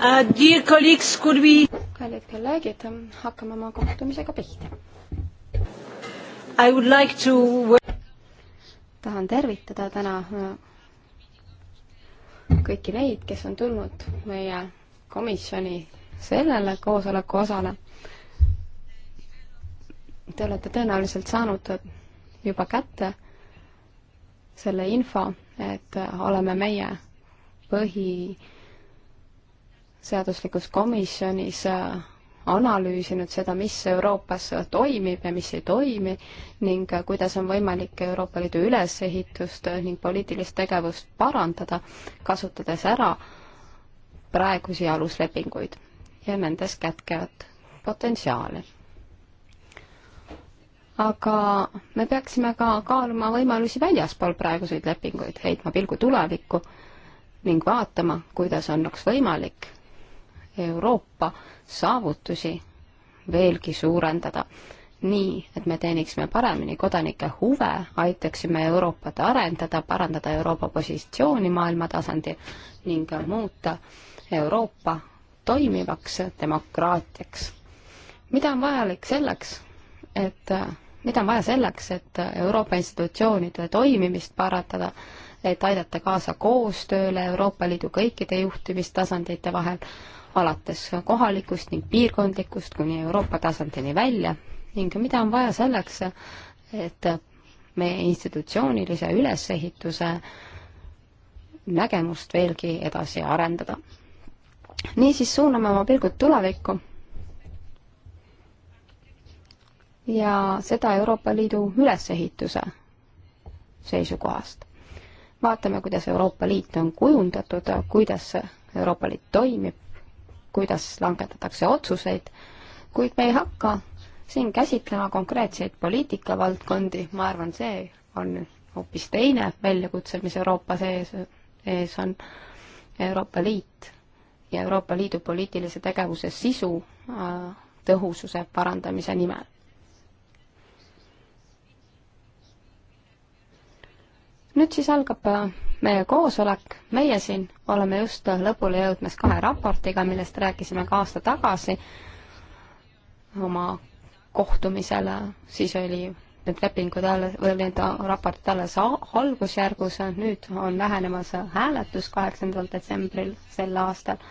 Uh, dear colleagues, could we... kallid kolleegid, hakkame oma kohtumisega pihta. I would like to tahan tervitada täna uh, kõiki neid, kes on tulnud meie komisjoni sellele koosoleku osale. Te olete tõenäoliselt saanud juba kätte selle info, et oleme meie põhiseaduslikus komisjonis äh, analüüsinud seda, mis Euroopas äh, toimib ja mis ei toimi ning äh, kuidas on võimalik Euroopa Liidu ülesehitust ning poliitilist tegevust parandada, kasutades ära praegusi aluslepinguid ja nendes kätkevat potentsiaali. aga me peaksime ka kaaluma võimalusi väljaspool praeguseid lepinguid, heitma pilgu tulevikku ning vaatama, kuidas annaks võimalik Euroopa saavutusi veelgi suurendada. nii, et me teeniksime paremini kodanike huve, aitaksime Euroopat arendada, parandada Euroopa positsiooni maailma tasandil ning muuta Euroopa toimivaks demokraatiaks. mida on vajalik selleks, et, mida on vaja selleks, et Euroopa institutsioonide toimimist parandada, et aidata kaasa koostööle Euroopa Liidu kõikide juhtimistasandite vahel, alates kohalikust ning piirkondlikust kuni Euroopa tasandini välja ning mida on vaja selleks, et meie institutsioonilise ülesehituse nägemust veelgi edasi arendada. niisiis suuname oma pilgud tulevikku ja seda Euroopa Liidu ülesehituse seisukohast vaatame, kuidas Euroopa Liit on kujundatud, kuidas Euroopa Liit toimib, kuidas langetatakse otsuseid, kuid me ei hakka siin käsitlema konkreetseid poliitikavaldkondi, ma arvan, see on hoopis teine väljakutse, mis Euroopa sees, ees on. Euroopa Liit ja Euroopa Liidu poliitilise tegevuse sisu äh, tõhususe parandamise nimel nüüd siis algab äh, meie koosolek, meie siin oleme just lõpule jõudmas kahe raportiga, millest rääkisime ka aasta tagasi oma kohtumisel, äh, siis oli need lepingud alles, või need raportid alles algusjärgus, nüüd on lähenemas hääletus kaheksandal detsembril sel aastal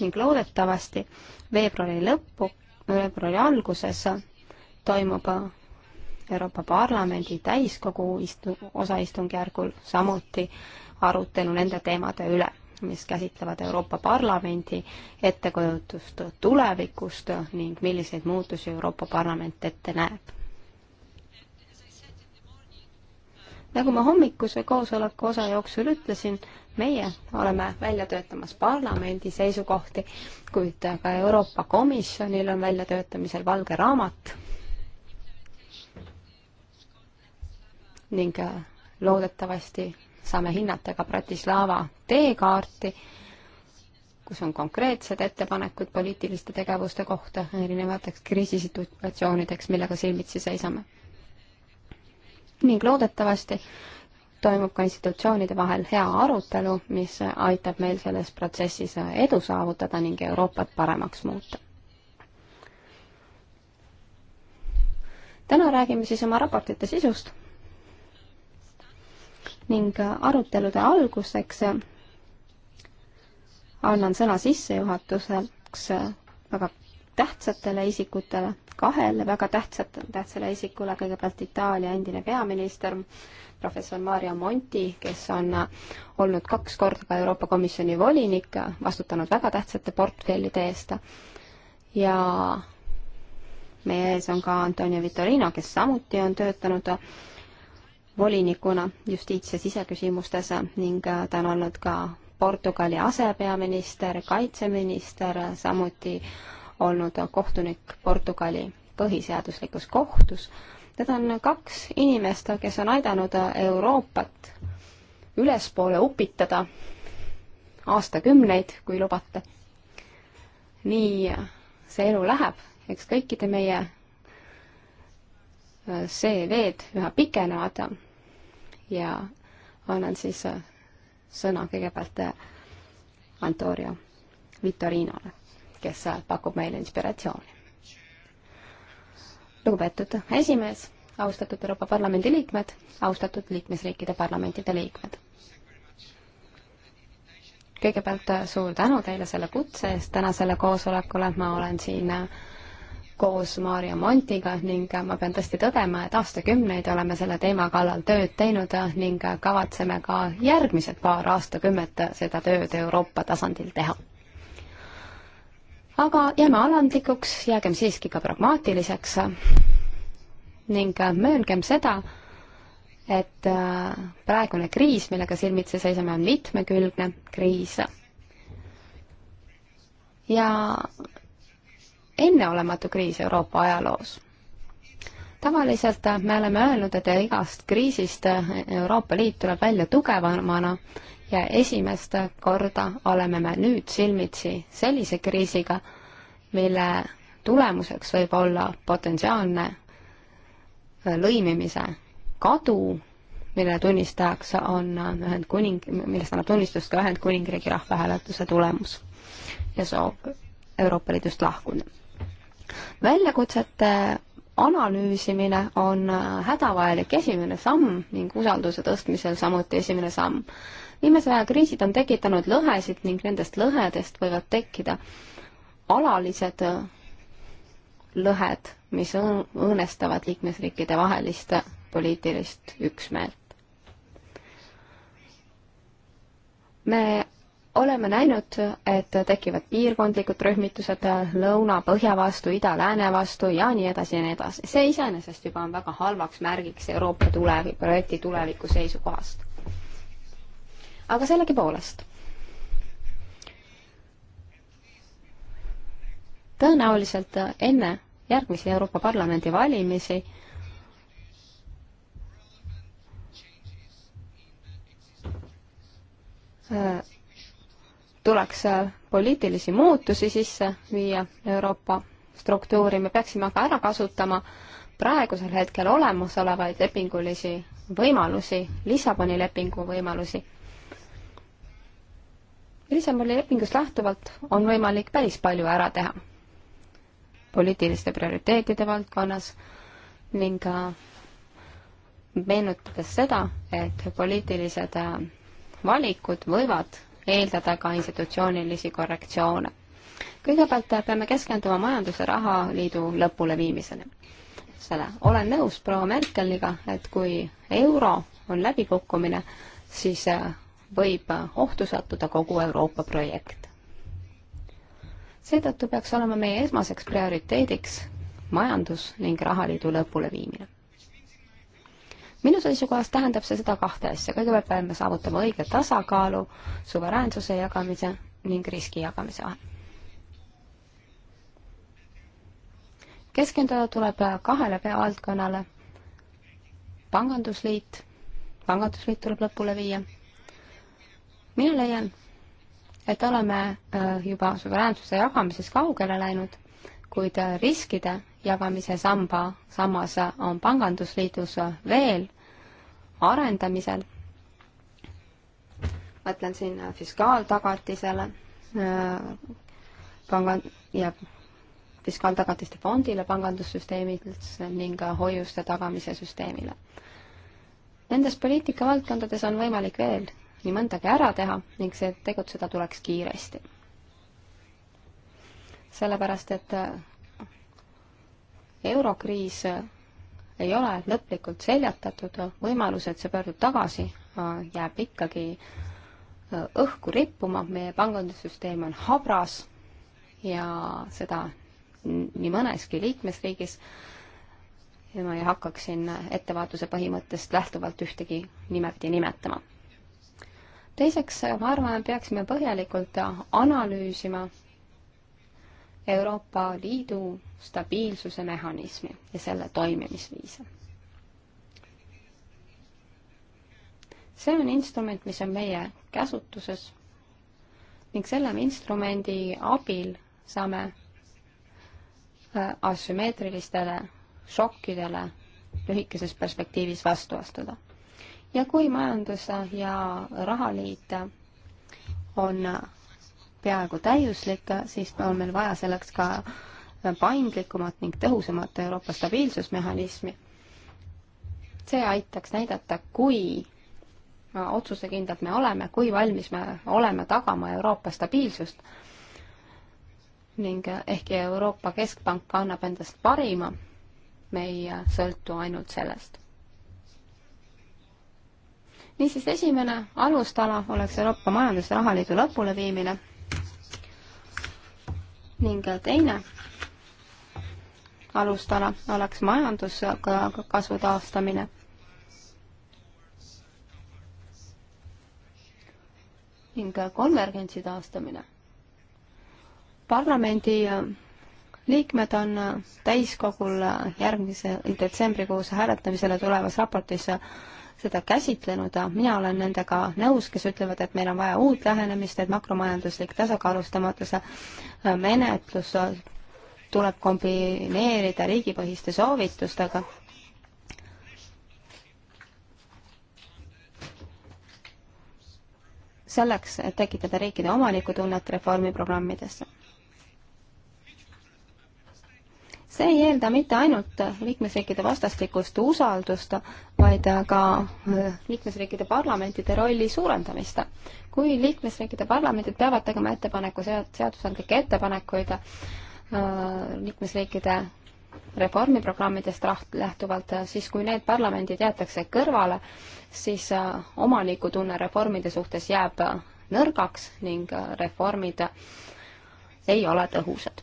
ning loodetavasti veebruari lõppu, veebruari alguses toimub äh, Euroopa Parlamendi täiskogu istu-, osaistungjärgul samuti arutelu nende teemade üle, mis käsitlevad Euroopa Parlamendi ettekujutust tulevikust ning milliseid muutusi Euroopa Parlament ette näeb. nagu ma hommikuse koosoleku osa jooksul ütlesin, meie oleme välja töötamas parlamendi seisukohti, kuid ka Euroopa Komisjonil on väljatöötamisel valge raamat ning äh, loodetavasti saame hinnata ka Bratislava teekaarti, kus on konkreetsed ettepanekud poliitiliste tegevuste kohta erinevateks kriisisituatsioonideks, millega silmitsi seisame. ning loodetavasti toimub ka institutsioonide vahel hea arutelu, mis aitab meil selles protsessis edu saavutada ning Euroopat paremaks muuta. täna räägime siis oma raportite sisust ning arutelude alguseks annan sõna sissejuhatuseks väga tähtsatele isikutele, kahele väga tähtsat, tähtsale isikule, kõigepealt Itaalia endine peaminister, professor Mario Monti, kes on olnud kaks korda ka Euroopa Komisjoni volinik, vastutanud väga tähtsate portfellide eest ja meie ees on ka Antonio Vitorino, kes samuti on töötanud volinikuna justiits- ja siseküsimustes ning äh, ta on olnud ka Portugali asepeaminister, kaitseminister, samuti olnud kohtunik Portugali põhiseaduslikus kohtus. Need on kaks inimest, kes on aidanud Euroopat ülespoole upitada aastakümneid, kui lubate. nii see elu läheb, eks kõikide meie äh, CV-d üha pikenevad ja annan siis äh, sõna kõigepealt äh, Antorio Vitorinole, kes äh, pakub meile inspiratsiooni. lugupeetud esimees, austatud Euroopa Parlamendi liikmed, austatud liikmesriikide parlamentide liikmed. kõigepealt suur tänu teile selle kutse eest tänasele koosolekule, ma olen siin äh, koos Maarja Montiga ning ma pean tõesti tõdema, et aastakümneid oleme selle teema kallal tööd teinud ning kavatseme ka järgmised paar aastakümmet seda tööd Euroopa tasandil teha. aga jääme alandlikuks, jäägem siiski ka pragmaatiliseks ning mööngem seda, et praegune kriis, millega silmitsi seisame, on mitmekülgne kriis. ja enneolematu kriis Euroopa ajaloos. tavaliselt me oleme öelnud, et igast kriisist Euroopa Liit tuleb välja tugevamana ja esimest korda oleme me nüüd silmitsi sellise kriisiga, mille tulemuseks võib olla potentsiaalne lõimimise kadu, mille tunnistajaks on Ühendkuning, millest annab tunnistust ka Ühendkuningriigi rahvahääletuse tulemus ja soov Euroopa Liidust lahkuda väljakutsete analüüsimine on äh, hädavajalik esimene samm ning usalduse tõstmisel samuti esimene samm. viimase aja kriisid on tekitanud lõhesid ning nendest lõhedest võivad tekkida alalised äh, lõhed, mis õõnestavad liikmesriikide vahelist äh, poliitilist üksmeelt. me oleme näinud, et tekivad piirkondlikud rühmitused lõuna-põhja vastu, ida-lääne vastu ja nii edasi ja nii edasi. see iseenesest juba on väga halvaks märgiks Euroopa tulevi-, projekti tuleviku seisukohast. aga sellegipoolest. tõenäoliselt enne järgmisi Euroopa Parlamendi valimisi äh, tuleks äh, poliitilisi muutusi sisse viia Euroopa struktuuri, me peaksime aga ära kasutama praegusel hetkel olemasolevaid lepingulisi võimalusi, Lissaboni lepingu võimalusi. Lissaboni lepingust lähtuvalt on võimalik päris palju ära teha poliitiliste prioriteetide valdkonnas ning äh, meenutades seda, et poliitilised äh, valikud võivad eeldada ka institutsioonilisi korrektsioone. kõigepealt peame keskenduma majandus- ja rahaliidu lõpuleviimisele. selle, olen nõus proua Merkeliga, et kui euro on läbikukkumine, siis äh, võib ohtu sattuda kogu Euroopa projekt. seetõttu peaks olema meie esmaseks prioriteediks majandus- ning rahaliidu lõpuleviimine minu seisukohast tähendab see seda kahte asja, kõigepealt peame saavutama õige tasakaalu suveräänsuse jagamise ning riski jagamise vahel. keskenduda tuleb kahele peavaldkonnale. pangandusliit, pangandusliit tuleb lõpule viia. mina leian, et oleme äh, juba suveräänsuse jagamises kaugele läinud, kuid riskide jagamise samba, samas on Pangandusliidus veel arendamisel. mõtlen siin fiskaaltagatisele, äh, panga- ja fiskaaltagatiste fondile pangandussüsteemides ning hoiuste tagamise süsteemile. Nendes poliitikavaldkondades on võimalik veel nii mõndagi ära teha ning see tegutseda tuleks kiiresti. sellepärast, et eurokriis ei ole lõplikult seljatatud, võimalus, et see pöördub tagasi, äh, jääb ikkagi äh, õhku rippuma, meie pangandussüsteem on habras ja seda nii mõneski liikmesriigis ja ma ei hakkaks siin ettevaatuse põhimõttest lähtuvalt ühtegi nimepidi nimetama. teiseks, ma arvan, peaksime põhjalikult analüüsima Euroopa Liidu stabiilsuse mehhanismi ja selle toimimisviise. see on instrument, mis on meie käsutuses ning selle instrumendi abil saame äh, asümmeetrilistele šokkidele lühikeses perspektiivis vastu astuda. ja kui majandus- ja rahaliit on peaaegu täiuslik, siis on meil vaja selleks ka paindlikumat ning tõhusamat Euroopa stabiilsusmehhanismi. see aitaks näidata, kui otsusekindlad me oleme, kui valmis me oleme tagama Euroopa stabiilsust ning ehkki Euroopa Keskpank annab endast parima, me ei sõltu ainult sellest. niisiis, esimene alustala oleks Euroopa Majandus- ja Rahaliidu lõpuleviimine ning teine alustala oleks majanduskasvu taastamine. ning konvergentsi taastamine. parlamendi äh, liikmed on äh, täiskogul äh, järgmise detsembrikuus hääletamisele tulevas raportis seda käsitlenud, mina olen nendega nõus, kes ütlevad, et meil on vaja uut lähenemist, et makromajanduslik tasakaalustamatuse äh, menetlus äh, tuleb kombineerida riigipõhiste soovitustega. selleks, et tekitada riikide omanikutunnet reformiprogrammidesse see ei eelda mitte ainult liikmesriikide vastastikust usaldust, vaid ka äh, liikmesriikide parlamentide rolli suurendamist. kui liikmesriikide parlamendid peavad tegema ettepaneku, seadusandlikke ettepanekuid äh, liikmesriikide reformiprogrammidest lähtuvalt, siis kui need parlamendid jäetakse kõrvale, siis äh, omanikutunne reformide suhtes jääb nõrgaks ning reformid ei ole tõhusad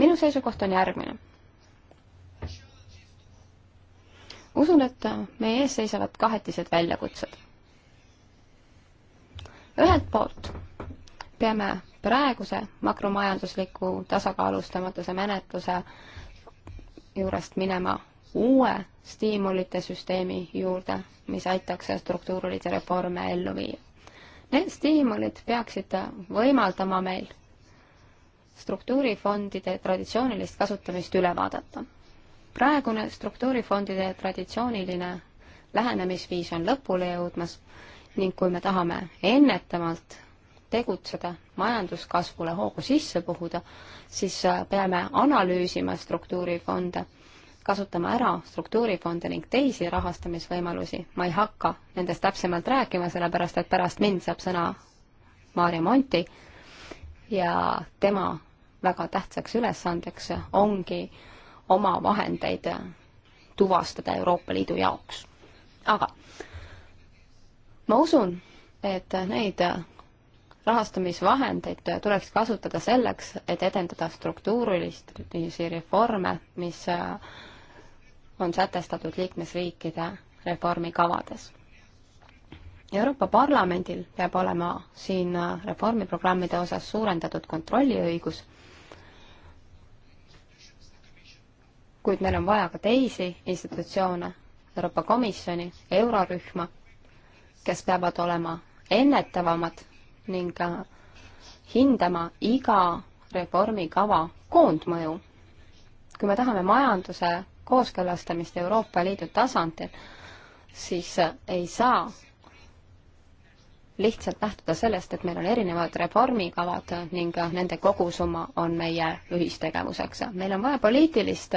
minu seisukoht on järgmine. usun, et meie ees seisavad kahetised väljakutsed. ühelt poolt peame praeguse makromajandusliku tasakaalustamatuse menetluse juurest minema uue stiimulite süsteemi juurde, mis aitaks struktuurilisi reforme ellu viia. Need stiimulid peaksid võimaldama meil struktuurifondide traditsioonilist kasutamist üle vaadata. praegune struktuurifondide traditsiooniline lähenemisviis on lõpule jõudmas ning kui me tahame ennetavalt tegutseda, majanduskasvule hoogu sisse puhuda, siis äh, peame analüüsima struktuurifonde, kasutama ära struktuurifonde ning teisi rahastamisvõimalusi. ma ei hakka nendest täpsemalt rääkima, sellepärast et pärast mind saab sõna Maarja Monti ja tema väga tähtsaks ülesandeks ongi oma vahendeid tuvastada Euroopa Liidu jaoks. aga ma usun, et neid rahastamisvahendeid tuleks kasutada selleks, et edendada struktuurilisi reforme, mis on sätestatud liikmesriikide reformikavades. Euroopa Parlamendil peab olema siin reformiprogrammide osas suurendatud kontrolliõigus kuid meil on vaja ka teisi institutsioone, Euroopa Komisjoni, eurorühma, kes peavad olema ennetavamad ning äh, hindama iga reformikava koondmõju. kui me tahame majanduse kooskõlastamist Euroopa Liidu tasandil, siis äh, ei saa lihtsalt lähtuda sellest, et meil on erinevad reformikavad ning nende kogusumma on meie ühistegevuseks. meil on vaja poliitilist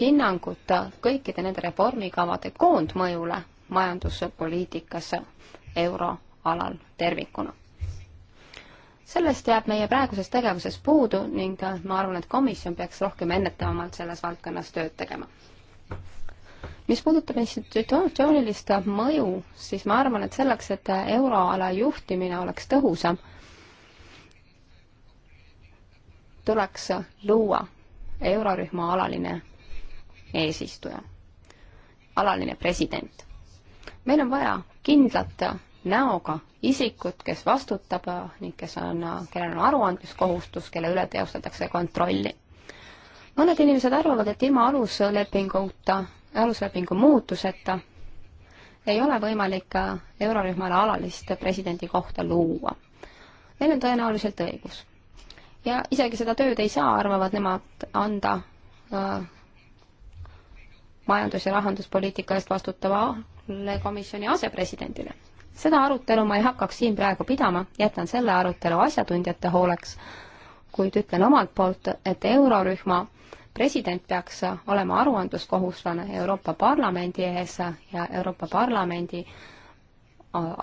hinnangut kõikide nende reformikavade koondmõjule majanduspoliitikas euroalal tervikuna. sellest jääb meie praeguses tegevuses puudu ning ma arvan, et komisjon peaks rohkem ennetavamalt selles valdkonnas tööd tegema mis puudutab institutsioonilist mõju, siis ma arvan, et selleks, et euroala juhtimine oleks tõhusam, tuleks luua eurorühma alaline eesistuja, alaline president. meil on vaja kindlat näoga isikut, kes vastutab ning kes on, kellel on aruandmiskohustus, kelle üle teostatakse kontrolli. mõned inimesed arvavad, et ilma aluslepinguta aluslepingu muutuseta ei ole võimalik äh, eurorühmale alalist presidendi kohta luua. Neil on tõenäoliselt õigus. ja isegi seda tööd ei saa, arvavad nemad, anda äh, majandus- ja rahanduspoliitika eest vastutavale komisjoni asepresidendile. seda arutelu ma ei hakkaks siin praegu pidama, jätan selle arutelu asjatundjate hooleks, kuid ütlen omalt poolt, et eurorühma president peaks olema aruandluskohuslane Euroopa Parlamendi ees ja Euroopa Parlamendi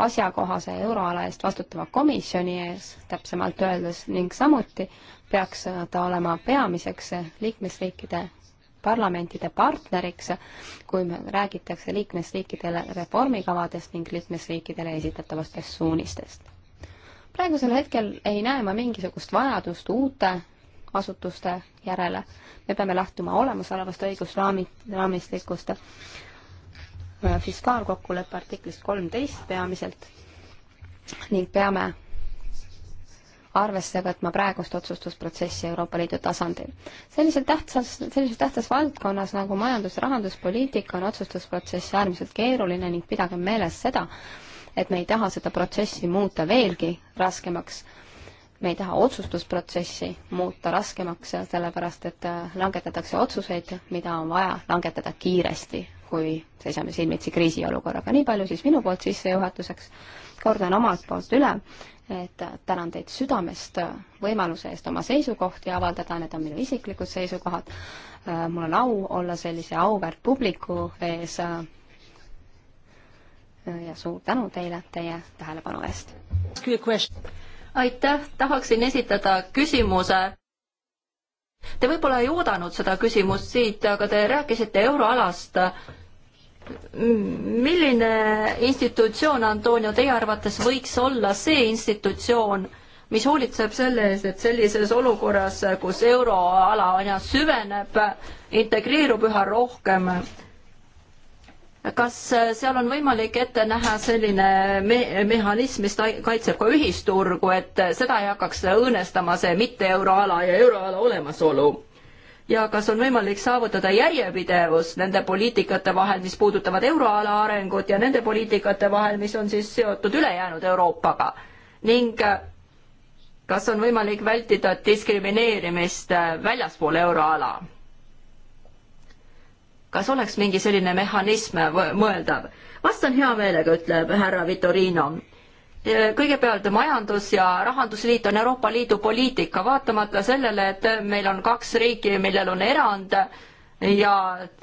asjakohase euroala eest vastutava komisjoni ees, täpsemalt öeldes, ning samuti peaks ta olema peamiseks liikmesriikide parlamentide partneriks, kui räägitakse liikmesriikidele reformikavadest ning liikmesriikidele esitatavatest suunistest. praegusel hetkel ei näe ma mingisugust vajadust uute asutuste järele. me peame lähtuma olemasolevast õigusraami, raamistikust, äh, fiskaalkokkuleppe artiklist kolmteist peamiselt ning peame arvesse võtma praegust otsustusprotsessi Euroopa Liidu tasandil. sellisel tähtsas, sellises tähtsas valdkonnas nagu majandus- ja rahanduspoliitika on otsustusprotsess äärmiselt keeruline ning pidagem meeles seda, et me ei taha seda protsessi muuta veelgi raskemaks me ei taha otsustusprotsessi muuta raskemaks, sellepärast et äh, langetatakse otsuseid, mida on vaja langetada kiiresti, kui seisame silmitsi kriisiolukorraga. nii palju siis minu poolt sissejuhatuseks. kordan omalt poolt üle, et äh, tänan teid südamest äh, võimaluse eest oma seisukohti avaldada, need on minu isiklikud seisukohad. mul on au olla sellise auväärt publiku ees. ja suur tänu teile teie tähelepanu eest aitäh, tahaksin esitada küsimuse. Te võib-olla ei oodanud seda küsimust siit, aga te rääkisite euroalast. milline institutsioon, Antonio, teie arvates võiks olla see institutsioon, mis hoolitseb selle eest, et sellises olukorras, kus euroala aina süveneb, integreerub üha rohkem kas äh, seal on võimalik ette näha selline me mehhanism, mis kaitseb ka ühisturgu, et äh, seda ei hakkaks õõnestama see mitte euroala ja euroala olemasolu? ja kas on võimalik saavutada järjepidevus nende poliitikate vahel, mis puudutavad euroala arengut ja nende poliitikate vahel, mis on siis seotud ülejäänud Euroopaga ning äh, kas on võimalik vältida diskrimineerimist väljaspool euroala? kas oleks mingi selline mehhanism mõeldav? vastan hea meelega, ütleb härra Vitorino. kõigepealt Majandus- ja Rahandusliit on Euroopa Liidu poliitika, vaatamata sellele, et meil on kaks riiki, millel on erand ja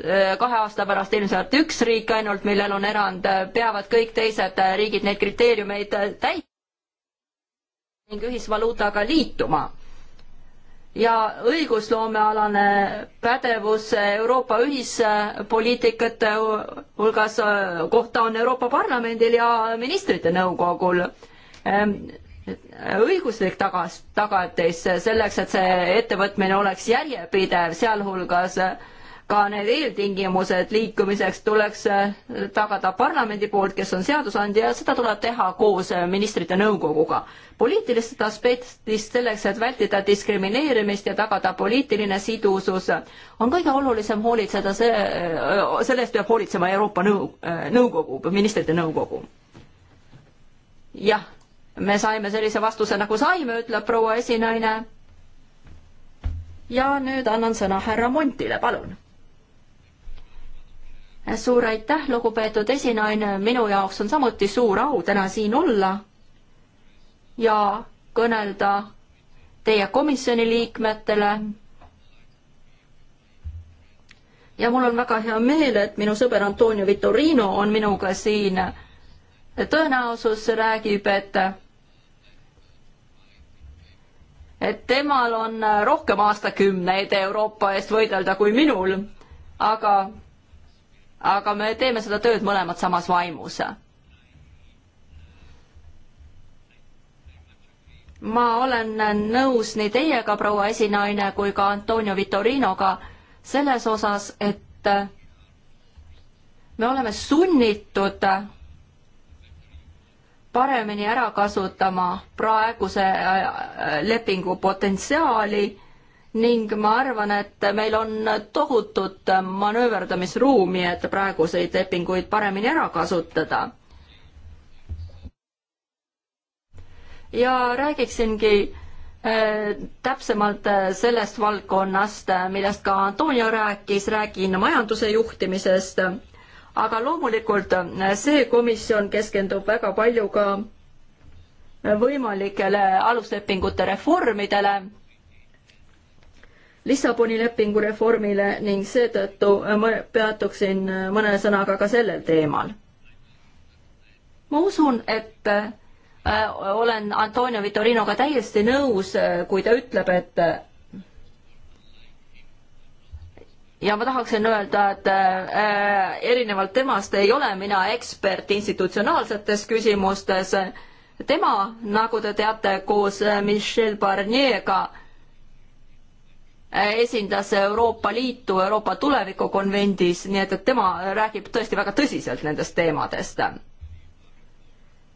e, kahe aasta pärast ilmselt üks riik ainult, millel on erand, peavad kõik teised riigid neid kriteeriumeid täitma ning ühisvaluutaga liituma ja õigusloomealane pädevus Euroopa ühispoliitikate hulgas kohta on Euroopa Parlamendil ja ministrite nõukogul ehm, õiguslik tagas, tagatis selleks, et see ettevõtmine oleks järjepidev, sealhulgas äh, ka need eeltingimused liikumiseks tuleks äh, tagada parlamendi poolt, kes on seadusandja, seda tuleb teha koos äh, ministrite nõukoguga. poliitilisest aspektist selleks, et vältida diskrimineerimist ja tagada poliitiline sidusus, on kõige olulisem hoolitseda see, äh, selle eest peab hoolitsema Euroopa nõu-, nõukogu, ministrite nõukogu. jah, me saime sellise vastuse, nagu saime, ütleb proua esinaine. ja nüüd annan sõna härra Montile, palun suur aitäh, lugupeetud esinaine, minu jaoks on samuti suur au täna siin olla ja kõnelda teie komisjoni liikmetele. ja mul on väga hea meel, et minu sõber Antonio Vitorino on minuga siin. tõenäosus räägib, et et temal on rohkem aastakümneid Euroopa eest võidelda kui minul, aga aga me teeme seda tööd mõlemad samas vaimus. ma olen nõus nii teiega, proua esinaine, kui ka Antonio Vitorinoga selles osas, et me oleme sunnitud paremini ära kasutama praeguse äh, lepingu potentsiaali ning ma arvan, et meil on tohutut manööverdamisruumi, et praeguseid lepinguid paremini ära kasutada. ja räägiksingi äh, täpsemalt äh, sellest valdkonnast, äh, millest ka Antonio rääkis, räägin majanduse juhtimisest, aga loomulikult see komisjon keskendub väga palju ka võimalikele aluslepingute reformidele Lissaboni lepingu reformile ning seetõttu peatuksin äh, mõne sõnaga ka sellel teemal. ma usun, et äh, olen Antonio Vitorinoga täiesti nõus, äh, kui ta ütleb, et ja ma tahaksin öelda, et äh, erinevalt temast ei ole mina ekspert institutsionaalsetes küsimustes. tema, nagu te teate, koos Michel Barnier'ga äh, Äh, esindas Euroopa Liitu Euroopa tulevikukonvendis, nii et, et tema räägib tõesti väga tõsiselt nendest teemadest.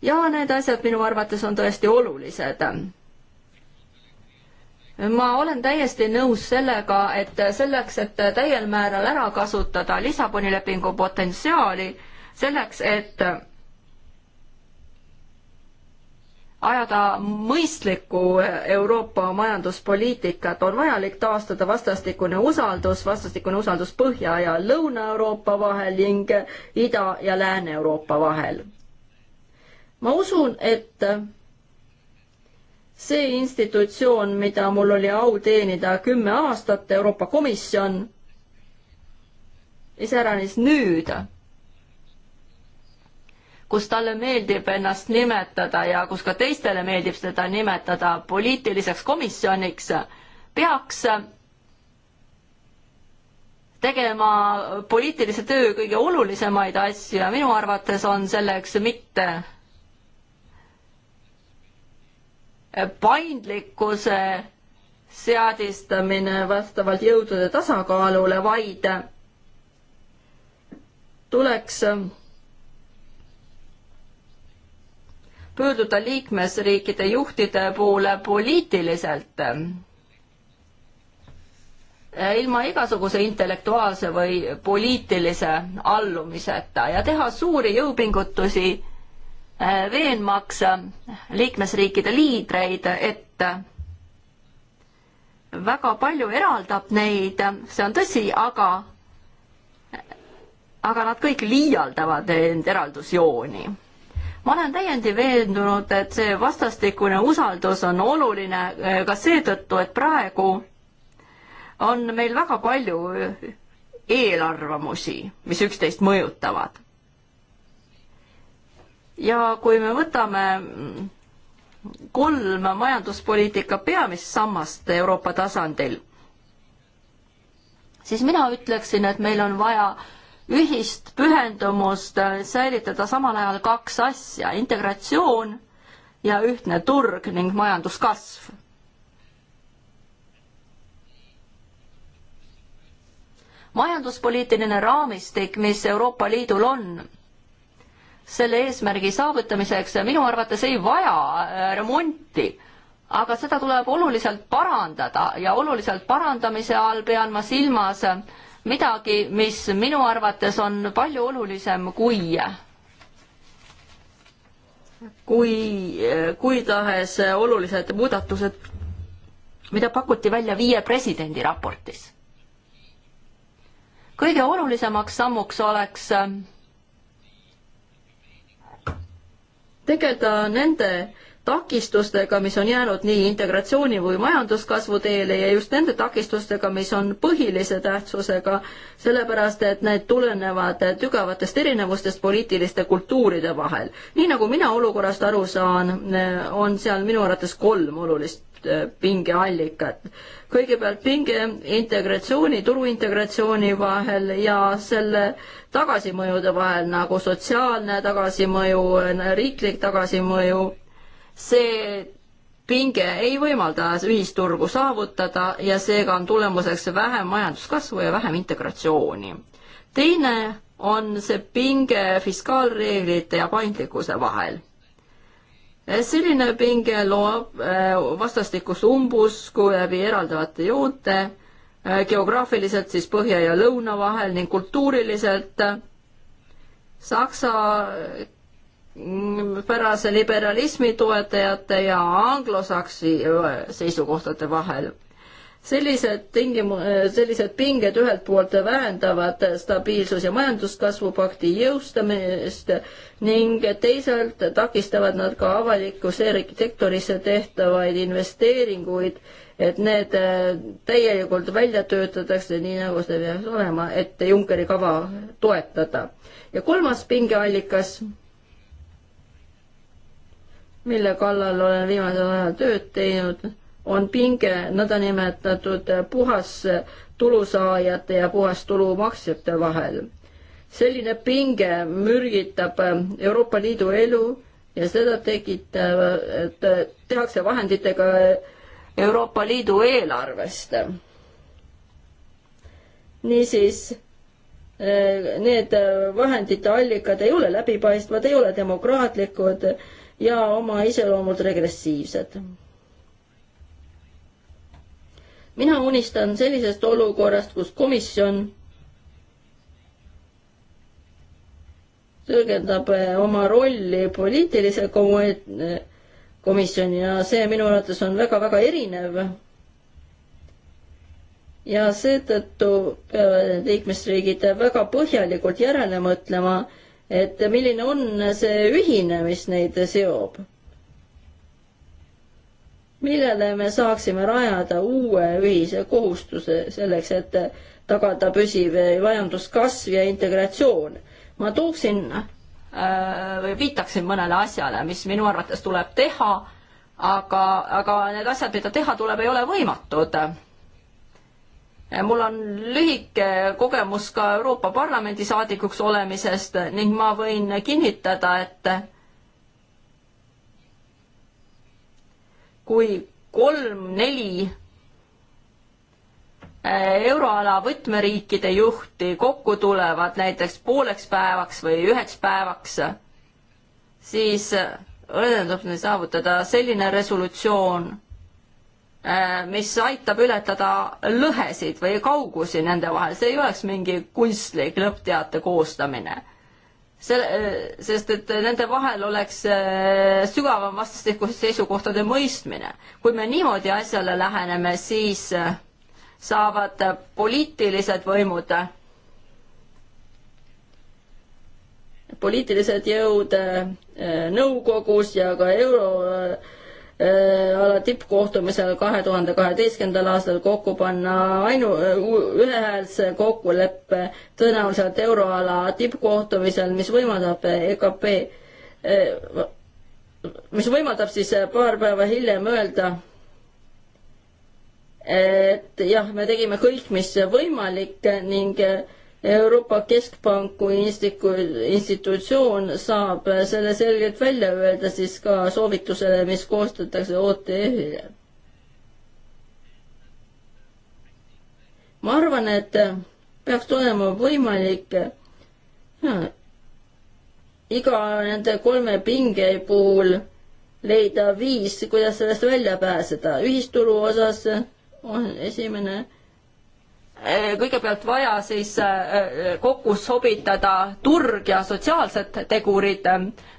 ja need asjad minu arvates on tõesti olulised. ma olen täiesti nõus sellega, et selleks, et täiel määral ära kasutada Lissaboni lepingu potentsiaali, selleks, et ajada mõistlikku Euroopa majanduspoliitikat, on vajalik taastada vastastikune usaldus, vastastikune usaldus Põhja- ja Lõuna-Euroopa vahel ning Ida- ja Lääne-Euroopa vahel. ma usun, et see institutsioon, mida mul oli au teenida kümme aastat, Euroopa Komisjon, iseäranis nüüd kus talle meeldib ennast nimetada ja kus ka teistele meeldib seda nimetada poliitiliseks komisjoniks, peaks tegema poliitilise töö kõige olulisemaid asju ja minu arvates on selleks mitte paindlikkuse seadistamine vastavalt jõudude tasakaalule, vaid tuleks pöörduda liikmesriikide juhtide poole poliitiliselt ilma igasuguse intellektuaalse või poliitilise allumiseta ja teha suuri jõupingutusi eh, veenmaks liikmesriikide liidreid, et väga palju eraldab neid, see on tõsi, aga, aga nad kõik liialdavad end eraldusjooni ma olen täiendi veendunud, et see vastastikune usaldus on oluline eh, ka seetõttu, et praegu on meil väga palju eh, eelarvamusi, mis üksteist mõjutavad. ja kui me võtame mm, kolm majanduspoliitika peamist sammast Euroopa tasandil, siis mina ütleksin, et meil on vaja äh, ühist pühendumust äh, säilitada samal ajal kaks asja, integratsioon ja ühtne turg ning majanduskasv. majanduspoliitiline raamistik, mis Euroopa Liidul on, selle eesmärgi saavutamiseks minu arvates ei vaja äh, remonti, aga seda tuleb oluliselt parandada ja oluliselt parandamise all pean ma silmas äh, midagi, mis minu arvates on palju olulisem kui kui, kui tahes olulised muudatused, mida pakuti välja viie presidendi raportis. kõige olulisemaks sammuks oleks tegeleda nende takistustega, mis on jäänud nii integratsiooni või majanduskasvu teele ja just nende takistustega, mis on põhilise tähtsusega, sellepärast et need tulenevad tügavatest erinevustest poliitiliste kultuuride vahel. nii nagu mina olukorrast aru saan, on seal minu arvates kolm olulist äh, pingeallikat. kõigepealt pinge integratsiooni, turuintegratsiooni vahel ja selle tagasimõjude vahel nagu sotsiaalne tagasimõju, riiklik tagasimõju see pinge ei võimalda ühisturgu saavutada ja seega on tulemuseks vähem majanduskasvu ja vähem integratsiooni. teine on see pinge fiskaalreeglite ja paindlikkuse vahel. selline pinge loob äh, vastastikust umbusku läbi eraldavate joonte, äh, geograafiliselt siis põhja ja lõuna vahel ning kultuuriliselt Saksa pärase liberalismi toetajate ja anglosaksi äh, seisukohtade vahel. sellised tingimu-, äh, sellised pinged ühelt poolt vähendavad stabiilsus- ja majanduskasvu pakti jõustamist ning teisalt takistavad nad ka avalikku sektorisse tehtavaid investeeringuid, et need äh, täielikult välja töötatakse nii, nagu see peaks olema, et Junckeri kava toetada. ja kolmas pingeallikas mille kallal olen viimasel ajal tööd teinud, on pinge nõndanimetatud puhas tulusaajate ja puhas tulumaksjate vahel. selline pinge mürgitab Euroopa Liidu elu ja seda tekitab, et tehakse vahenditega Euroopa Liidu eelarvest. niisiis eh, need vahendite allikad ei ole läbipaistvad, ei ole demokraatlikud ja oma iseloomult regressiivsed. mina unistan sellisest olukorrast, kus komisjon tõlgendab eh, oma rolli poliitilise komisjonina, see minu arvates on väga-väga erinev. ja seetõttu peavad liikmesriigid väga põhjalikult järele mõtlema, et milline on see ühine, mis neid seob? millele me saaksime rajada uue ühise kohustuse selleks, et tagada püsiv majanduskasv ja integratsioon. ma tooksin äh, või viitaksin mõnele asjale, mis minu arvates tuleb teha, aga, aga need asjad, mida teha tuleb, ei ole võimatud mul on lühike kogemus ka Euroopa Parlamendi saadikuks olemisest ning ma võin kinnitada, et kui kolm-neli eh, euroala võtmeriikide juhti kokku tulevad näiteks pooleks päevaks või üheks päevaks, siis eh, õnnestub neil saavutada selline resolutsioon Äh, mis aitab ületada lõhesid või kaugusi nende vahel, see ei oleks mingi kunstlik lõppteate koostamine. selle, äh, sest et nende vahel oleks äh, sügavam vastastikuse seisukohtade mõistmine. kui me niimoodi asjale läheneme, siis saavad poliitilised võimud, poliitilised jõud nõukogus ja ka euro Äh, ala tippkohtumisel kahe tuhande kaheteistkümnendal aastal kokku panna ainu-, äh, ühehäälse kokkuleppe tõenäoliselt euroala tippkohtumisel, mis võimaldab äh, EKP, mis võimaldab siis paar päeva hiljem öelda, et jah, me tegime kõik, mis võimalik ning äh, Euroopa Keskpanku institutsioon saab selle selgelt välja öelda siis ka soovitusele, mis koostatakse OTÜ-le. ma arvan, et peaks olema võimalik ja, iga nende kolme pinge puhul leida viis, kuidas sellest välja pääseda. ühisturu osas on esimene Äh, kõigepealt vaja siis äh, äh, kokku sobitada turg ja sotsiaalsed tegurid.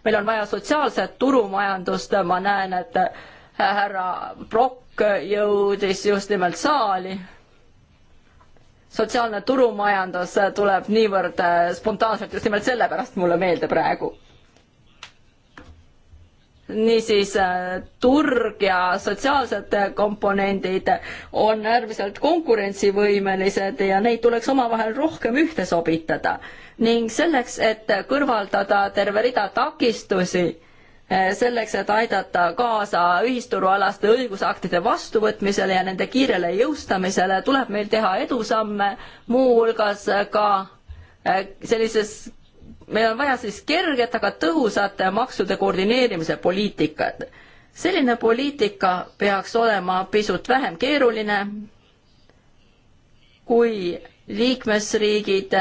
meil on vaja sotsiaalset turumajandust, ma näen, et härra Brock jõudis just nimelt saali. sotsiaalne turumajandus tuleb niivõrd spontaanselt just nimelt sellepärast mulle meelde praegu niisiis äh, turg ja sotsiaalsed komponendid on äärmiselt konkurentsivõimelised ja neid tuleks omavahel rohkem ühte sobitada. ning selleks, et kõrvaldada terve rida takistusi, äh, selleks, et aidata kaasa ühisturualaste õigusaktide vastuvõtmisele ja nende kiirele jõustamisele, tuleb meil teha edusamme, muuhulgas ka äh, sellises meil on vaja siis kerget, aga tõhusat maksude koordineerimise poliitikat. selline poliitika peaks olema pisut vähem keeruline, kui liikmesriigid,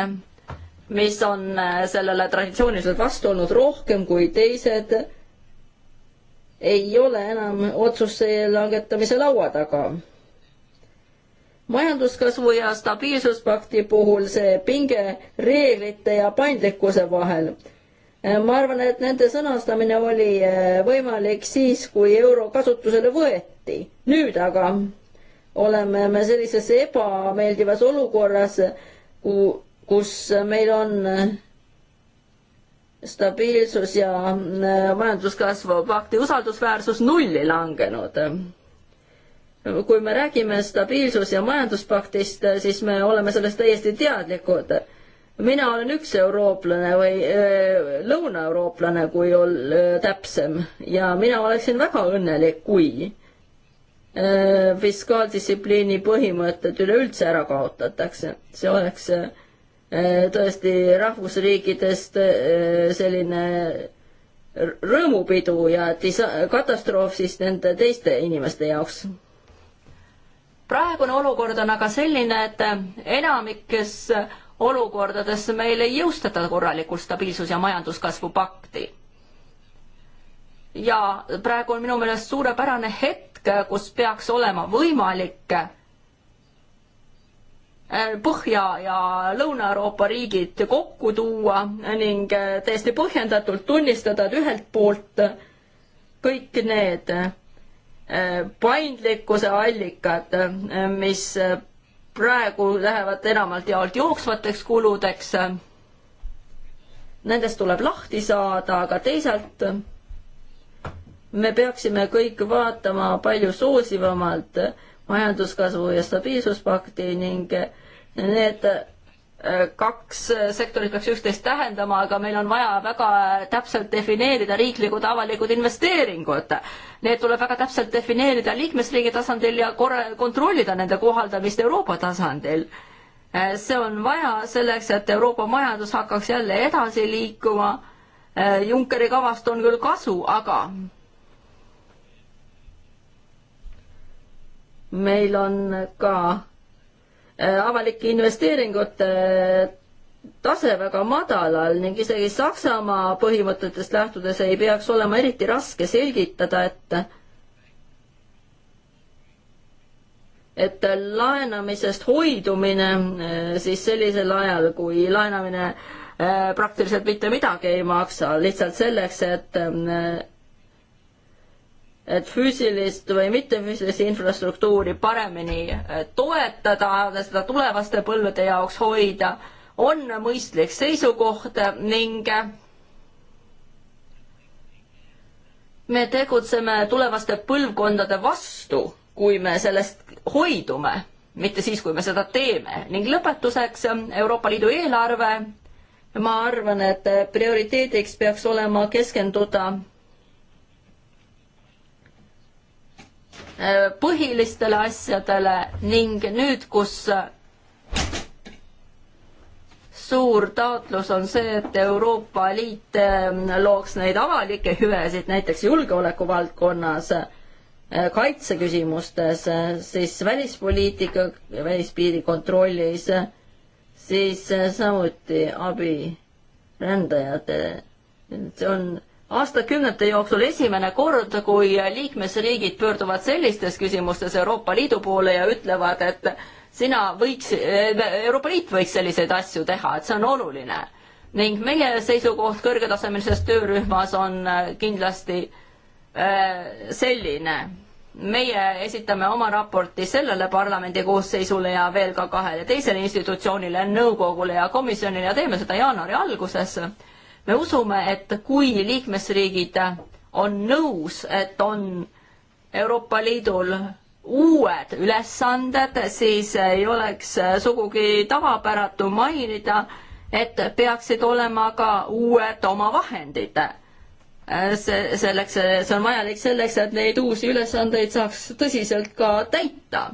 mis on sellele traditsiooniliselt vastu olnud rohkem kui teised, ei ole enam otsuse langetamise laua taga majanduskasvu ja stabiilsuspakti puhul see pinge reeglite ja paindlikkuse vahel. Äh, ma arvan, et nende sõnastamine oli äh, võimalik siis, kui euro kasutusele võeti. nüüd aga oleme me sellises ebameeldivas olukorras, kus meil on äh, stabiilsus ja majanduskasvu pakti usaldusväärsus nulli langenud kui me räägime stabiilsus- ja majanduspaktist, siis me oleme sellest täiesti teadlikud. mina olen üks eurooplane või äh, lõunaeurooplane, kui ol-, äh, täpsem, ja mina oleksin väga õnnelik, kui äh, fiskaaldistsipliini põhimõtted üleüldse ära kaotatakse. see oleks tõesti rahvusriikidest selline rõõmupidu ja disa-, katastroof siis nende teiste inimeste jaoks praegune olukord on aga selline, et enamikes olukordades meil ei jõustata korralikult stabiilsus- ja majanduskasvu pakti. ja praegu on minu meelest suurepärane hetk, kus peaks olema võimalik äh, Põhja- ja Lõuna-Euroopa riigid kokku tuua ning äh, täiesti põhjendatult tunnistada, et ühelt poolt kõik need paindlikkuse allikad, mis praegu lähevad enamalt jaolt jooksvateks kuludeks. Nendest tuleb lahti saada, aga teisalt me peaksime kõik vaatama palju soosivamalt majanduskasvu ja stabiilsuspakti ning need kaks sektorit peaks üksteist tähendama, aga meil on vaja väga täpselt defineerida riiklikud avalikud investeeringud. Need tuleb väga täpselt defineerida liikmesriigi tasandil ja korra-, kontrollida nende kohaldamist Euroopa tasandil. see on vaja selleks, et Euroopa majandus hakkaks jälle edasi liikuma. Junckeri kavast on küll kasu, aga meil on ka Äh, avalike investeeringute äh, tase väga madalal ning isegi Saksamaa põhimõtetest lähtudes ei peaks olema eriti raske selgitada, et et laenamisest hoidumine äh, siis sellisel ajal, kui laenamine praktiliselt mitte midagi ei maksa, lihtsalt selleks, et et füüsilist või mittefüüsilist infrastruktuuri paremini äh, toetada, seda tulevaste põlvede jaoks hoida, on mõistlik seisukoht ning äh, me tegutseme tulevaste põlvkondade vastu, kui me sellest hoidume, mitte siis, kui me seda teeme. ning lõpetuseks äh, Euroopa Liidu eelarve. ma arvan, et prioriteediks peaks olema keskenduda Äh, põhilistele asjadele ning nüüd, kus suur taotlus on see, et Euroopa Liit ähm, looks neid avalikke hüvesid näiteks julgeoleku valdkonnas, äh, kaitseküsimustes, äh, siis välispoliitika, välispiiri kontrollis, siis samuti abi rändajate, see on aastakümnete jooksul esimene kord, kui liikmesriigid pöörduvad sellistes küsimustes Euroopa Liidu poole ja ütlevad, et sina võiks, Euroopa Liit võiks selliseid asju teha, et see on oluline. ning meie seisukoht kõrgetasemelises töörühmas on äh, kindlasti äh, selline. meie esitame oma raporti sellele parlamendi koosseisule ja veel ka kahele teisele institutsioonile, nõukogule ja komisjonile ja teeme seda jaanuari alguses me usume, et kui liikmesriigid on nõus, et on Euroopa Liidul uued ülesanded, siis ei oleks sugugi tavapäratu mainida, et peaksid olema ka uued omavahendid. see, selleks, see on vajalik selleks, et neid uusi ülesandeid saaks tõsiselt ka täita.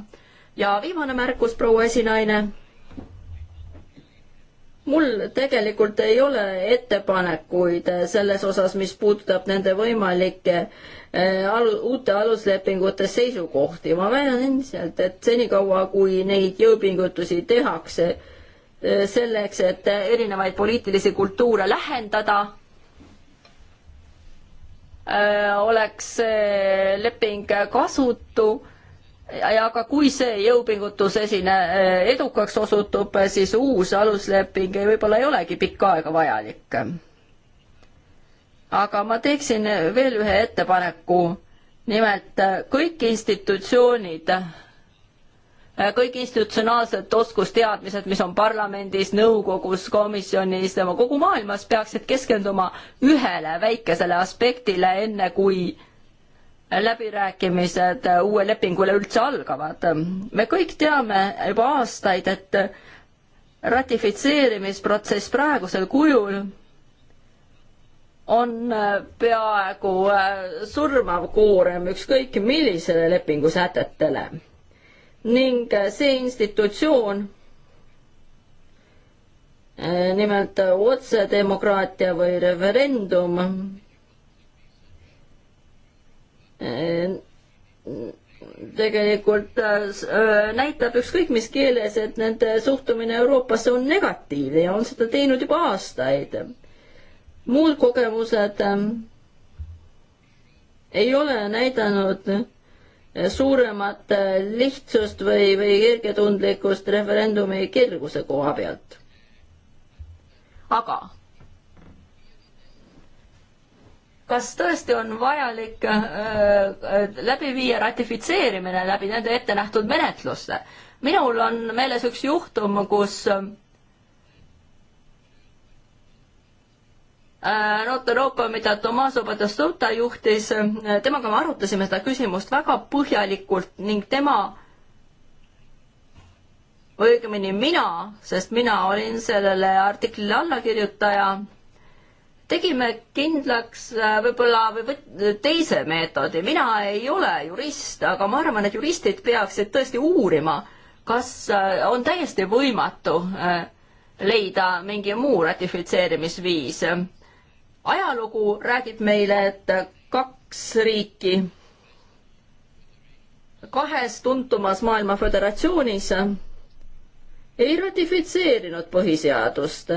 ja viimane märkus, proua esinaine mul tegelikult ei ole ettepanekuid eh, selles osas, mis puudutab nende võimalike eh, alu-, uute aluslepingute seisukohti. ma väidan endiselt, et senikaua, kui neid jõupingutusi tehakse eh, selleks, et erinevaid poliitilisi kultuure lähendada, oleks see leping kasutu ja ka kui see jõupingutus esine eh, edukaks osutub, eh, siis uus alusleping võib-olla ei olegi pikka aega vajalik. aga ma teeksin veel ühe ettepaneku. nimelt eh, kõik institutsioonid, kõik institutsionaalsed oskusteadmised, mis on parlamendis, nõukogus, komisjonis, kogu maailmas peaksid keskenduma ühele väikesele aspektile, enne kui läbirääkimised uue lepingule üldse algavad. me kõik teame juba aastaid, et ratifitseerimisprotsess praegusel kujul on peaaegu äh, surmav koorem ükskõik millisele lepingusätetele. ning äh, see institutsioon, äh, nimelt otsedemokraatia või referendum, Ehm, tegelikult äh, näitab ükskõik mis keeles, et nende suhtumine Euroopasse on negatiivne ja on seda teinud juba aastaid. muud kogemused ehm, ei ole näidanud äh, suuremat äh, lihtsust või, või kergetundlikkust referendumi kerguse koha pealt. aga kas tõesti on vajalik äh, äh, läbi viia ratifitseerimine läbi nende ettenähtud menetluste? minul on meeles üks juhtum, kus äh, Noto Euroopa, mida Tomaso Patastuta juhtis äh,, temaga me arutasime seda küsimust väga põhjalikult ning tema või õigemini mina, sest mina olin sellele artiklile allakirjutaja tegime kindlaks äh, võib-olla või teise meetodi, mina ei ole jurist, aga ma arvan, et juristid peaksid tõesti uurima, kas äh, on täiesti võimatu äh, leida mingi muu ratifitseerimisviis. ajalugu räägib meile, et kaks riiki kahes tuntumas maailma föderatsioonis ei ratifitseerinud põhiseadust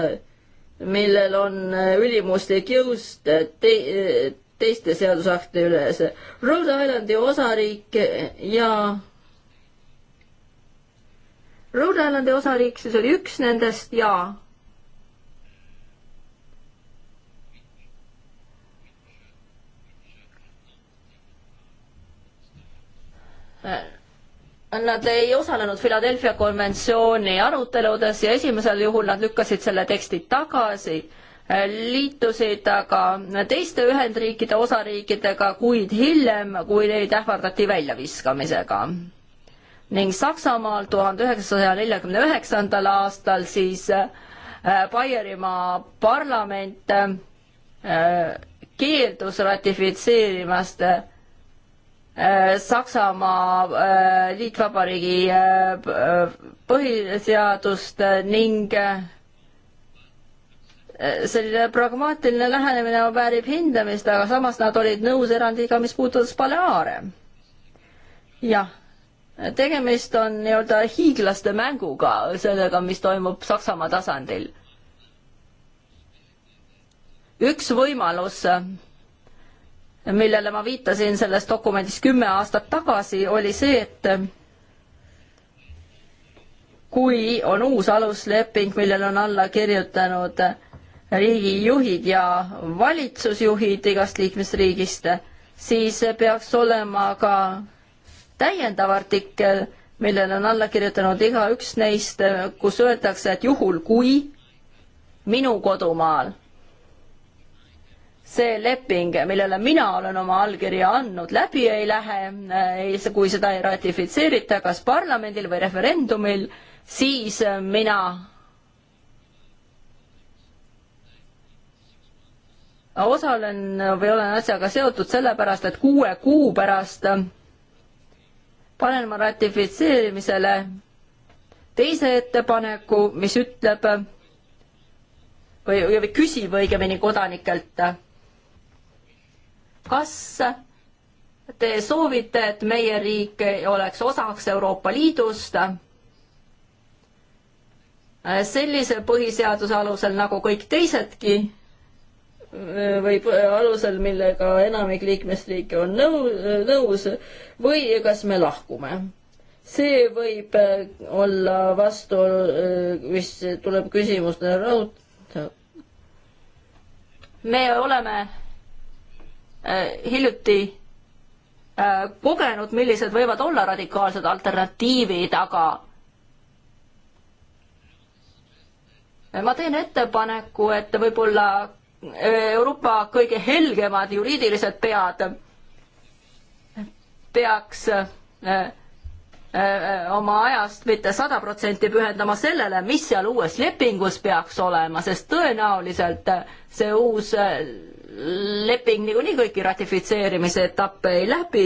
millel on äh, ülimuslik jõust äh, te, äh, teiste seadusaktide üles. Rhode Islandi osariik ja Rhode Islandi osariik, siis oli üks nendest ja äh Nad ei osalenud Philadelphia konventsiooni aruteludes ja esimesel juhul nad lükkasid selle teksti tagasi, liitusid aga teiste Ühendriikide osariikidega, kuid hiljem, kui neid ähvardati väljaviskamisega. ning Saksamaal tuhande üheksasaja neljakümne üheksandal aastal siis äh, Baierimaa parlament äh, keeldus ratifitseerimast äh, Äh, Saksamaa äh, liitvabariigi äh, põhiseadust ning selline pragmaatiline lähenemine väärib hindamist, aga samas nad olid nõus erandiga, mis puudutas Baleare. jah, tegemist on nii-öelda hiiglaste mänguga, sellega, mis toimub Saksamaa tasandil. üks võimalus millele ma viitasin selles dokumendis kümme aastat tagasi, oli see, et kui on uus alusleping, millele on alla kirjutanud riigijuhid ja valitsusjuhid igast liikmesriigist, siis peaks olema ka täiendav artikkel, millele on alla kirjutanud igaüks neist, kus öeldakse, et juhul kui minu kodumaal see leping, millele mina olen oma allkirja andnud, läbi ei lähe, kui seda ei ratifitseerita kas parlamendil või referendumil, siis mina osalen või olen asjaga seotud sellepärast, et kuue kuu pärast panen ma ratifitseerimisele teise ettepaneku, mis ütleb või, või küsib õigemini kodanikelt kas te soovite, et meie riik oleks osaks Euroopa Liidust? sellise põhiseaduse alusel nagu kõik teisedki või alusel, millega enamik liikmesriike on nõus või kas me lahkume see võib olla vastuolu, mis tuleb küsimustele rõhutada. me oleme Äh, hiljuti äh, kogenud, millised võivad olla radikaalsed alternatiivid, aga ma teen ettepaneku, et võib-olla äh, Euroopa kõige helgemad juriidilised pead peaks oma ajast mitte sada protsenti pühendama sellele, mis seal uues lepingus peaks olema, sest tõenäoliselt see uus leping niikuinii kõiki ratifitseerimise etappe ei läbi,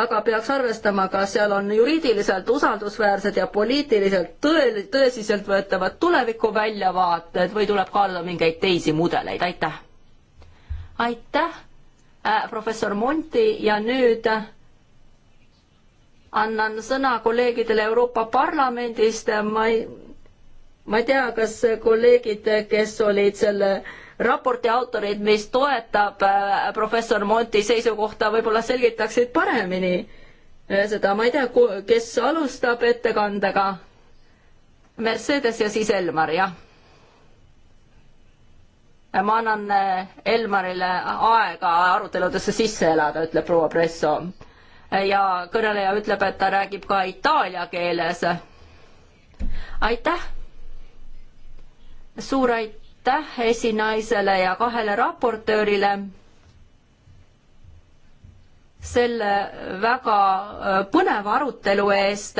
aga peaks arvestama, kas seal on juriidiliselt usaldusväärsed ja poliitiliselt tõe, tõsiseltvõetavad tulevikuväljavaated või tuleb kaaluda mingeid teisi mudeleid, aitäh! aitäh äh,, professor Monti ja nüüd annan sõna kolleegidele Euroopa Parlamendist, ma ei, ma ei tea, kas kolleegid, kes olid selle äh, raporti autorid, mis toetab äh, professor Monti seisukohta, võib-olla selgitaksid paremini äh, seda, ma ei tea, kes alustab ettekandega. Mercedes ja siis Elmar, jah. Äh, ma annan Elmarile aega aruteludesse sisse elada, ütleb proua Presso. ja kõneleja ütleb, et ta räägib ka itaalia keeles. aitäh. suur aitäh aitäh esinaisele ja kahele raportöörile selle väga äh, põneva arutelu eest,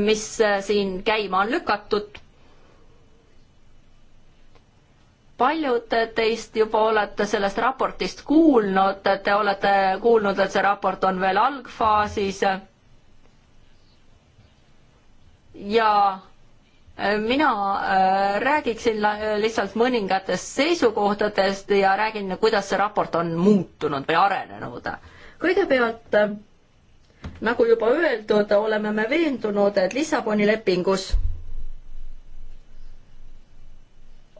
mis äh, siin käima on lükatud. paljud teist juba olete sellest raportist kuulnud, te olete kuulnud, et see raport on veel algfaasis. ja mina äh, räägiksin lihtsalt mõningatest seisukohtadest ja räägin, kuidas see raport on muutunud või arenenud. kõigepealt, äh, nagu juba öeldud, oleme me veendunud, et Lissaboni lepingus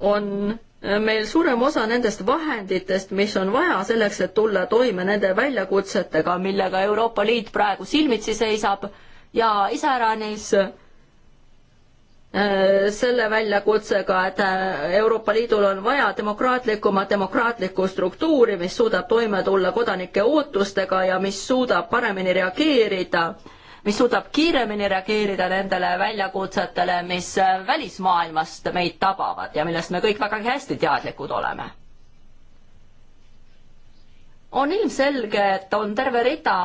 on äh, meil suurem osa nendest vahenditest, mis on vaja selleks, et tulla toime nende väljakutsetega, millega Euroopa Liit praegu silmitsi seisab ja iseäranis äh, Äh, selle väljakutsega, et äh, Euroopa Liidul on vaja demokraatlikumat demokraatlikku struktuuri, mis suudab toime tulla kodanike ootustega ja mis suudab paremini reageerida, mis suudab kiiremini reageerida nendele väljakutsetele, mis äh, välismaailmast meid tabavad ja millest me kõik vägagi hästi teadlikud oleme. on ilmselge, et on terve rida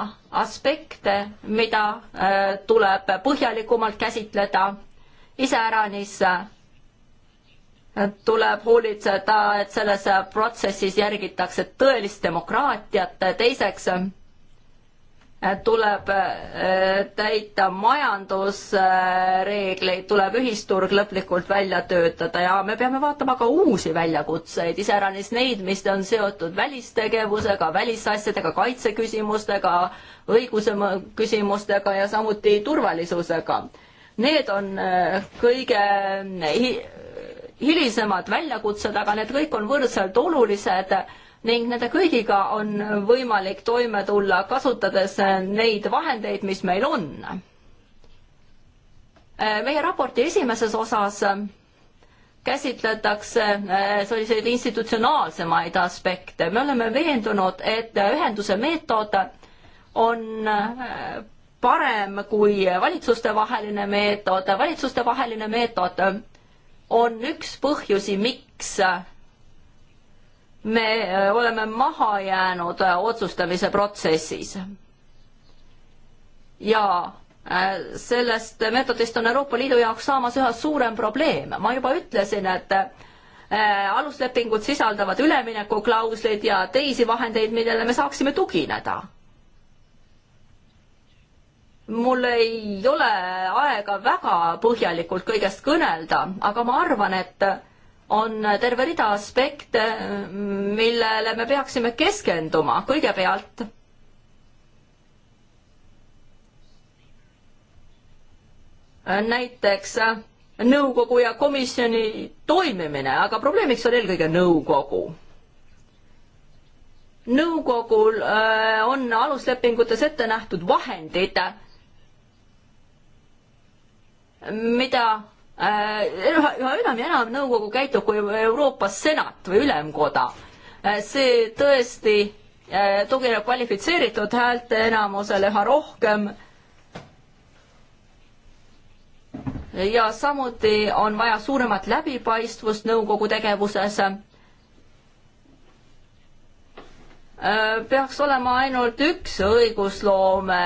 aspekte, mida tuleb põhjalikumalt käsitleda iseäranis äh, tuleb hoolitseda, et selles protsessis järgitakse tõelist demokraatiat, teiseks äh, tuleb äh, täita majandusreegleid, tuleb ühisturg lõplikult välja töötada ja me peame vaatama ka uusi väljakutseid, iseäranis neid, mis on seotud välistegevusega, välisasjadega, kaitseküsimustega, õiguse küsimustega ja samuti turvalisusega Need on äh, kõige äh, hilisemad väljakutsed, aga need kõik on võrdselt olulised ning nende kõigiga on võimalik toime tulla, kasutades äh, neid vahendeid, mis meil on. meie raporti esimeses osas käsitletakse selliseid institutsionaalsemaid aspekte. me oleme veendunud, et ühenduse meetod on parem kui valitsustevaheline meetod. valitsustevaheline meetod on üks põhjusi, miks me oleme maha jäänud otsustamise protsessis. ja äh, sellest meetodist on Euroopa Liidu jaoks saamas üha suurem probleem. ma juba ütlesin, et äh, aluslepingud sisaldavad üleminekuklausleid ja teisi vahendeid, millele me saaksime tugineda mul ei ole aega väga põhjalikult kõigest kõnelda, aga ma arvan, et on terve rida aspekte, millele me peaksime keskenduma. kõigepealt näiteks nõukogu ja komisjoni toimimine, aga probleemiks on eelkõige nõukogu. nõukogul äh, on aluslepingutes ette nähtud vahendid mida äh, üha, üha enam ja enam nõukogu käitub kui Euroopa senat või ülemkoda. Äh, see tõesti äh, tugineb kvalifitseeritud häälte enamusele üha rohkem ja samuti on vaja suuremat läbipaistvust nõukogu tegevuses. peaks olema ainult üks õigusloome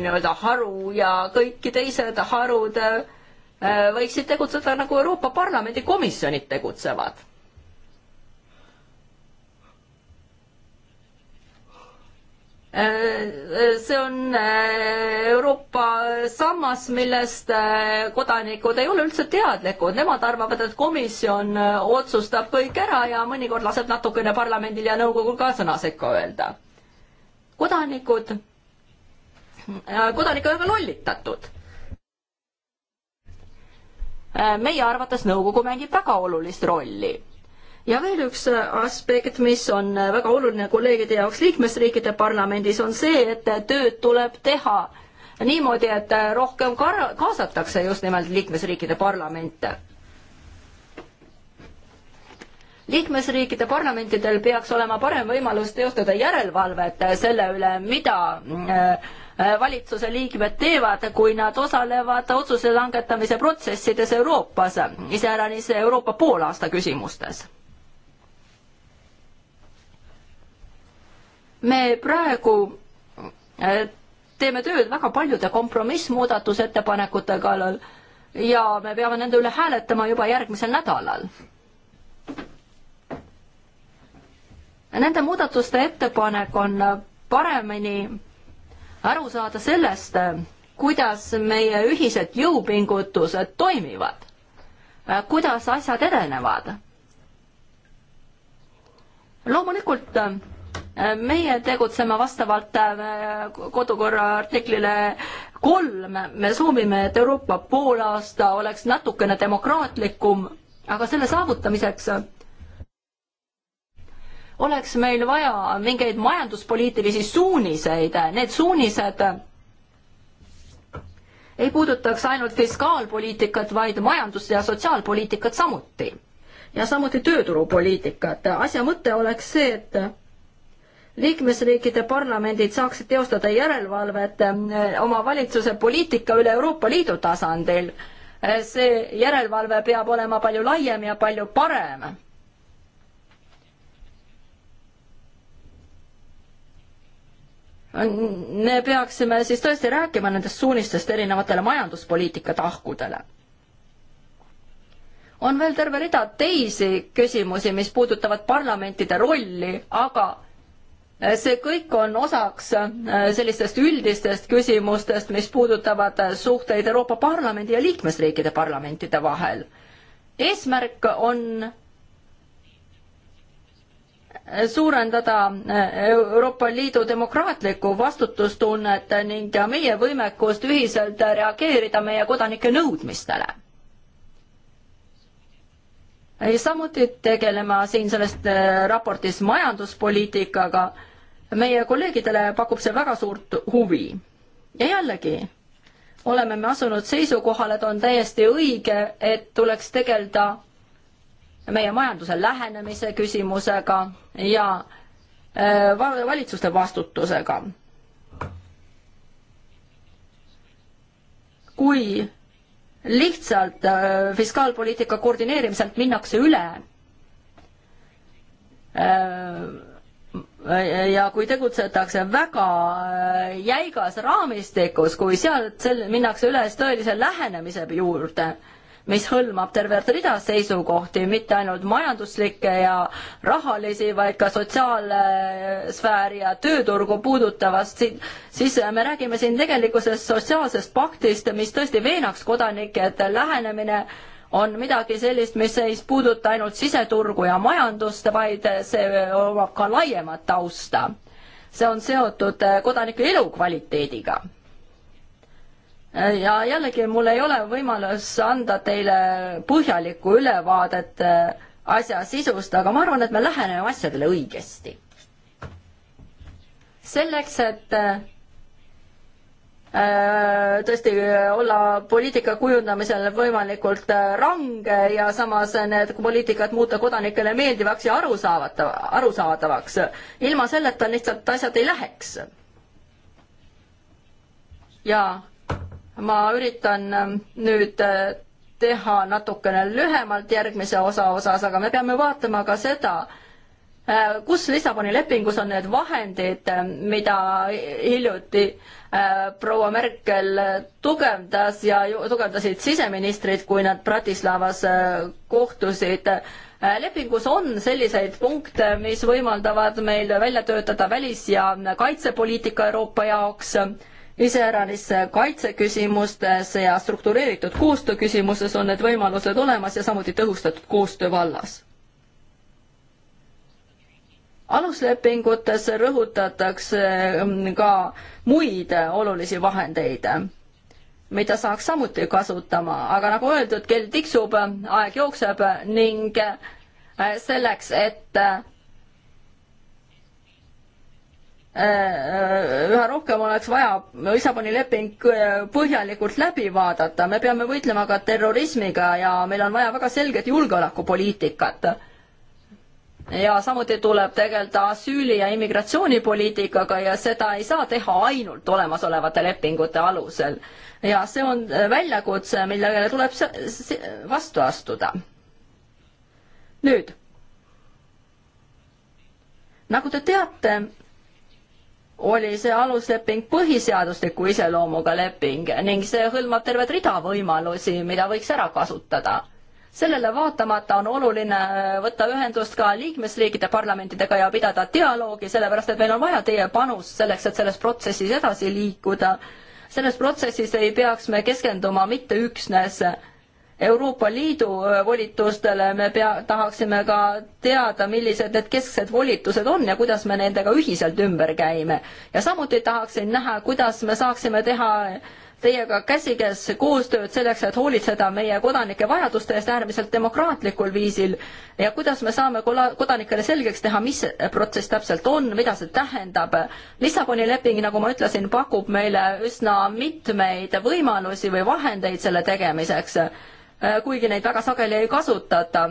nii-öelda haru ja kõiki teised harud äh, Äh, võiksid tegutseda nagu Euroopa Parlamendi komisjonid tegutsevad. Äh, äh, see on Euroopa sammas, millest kodanikud ei ole üldse teadlikud, nemad arvavad, et komisjon otsustab kõik ära ja mõnikord laseb natukene parlamendil ja nõukogul ka sõna sekka öelda. kodanikud, kodanikud on ka lollitatud Äh, meie arvates nõukogu mängib väga olulist rolli. ja veel üks äh, aspekt, mis on äh, väga oluline kolleegide jaoks liikmesriikide parlamendis, on see, et tööd tuleb teha niimoodi, et rohkem kaasatakse just nimelt liikmesriikide parlamente liikmesriikide parlamentidel peaks olema parem võimalus teostada järelevalvet selle üle, mida Äh, valitsuse liikmed teevad, kui nad osalevad otsuse langetamise protsessides Euroopas, iseäranis Euroopa poolaasta küsimustes. me praegu äh, teeme tööd väga paljude kompromissmuudatusettepanekute kallal ja me peame nende üle hääletama juba järgmisel nädalal. Nende muudatuste ettepanek on paremini aru saada sellest, kuidas meie ühised jõupingutused toimivad, kuidas asjad edenevad. loomulikult meie tegutseme vastavalt äh, kodukorra artiklile kolm, me soovime, et Euroopa poolaasta oleks natukene demokraatlikum, aga selle saavutamiseks oleks meil vaja mingeid majanduspoliitilisi suuniseid, need suunised ei puudutaks ainult fiskaalpoliitikat, vaid majandus- ja sotsiaalpoliitikat samuti. ja samuti tööturupoliitikat. asja mõte oleks see, et liikmesriikide parlamendid saaksid teostada järelevalvet eh, oma valitsuse poliitika üle Euroopa Liidu tasandil. Eh, see järelevalve peab olema palju laiem ja palju parem me peaksime siis tõesti rääkima nendest suunistest erinevatele majanduspoliitika tahkudele on veel terve rida teisi küsimusi, mis puudutavad parlamentide rolli, aga see kõik on osaks äh, sellistest üldistest küsimustest, mis puudutavad äh, suhteid Euroopa Parlamendi ja liikmesriikide parlamentide vahel. eesmärk on suurendada äh, Euroopa Liidu demokraatlikku vastutustunnet ning meie võimekust ühiselt reageerida meie kodanike nõudmistele. samuti tegelema siin selles äh, raportis majanduspoliitikaga. meie kolleegidele pakub see väga suurt huvi. ja jällegi, oleme me asunud seisukohale, et on täiesti õige, et tuleks tegeleda meie majanduse lähenemise küsimusega ja äh, valitsuste vastutusega. kui lihtsalt äh, fiskaalpoliitika koordineerimiselt minnakse üle äh, ja kui tegutsetakse väga jäigas raamistikus, kui sealt sel-, minnakse üles tõelise lähenemise juurde, mis hõlmab tervet rida seisukohti, mitte ainult majanduslikke ja rahalisi, vaid ka sotsiaalsfääri ja tööturgu puudutavast, siis me räägime siin tegelikkusest sotsiaalsest paktist, mis tõesti veenaks kodanikke, et lähenemine on midagi sellist, mis ei puuduta ainult siseturgu ja majandust, vaid see omab ka laiemat tausta. see on seotud kodanike elukvaliteediga ja jällegi, mul ei ole võimalus anda teile põhjalikku ülevaadet äh, asja sisust, aga ma arvan, et me läheneme asjadele õigesti. selleks, et äh, äh, tõesti olla poliitika kujundamisel võimalikult range ja samas need poliitikad muuta kodanikele meeldivaks ja arusaavata-, arusaadavaks. ilma selleta lihtsalt asjad ei läheks. jaa ma üritan ähm, nüüd äh, teha natukene lühemalt järgmise osa osas, aga me peame vaatama ka seda, äh, kus Lissaboni lepingus on need vahendid, äh, mida hiljuti proua Merkel tugevdas ja tugevdasid siseministrid, kui nad Bratislavas kohtusid. lepingus on selliseid punkte, mis võimaldavad meil välja töötada välis- ja kaitsepoliitika Euroopa jaoks iseäranis kaitseküsimustes ja struktureeritud koostöö küsimuses on need võimalused olemas ja samuti tõhustatud koostöö vallas. aluslepingutes rõhutatakse mm, ka muid olulisi vahendeid, mida saaks samuti kasutama, aga nagu öeldud, kell tiksub, aeg jookseb ning äh, selleks, et Äh, äh, üha rohkem oleks vaja Lissaboni leping äh, põhjalikult läbi vaadata, me peame võitlema ka terrorismiga ja meil on vaja väga selget julgeolekupoliitikat. ja samuti tuleb tegeleda asüüli- ja immigratsioonipoliitikaga ja seda ei saa teha ainult olemasolevate lepingute alusel. ja see on väljakutse, millele tuleb vastu astuda. nüüd, nagu te teate oli see alusleping põhiseadusliku iseloomuga leping ning see hõlmab tervet rida võimalusi, mida võiks ära kasutada. sellele vaatamata on oluline äh, võtta ühendust ka liikmesriikide parlamentidega ja pidada dialoogi, sellepärast et meil on vaja teie panust selleks, et selles protsessis edasi liikuda. selles protsessis ei peaks me keskenduma mitte üksnes äh, Euroopa Liidu äh, volitustele, me pea, tahaksime ka teada, millised need kesksed volitused on ja kuidas me nendega ühiselt ümber käime. ja samuti tahaksin näha, kuidas me saaksime teha teiega käsikäes koostööd selleks, et hoolitseda meie kodanike vajaduste eest äärmiselt demokraatlikul viisil ja kuidas me saame kodanikele selgeks teha, mis protsess täpselt on, mida see tähendab. Lissaboni leping, nagu ma ütlesin, pakub meile üsna mitmeid võimalusi või vahendeid selle tegemiseks Äh, kuigi neid väga sageli ei kasutata.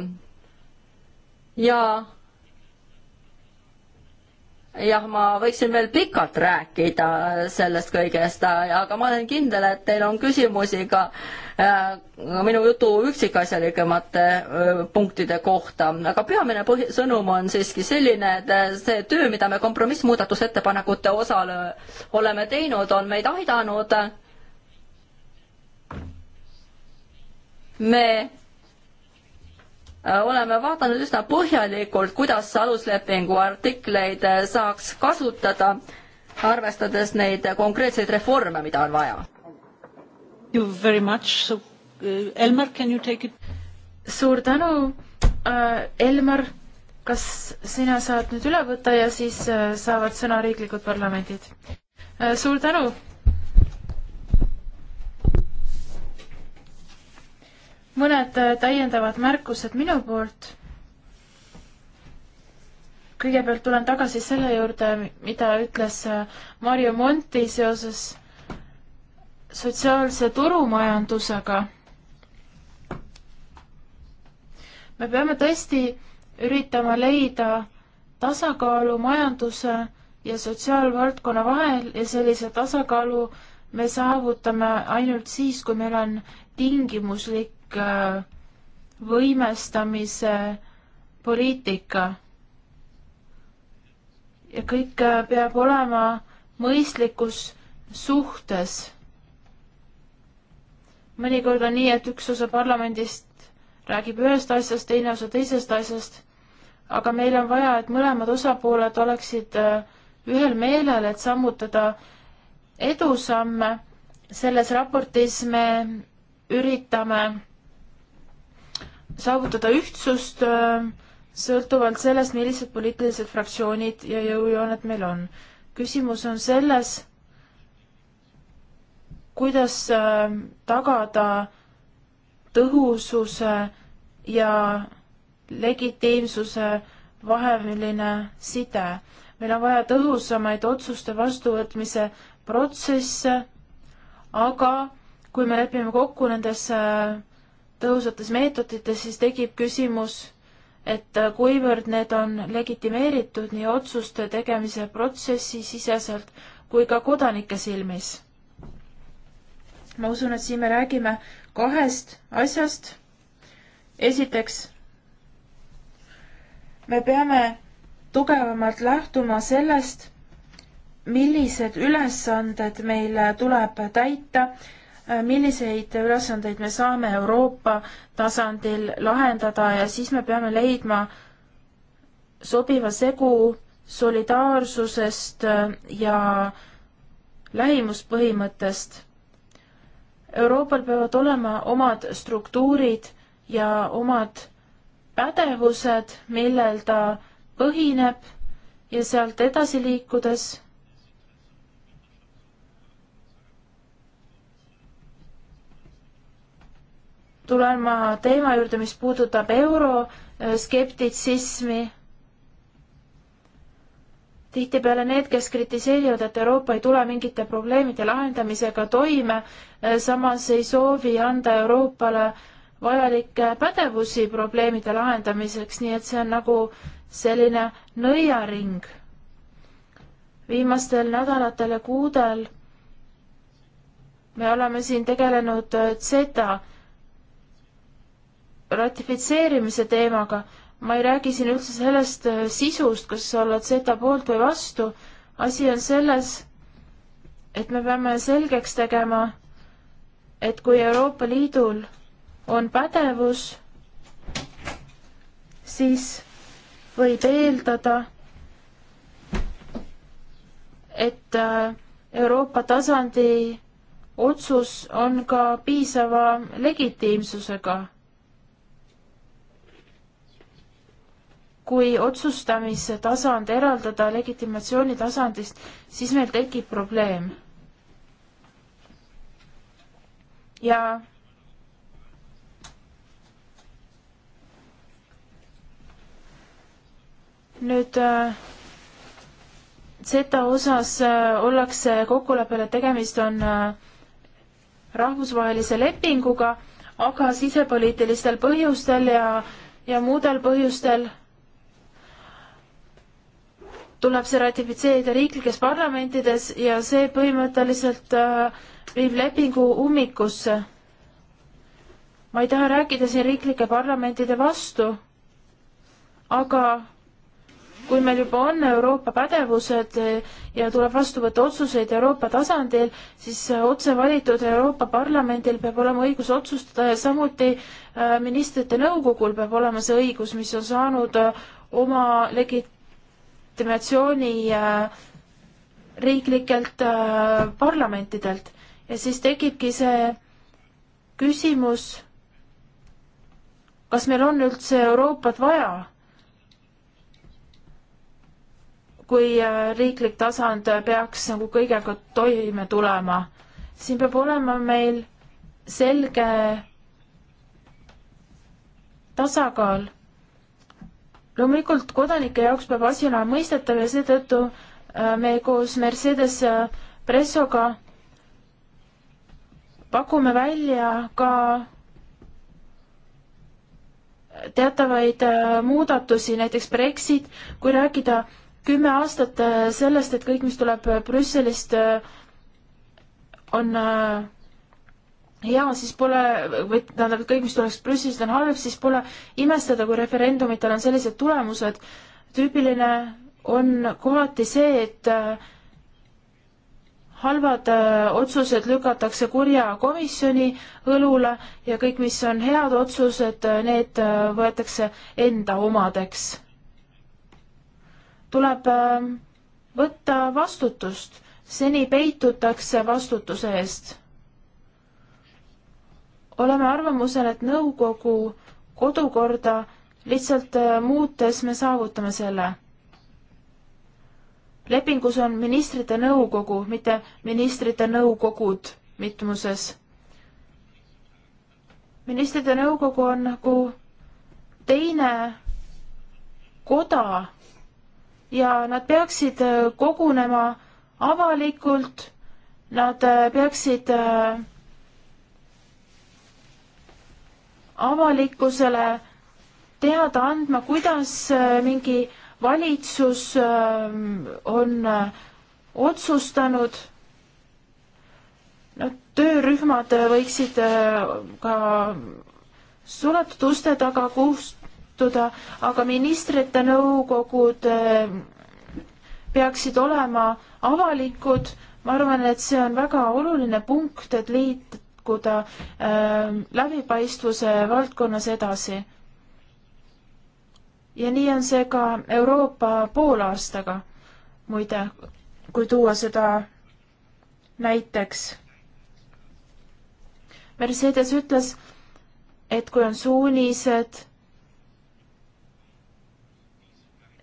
ja jah, ma võiksin veel pikalt rääkida äh, sellest kõigest, äh, aga ma olen kindel, et teil on küsimusi ka minu jutu üksikasjalikemate punktide kohta, aga peamine põhi-, sõnum on siiski selline, et see töö, mida me kompromissmuudatusettepanekute osal oleme teinud, on meid aidanud äh, me äh, oleme vaadanud üsna põhjalikult, kuidas aluslepingu artikleid äh, saaks kasutada, arvestades neid konkreetseid reforme, mida on vaja. So, uh, Elmar, suur tänu, äh, Elmar, kas sina saad nüüd üle võtta ja siis saavad sõna riiklikud parlamendid? suur tänu mõned äh, täiendavad märkused minu poolt. kõigepealt tulen tagasi selle juurde, mida ütles äh, Marju Monti seoses sotsiaalse turumajandusega. me peame tõesti üritama leida tasakaalu majanduse ja sotsiaalvaldkonna vahel ja sellise tasakaalu me saavutame ainult siis, kui meil on tingimuslik Äh, võimestamise poliitika. ja kõik äh, peab olema mõistlikus suhtes. mõnikord on nii, et üks osa parlamendist räägib ühest asjast, teine osa teisest asjast, aga meil on vaja, et mõlemad osapooled oleksid äh, ühel meelel, et sammutada edusamme. selles raportis me üritame saavutada ühtsust äh, sõltuvalt sellest, millised poliitilised fraktsioonid ja jõujooned meil on. küsimus on selles, kuidas äh, tagada tõhususe ja legitiimsuse vaheline side. meil on vaja tõhusamaid otsuste vastuvõtmise protsesse, aga kui me lepime kokku nendes äh, tõhusates meetodites, siis tekib küsimus, et kuivõrd need on legitimeeritud nii otsuste tegemise protsessi siseselt kui ka kodanike silmis. ma usun, et siin me räägime kahest asjast. esiteks, me peame tugevamalt lähtuma sellest, millised ülesanded meile tuleb täita milliseid ülesandeid me saame Euroopa tasandil lahendada ja siis me peame leidma sobiva segu solidaarsusest äh, ja lähimuspõhimõttest. Euroopal peavad olema omad struktuurid ja omad pädevused, millel ta põhineb ja sealt edasi liikudes tulen ma teema juurde, mis puudutab euroskeptitsismi. tihtipeale need, kes kritiseerivad, et Euroopa ei tule mingite probleemide lahendamisega toime, eh, samas ei soovi anda Euroopale vajalikke pädevusi probleemide lahendamiseks, nii et see on nagu selline nõiaring. viimastel nädalatel ja kuudel me oleme siin tegelenud Zeta eh, ratifitseerimise teemaga. ma ei räägi siin üldse sellest äh, sisust, kas sa oled seda poolt või vastu. asi on selles, et me peame selgeks tegema, et kui Euroopa Liidul on pädevus, siis võib eeldada, et äh, Euroopa tasandi otsus on ka piisava legitiimsusega kui otsustamise tasand eraldada legitimatsiooni tasandist, siis meil tekib probleem. ja nüüd äh, seda osas äh, ollakse kokkuleppel, et tegemist on äh, rahvusvahelise lepinguga, aga sisepoliitilistel põhjustel ja, ja muudel põhjustel tuleb see ratifitseerida riiklikes parlamentides ja see põhimõtteliselt äh, viib lepingu ummikusse. ma ei taha rääkida siin riiklike parlamentide vastu, aga kui meil juba on Euroopa pädevused äh, ja tuleb vastu võtta otsuseid Euroopa tasandil, siis äh, otse valitud Euroopa Parlamendil peab olema õigus otsustada ja samuti ministrite nõukogul peab olema see õigus, mis on saanud oma legit-, dimensiooni äh, riiklikelt äh, parlamentidelt ja siis tekibki see küsimus, kas meil on üldse Euroopat vaja, kui äh, riiklik tasand peaks nagu kõigega toime tulema. siin peab olema meil selge tasakaal loomulikult kodanike jaoks peab asi olema mõistetav ja seetõttu äh, me koos Mercedes äh, Pressoga pakume välja ka teatavaid äh, muudatusi, näiteks Brexit, kui rääkida kümme aastat sellest, et kõik, mis tuleb Brüsselist, on ja siis pole, või tähendab, et kõik, mis tuleks Brüsselist, on halb, siis pole imestada, kui referendumitel on sellised tulemused. tüüpiline on kohati see, et äh, halvad äh, otsused lükatakse kurja komisjoni õlule ja kõik, mis on head otsused, äh, need võetakse enda omadeks. tuleb võtta vastutust, seni peitutakse vastutuse eest oleme arvamusel, et nõukogu kodukorda lihtsalt äh, muutes me saavutame selle. lepingus on ministrite nõukogu, mitte ministrite nõukogud mitmuses. ministrite nõukogu on nagu teine koda ja nad peaksid äh, kogunema avalikult, nad äh, peaksid äh, avalikkusele teada andma, kuidas äh, mingi valitsus äh, on äh, otsustanud, no töörühmad võiksid ka suletud uste taga kohtuda, aga ministrite nõukogud peaksid olema avalikud, ma arvan, et see on väga oluline punkt, et liit liikuda ähm, läbipaistvuse valdkonnas edasi. ja nii on see ka Euroopa poolaastaga, muide, kui tuua seda näiteks. Mercedes ütles, et kui on suunised,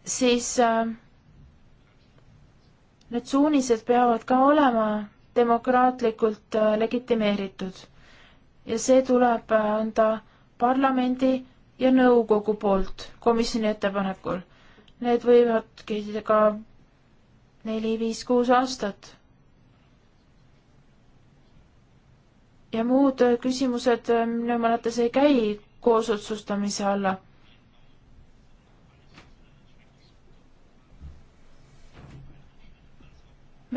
siis äh, need suunised peavad ka olema demokraatlikult äh, legitimeeritud ja see tuleb äh, anda parlamendi ja nõukogu poolt komisjoni ettepanekul. Need võivad kehtida ka neli-viis-kuus aastat. ja muud äh, küsimused minu mõttes ei käi koos otsustamise alla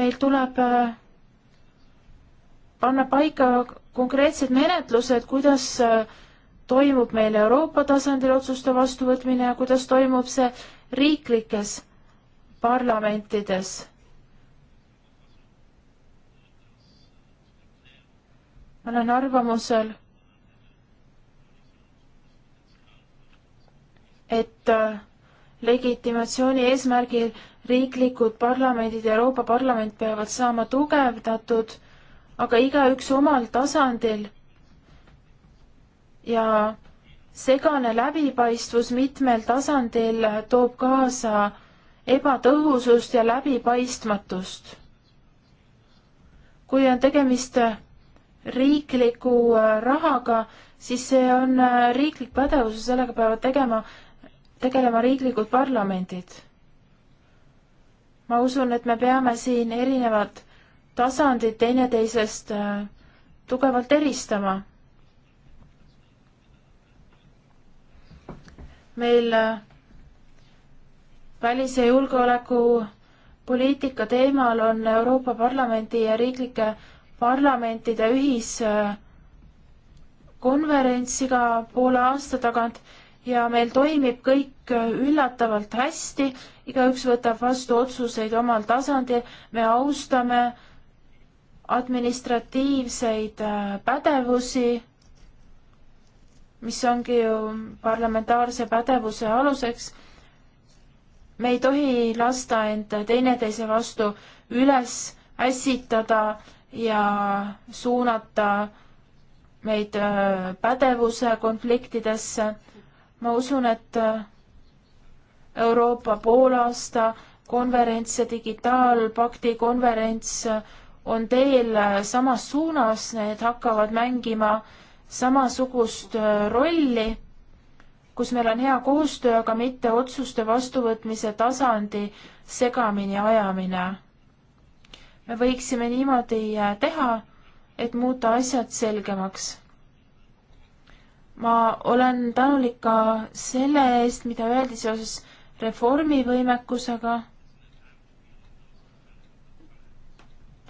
meil tuleb panna paika konkreetsed menetlused, kuidas äh, toimub meil Euroopa tasandil otsuste vastuvõtmine ja kuidas toimub see riiklikes parlamentides. ma olen arvamusel, et äh, legitimatsiooni eesmärgil riiklikud parlamendid ja Euroopa Parlament peavad saama tugevdatud aga igaüks omal tasandil. ja segane läbipaistvus mitmel tasandil toob kaasa ebatõhusust ja läbipaistmatust. kui on tegemist riikliku äh, rahaga, siis see on äh, riiklik pädevus ja sellega peavad tegema, tegelema riiklikud parlamendid. ma usun, et me peame siin erinevad tasandid teineteisest äh, tugevalt eristama. meil äh, välis- ja julgeolekupoliitika teemal on Euroopa Parlamendi ja riiklike parlamentide ühiskonverents äh, iga poole aasta tagant ja meil toimib kõik üllatavalt hästi, igaüks võtab vastu otsuseid omal tasandil, me austame äh, administratiivseid äh, pädevusi, mis ongi ju parlamentaarse pädevuse aluseks. me ei tohi lasta end teineteise vastu üles ässitada ja suunata meid äh, pädevuse konfliktidesse. ma usun, et äh, Euroopa poolaasta konverents ja digitaalpakti konverents on teel samas suunas, need hakkavad mängima samasugust äh, rolli, kus meil on hea koostöö, aga mitte otsuste vastuvõtmise tasandi segamini ajamine. me võiksime niimoodi äh, teha, et muuta asjad selgemaks ma olen tänulik ka selle eest, mida öeldi seoses reformivõimekusega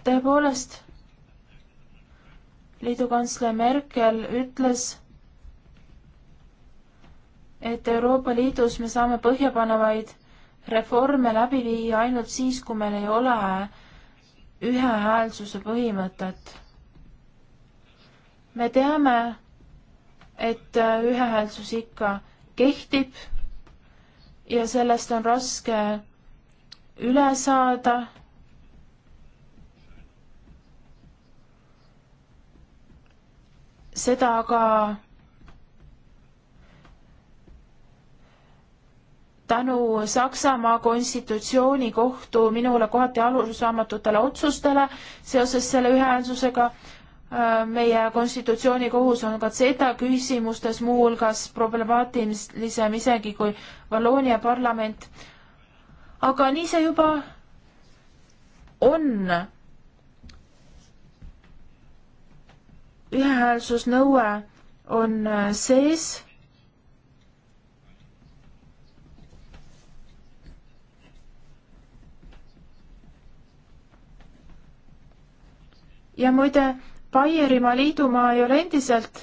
tõepoolest, liidu kantsler Merkel ütles, et Euroopa Liidus me saame põhjapanevaid reforme läbi viia ainult siis, kui meil ei ole ühehäälsuse põhimõtet. me teame, et ühehäälsus ikka kehtib ja sellest on raske üle saada seda aga tänu Saksamaa konstitutsioonikohtu minule kohati arusaamatutele otsustele seoses selle ühehäälsusega. Äh, meie konstitutsioonikohus on ka seda küsimustes muuhulgas problemaatilisem isegi kui Valloonia parlament. aga nii see juba on ühehäälsusnõue on äh, sees. ja muide, Baierimaa liidumaa ei ole endiselt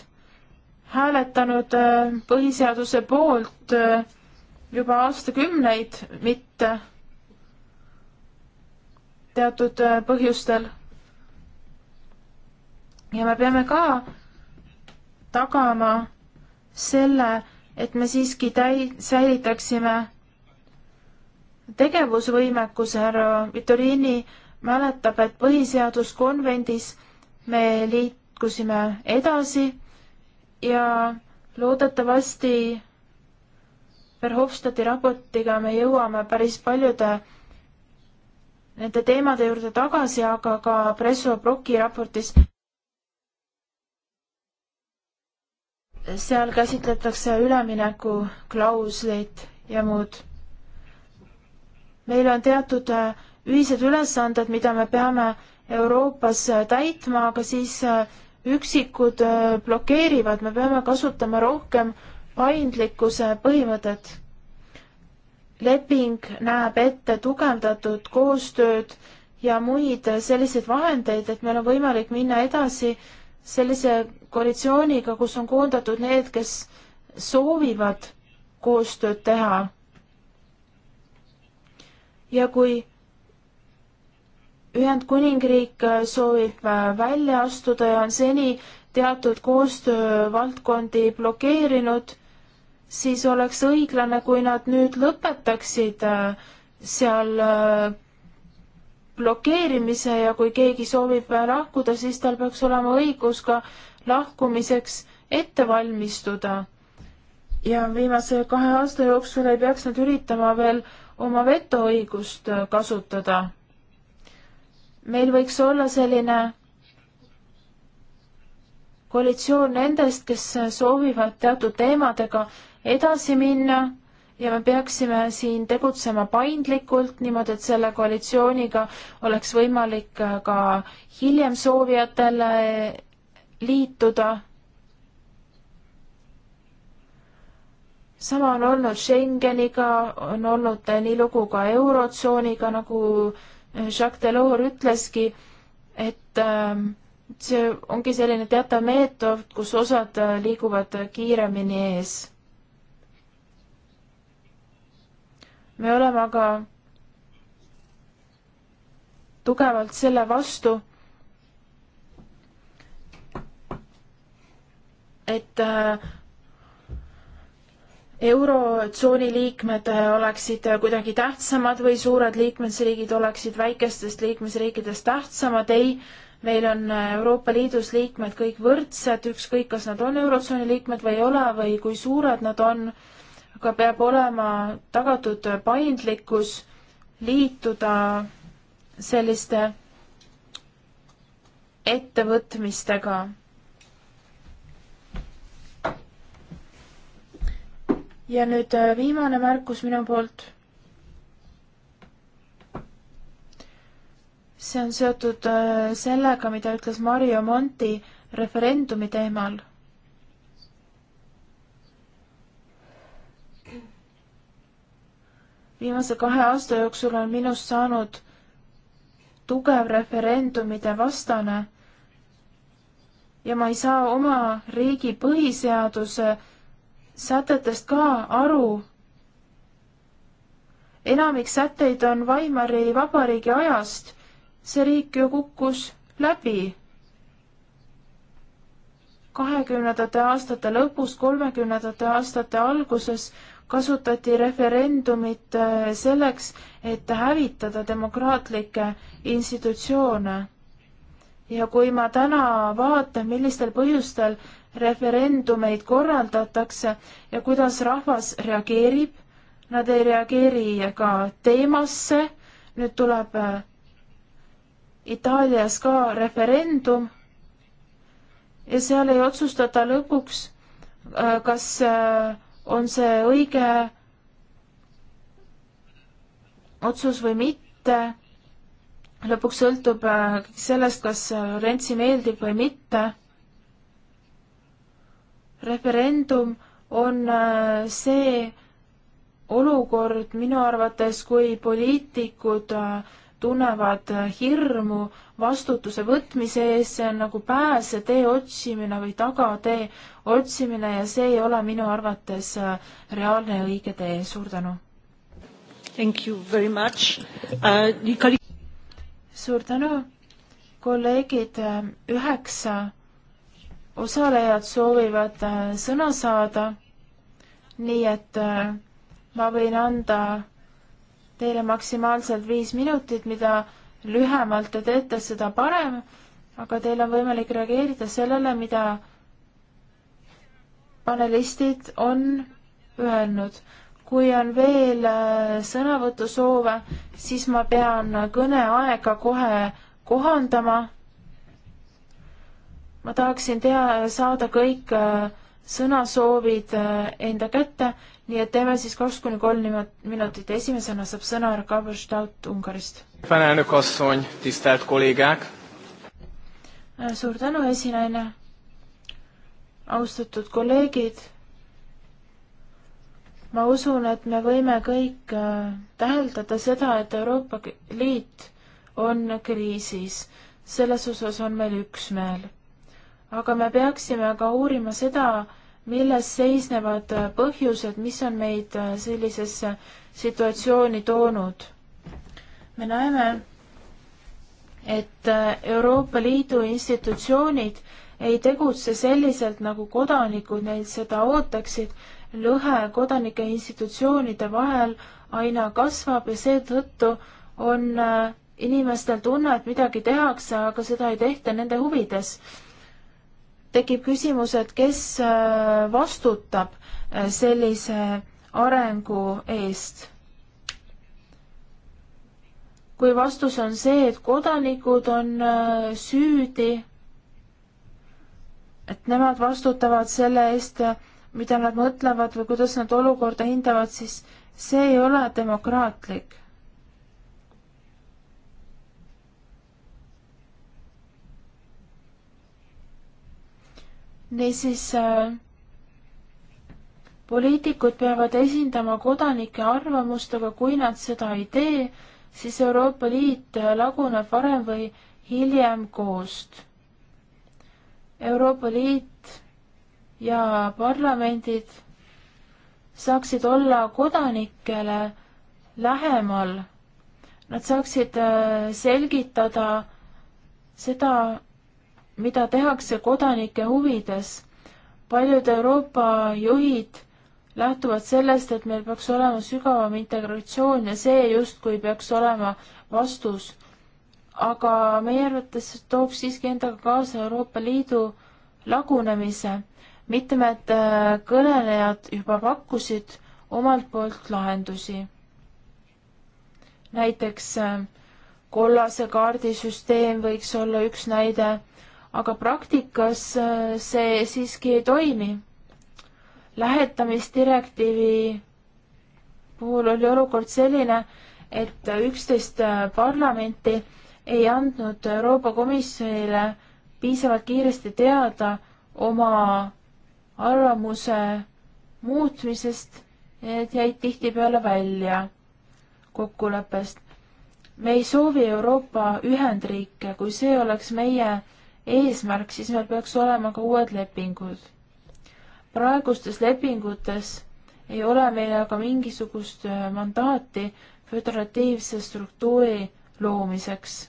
hääletanud äh, põhiseaduse poolt äh, juba aastakümneid, mitte teatud põhjustel ja me peame ka tagama selle, et me siiski täi-, säilitaksime tegevusvõimekuse, härra Vitorini mäletab, et põhiseaduskonvendis me liikusime edasi ja loodetavasti Verhofstadti raportiga me jõuame päris paljude nende teemade juurde tagasi, aga ka Presso Broki raportis seal käsitletakse ülemineku klausleid ja muud. meil on teatud äh, ühised ülesanded, mida me peame Euroopas äh, täitma, aga siis äh, üksikud blokeerivad, me peame kasutama rohkem paindlikkuse põhimõtet. leping näeb ette tugevdatud koostööd ja muid selliseid vahendeid, et meil on võimalik minna edasi sellise koalitsiooniga, kus on koondatud need, kes soovivad koostööd teha. ja kui Ühendkuningriik soovib välja astuda ja on seni teatud koostöövaldkondi blokeerinud, siis oleks õiglane, kui nad nüüd lõpetaksid äh, seal äh, blokeerimise ja kui keegi soovib lahkuda, siis tal peaks olema õigus ka lahkumiseks ette valmistuda. ja viimase kahe aasta jooksul ei peaks nad üritama veel oma vetoõigust kasutada. meil võiks olla selline koalitsioon nendest, kes soovivad teatud teemadega edasi minna ja me peaksime siin tegutsema paindlikult, niimoodi, et selle koalitsiooniga oleks võimalik ka hiljem soovijatele liituda. sama on olnud Schengeniga, on olnud nii lugu ka Eurotsooniga, nagu Jacques Delors ütleski, et ähm, see ongi selline teatav meetod, kus osad liiguvad kiiremini ees. me oleme aga tugevalt selle vastu et äh, eurotsooni liikmed äh, oleksid äh, kuidagi tähtsamad või suured liikmesriigid oleksid väikestest liikmesriikidest tähtsamad, ei, meil on Euroopa Liidus liikmed kõik võrdsed, ükskõik, kas nad on eurotsooni liikmed või ei ole või kui suured nad on, aga peab olema tagatud paindlikkus liituda selliste ettevõtmistega ja nüüd äh, viimane märkus minu poolt. see on seotud äh, sellega, mida ütles Mario Monti referendumi teemal. viimase kahe aasta jooksul on minust saanud tugev referendumide vastane ja ma ei saa oma riigi põhiseaduse sätetest ka aru. enamik sätteid on Weimari vabariigi ajast, see riik ju kukkus läbi kahekümnendate aastate lõpus, kolmekümnendate aastate alguses kasutati referendumit eh, selleks, et hävitada demokraatlikke institutsioone ja kui ma täna vaatan, millistel põhjustel referendumeid korraldatakse ja kuidas rahvas reageerib, nad ei reageeri ka teemasse, nüüd tuleb äh, Itaalias ka referendum ja seal ei otsustata lõpuks, äh, kas äh, on see õige otsus või mitte lõpuks sõltub äh, sellest, kas äh, Rentsi meeldib või mitte. referendum on äh, see olukord minu arvates, kui poliitikud tunnevad hirmu vastutuse võtmise ees, see on nagu pääsetee otsimine või tagatee otsimine ja see ei ole minu arvates reaalne õige tee, suur tänu. Thank you very much uh, suur tänu, kolleegid, äh, üheksa osalejad soovivad äh, sõna saada, nii et äh, ma võin anda teile maksimaalselt viis minutit, mida lühemalt te teete, seda parem, aga teil on võimalik reageerida sellele, mida panelistid on öelnud kui on veel äh, sõnavõtusoove, siis ma pean kõneaega kohe kohandama. ma tahaksin tea, saada kõik äh, sõnasoovid äh, enda kätte, nii et teeme siis kaks kuni kolm minutit. esimesena saab sõna härra Kabrštaut Ungarist. suur tänu, esinaine. austatud kolleegid ma usun, et me võime kõik äh, täheldada seda, et Euroopa Liit on kriisis. selles osas on meil üksmeel. aga me peaksime ka uurima seda, milles seisnevad äh, põhjused, mis on meid äh, sellisesse situatsiooni toonud. me näeme, et Euroopa Liidu institutsioonid ei tegutse selliselt, nagu kodanikud neilt seda ootaksid lõhe kodanike institutsioonide vahel aina kasvab ja seetõttu on äh, inimestel tunne, et midagi tehakse, aga seda ei tehta nende huvides. tekib küsimus, et kes äh, vastutab äh, sellise arengu eest? kui vastus on see, et kodanikud on süüdi, et nemad vastutavad selle eest, mida nad mõtlevad või kuidas nad olukorda hindavad, siis see ei ole demokraatlik. niisiis äh, poliitikud peavad esindama kodanike arvamust, aga kui nad seda ei tee, siis Euroopa Liit äh, laguneb varem või hiljem koost. Euroopa Liit ja parlamendid saaksid olla kodanikele lähemal. Nad saaksid äh, selgitada seda, mida tehakse kodanike huvides. paljud Euroopa juhid lähtuvad sellest, et meil peaks olema sügavam integratsioon ja see justkui peaks olema vastus. aga meie arvates toob siiski endaga kaasa Euroopa Liidu lagunemise mitmed äh, kõnelejad juba pakkusid omalt poolt lahendusi. näiteks äh, kollase kaardi süsteem võiks olla üks näide, aga praktikas äh, see siiski ei toimi. lähetamisdirektiivi puhul oli olukord selline, et üksteist parlamenti ei andnud Euroopa Komisjonile piisavalt kiiresti teada oma arvamuse muutmisest, need jäid tihtipeale välja kokkuleppest. me ei soovi Euroopa ühendriike, kui see oleks meie eesmärk, siis meil peaks olema ka uued lepingud. praegustes lepingutes ei ole meil aga mingisugust äh, mandaati föderatiivse struktuuri loomiseks.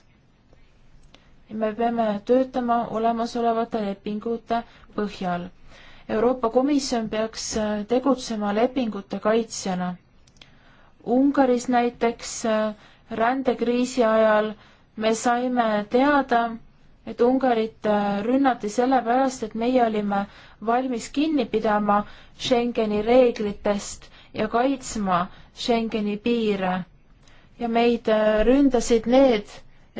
me peame töötama olemasolevate lepingute põhjal Euroopa Komisjon peaks äh, tegutsema lepingute kaitsjana. Ungaris näiteks äh, rändekriisi ajal me saime teada, et Ungarit äh, rünnati sellepärast, et meie olime valmis kinni pidama Schengeni reeglitest ja kaitsma Schengeni piire. ja meid ründasid need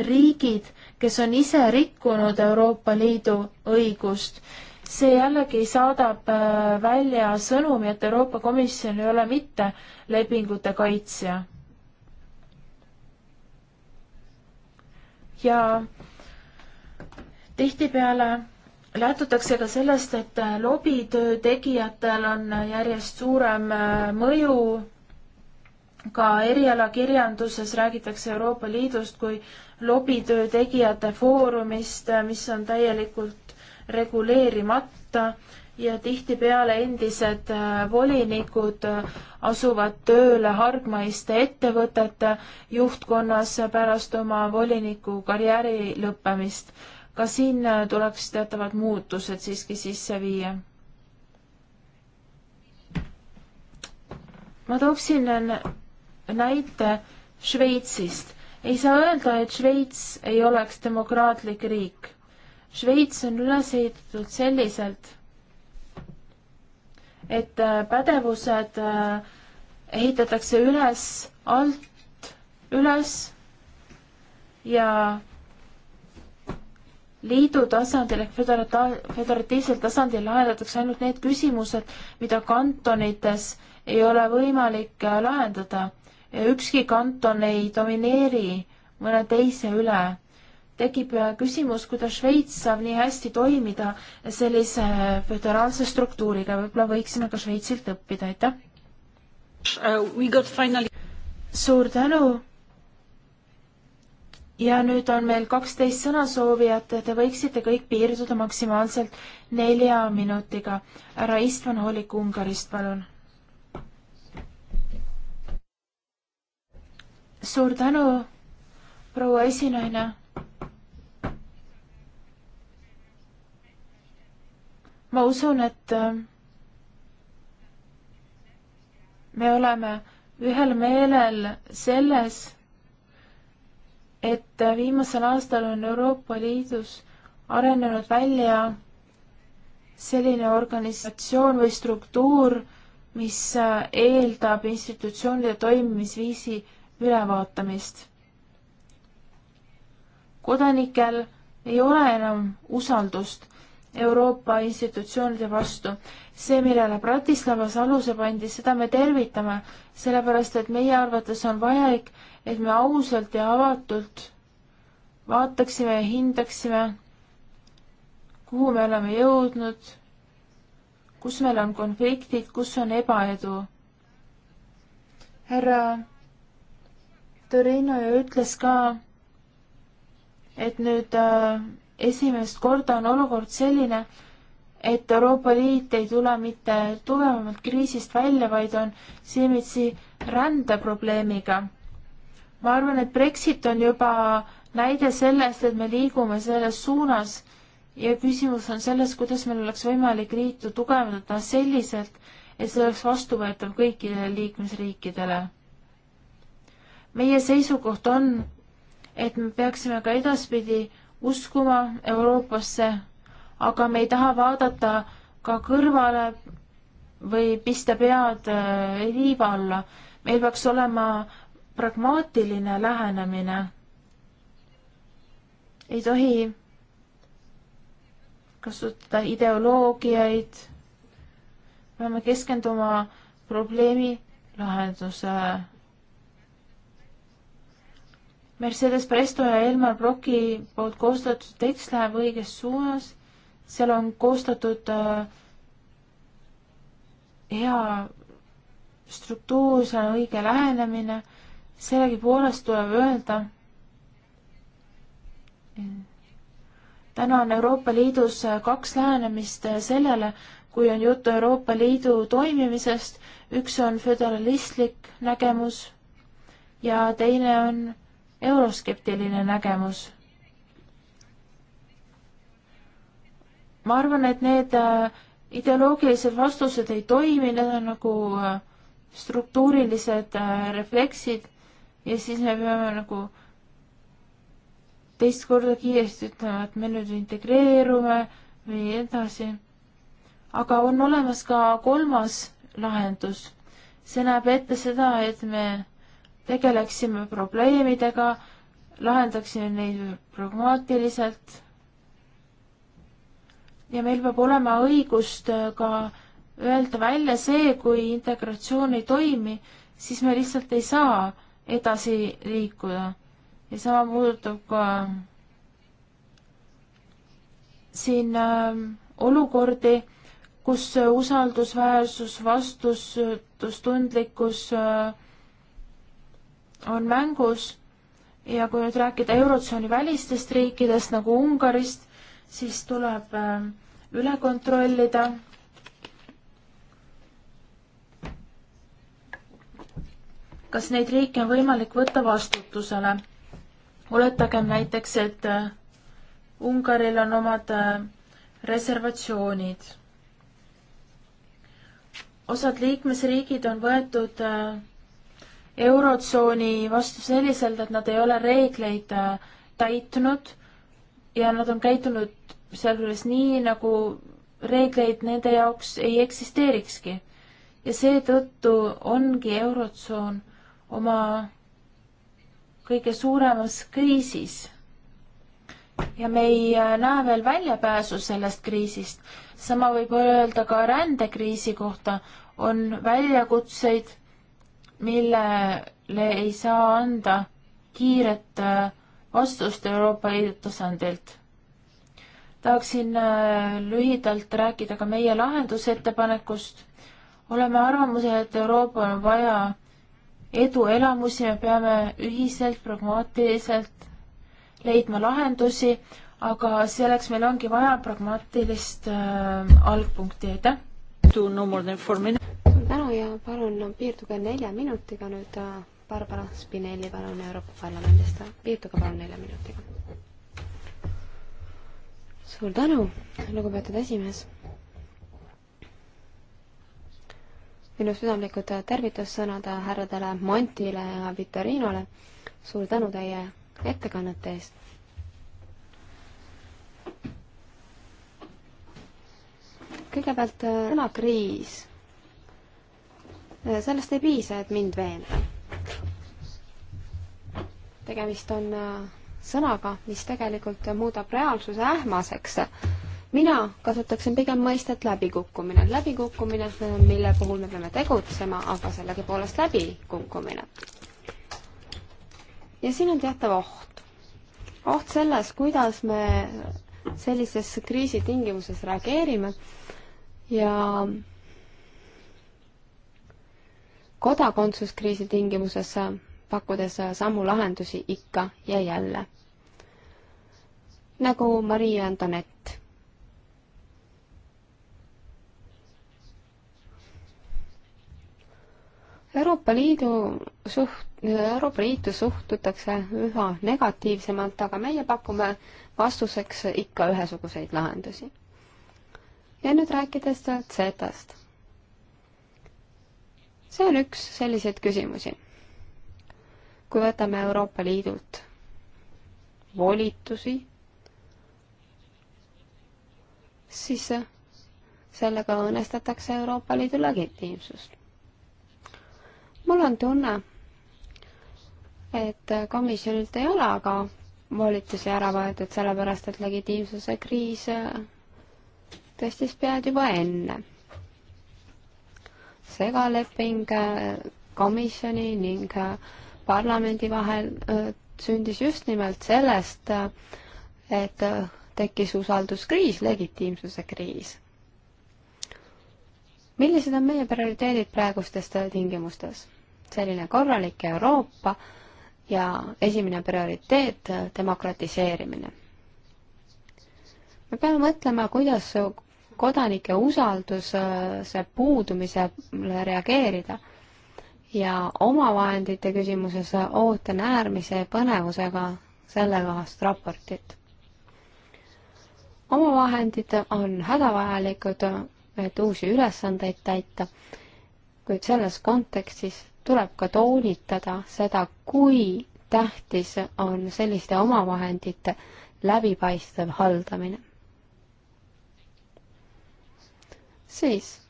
riigid, kes on ise rikkunud Euroopa Liidu õigust see jällegi saadab äh, välja sõnumi, et Euroopa Komisjon ei ole mitte lepingute kaitsja. ja tihtipeale lähtutakse ka sellest, et äh, lobitöö tegijatel on järjest suurem äh, mõju ka erialakirjanduses räägitakse Euroopa Liidust kui lobitöö tegijate foorumist, mis on täielikult reguleerimata ja tihtipeale endised äh, volinikud äh, asuvad tööle hargmaiste ettevõtete juhtkonnas pärast oma voliniku karjääri lõppemist. ka siin äh, tuleks teatavad muutused siiski sisse viia. ma tooksin näite Šveitsist. ei saa öelda, et Šveits ei oleks demokraatlik riik Šveits on üles ehitatud selliselt, et äh, pädevused äh, ehitatakse üles alt üles ja liidu tasandil ehk föderata-, föderatiivsel tasandil lahendatakse ainult need küsimused, mida kantonites ei ole võimalik äh, lahendada. ükski kanton ei domineeri mõne teise üle tekib äh, küsimus, kuidas Šveits saab nii hästi toimida sellise föderaalse struktuuriga, võib-olla võiksime ka Šveitsilt õppida, aitäh! Uh, finally... suur tänu! ja nüüd on meil kaksteist sõnasoovijat, te võiksite kõik piirduda maksimaalselt nelja minutiga. härra Istvan Holik Ungarist, palun. suur tänu, proua esinaine. ma usun, et äh, me oleme ühel meelel selles, et äh, viimasel aastal on Euroopa Liidus arenenud välja selline organisatsioon või struktuur, mis äh, eeldab institutsioonide toimimisviisi ülevaatamist. kodanikel ei ole enam usaldust Euroopa institutsioonide vastu. see, millele Bratislavas aluse pandi, seda me tervitame, sellepärast et meie arvates on vajalik, et me ausalt ja avatult vaataksime ja hindaksime, kuhu me oleme jõudnud, kus meil on konfliktid, kus on ebaedu. härra Torino ju ütles ka, et nüüd äh, esimest korda on olukord selline, et Euroopa Liit ei tule mitte tugevamalt kriisist välja, vaid on silmitsi rändeprobleemiga. ma arvan, et Brexit on juba näide sellest, et me liigume selles suunas ja küsimus on selles, kuidas meil oleks võimalik liitu tugevdada selliselt, et see oleks vastuvõetav kõikidele liikmesriikidele. meie seisukoht on, et me peaksime ka edaspidi uskuma Euroopasse, aga me ei taha vaadata ka kõrvale või pista pead äh, liiva alla. meil peaks olema pragmaatiline lähenemine. ei tohi kasutada ideoloogiaid, peame keskenduma probleemi lahendusele Mercedes Presto ja Elmar Broki poolt koostatud tekst läheb õiges suunas, seal on koostatud äh, hea struktuur, seal on õige lähenemine, sellegipoolest tuleb öelda, täna on Euroopa Liidus äh, kaks lähenemist äh, sellele, kui on juttu Euroopa Liidu toimimisest, üks on föderalistlik nägemus ja teine on euroskeptiline nägemus. ma arvan, et need äh, ideoloogilised vastused ei toimi, need on nagu äh, struktuurilised äh, refleksid ja siis me peame nagu teist korda kiiresti ütlema, et me nüüd integreerume või edasi. aga on olemas ka kolmas lahendus. see näeb ette seda, et me tegeleksime probleemidega, lahendaksime neid pragmaatiliselt. ja meil peab olema õigust äh, ka öelda välja see, kui integratsioon ei toimi, siis me lihtsalt ei saa edasi liikuda. ja sama puudutab ka siin äh, olukordi, kus usaldusväärsus, vastutustundlikkus äh, on mängus ja kui nüüd rääkida Eurotsooni välistest riikidest nagu Ungarist, siis tuleb ähm, üle kontrollida. kas neid riike on võimalik võtta vastutusele? oletagem näiteks, et äh, Ungaril on omad äh, reservatsioonid. osad liikmesriigid on võetud äh, Eurotsooni vastu selliselt, et nad ei ole reegleid äh, täitnud ja nad on käitunud sealjuures nii, nagu reegleid nende jaoks ei eksisteerikski. ja seetõttu ongi Eurotsoon oma kõige suuremas kriisis. ja me ei äh, näe veel väljapääsu sellest kriisist. sama võib öelda ka rändekriisi kohta, on väljakutseid millele ei saa anda kiiret äh, vastust Euroopa Liidu tasandilt. tahaksin äh, lühidalt rääkida ka meie lahendusettepanekust. oleme arvamusel, et Euroopal on vaja eduelamusi, me peame ühiselt, pragmaatiliselt leidma lahendusi, aga selleks meil ongi vaja pragmaatilist äh, algpunkti, aitäh! tänu ja palun piirduge nelja minutiga nüüd äh, Barbara Spinelli, palun Euroopa Parlamendist, piirduge palun nelja minutiga. suur tänu, lugupeetud esimees. minu südamlikud tervitussõnad härradele Mantile ja Vitorinole. suur tänu teie ettekannete eest. kõigepealt sõnakriis äh, sellest ei piisa, et mind veenda. tegemist on äh, sõnaga, mis tegelikult muudab reaalsuse ähmaseks. mina kasutaksin pigem mõistet läbikukkumine. läbikukkumine, mille puhul me peame tegutsema, aga sellegipoolest läbikukkumine. ja siin on teatav oht. oht selles, kuidas me sellises kriisitingimuses reageerime ja no kodakondsuskriisi tingimuses, pakkudes samu lahendusi ikka ja jälle. nagu Marie Antoinette. Euroopa Liidu suht-, Euroopa Liitu suhtutakse üha negatiivsemalt, aga meie pakume vastuseks ikka ühesuguseid lahendusi. ja nüüd rääkides Z-st see on üks selliseid küsimusi. kui võtame Euroopa Liidult volitusi, siis sellega õõnestatakse Euroopa Liidu legitiimsust. mul on tunne, et komisjonilt ei ole aga volitusi ära võetud, sellepärast et legitiimsuse kriis tõstis pead juba enne segaleping äh, komisjoni ning äh, parlamendi vahel äh, sündis just nimelt sellest, et tekkis usalduskriis, legitiimsuse kriis. millised on meie prioriteedid praegustes tingimustes? selline korralik Euroopa ja esimene prioriteet, demokratiseerimine. me peame mõtlema, kuidas kodanike usalduse äh, puudumisele reageerida. ja omavahendite küsimuses ootan äärmise põnevusega sellekohast raportit. omavahendid on hädavajalikud, et uusi ülesandeid täita, kuid selles kontekstis tuleb ka toonitada seda, kui tähtis on selliste omavahendite läbipaistev haldamine. siis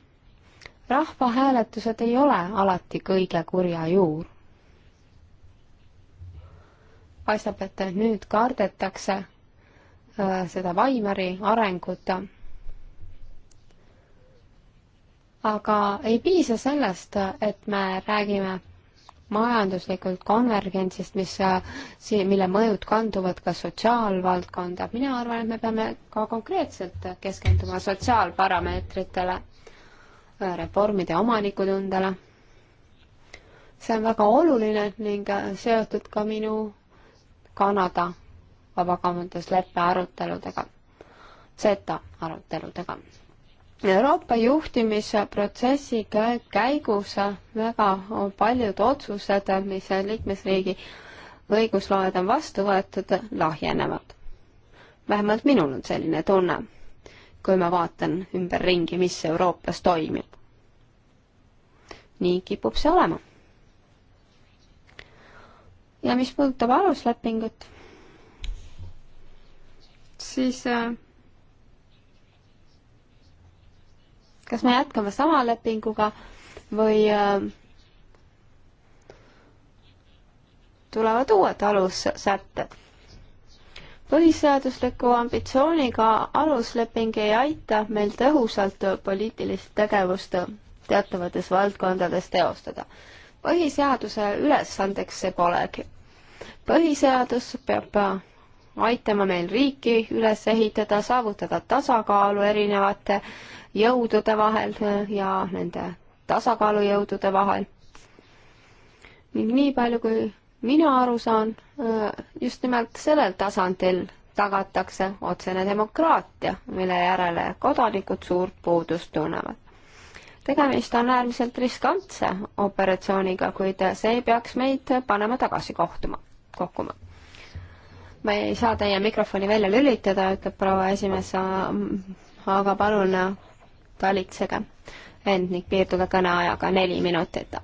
rahvahääletused ei ole alati kõige kurja juur. paistab, et nüüd kardetakse äh, seda Vaimari arengut. aga ei piisa sellest, et me räägime majanduslikult konvergentsist, mis, äh, mille mõjud kanduvad ka sotsiaalvaldkonda. mina arvan, et me peame ka konkreetselt keskenduma sotsiaalparameetritele, äh, reformide omanikutundele. see on väga oluline ning äh, seotud ka minu Kanada vabakaubandusleppe aruteludega, Z aruteludega Euroopa juhtimisprotsessi käigus väga paljud otsused, mis liikmesriigi õigusloed on vastu võetud, lahjenevad. vähemalt minul on selline tunne, kui ma vaatan ümberringi, mis Euroopas toimib. nii kipub see olema. ja mis puudutab aluslepingut, siis äh, kas me jätkame sama lepinguga või äh, tulevad uued alussätted? põhiseadusliku ambitsiooniga alusleping ei aita meil tõhusalt poliitilist tegevust teatavates valdkondades teostada. põhiseaduse ülesandeks see polegi. põhiseadus peab aitama meil riiki üles ehitada, saavutada tasakaalu erinevate jõudude vahel ja nende tasakaalujõudude vahel. ning nii palju, kui mina aru saan, äh, just nimelt sellel tasandil tagatakse otsene demokraatia, mille järele kodanikud suurt puudust tunnevad. tegemist on äärmiselt riskantse operatsiooniga, kuid see ei peaks meid panema tagasi kohtuma, kokkuma ma ei saa teie mikrofoni välja lülitada, ütleb proua esimees, aga palun äh, talitsege end ning piirduge kõneajaga neli minutit.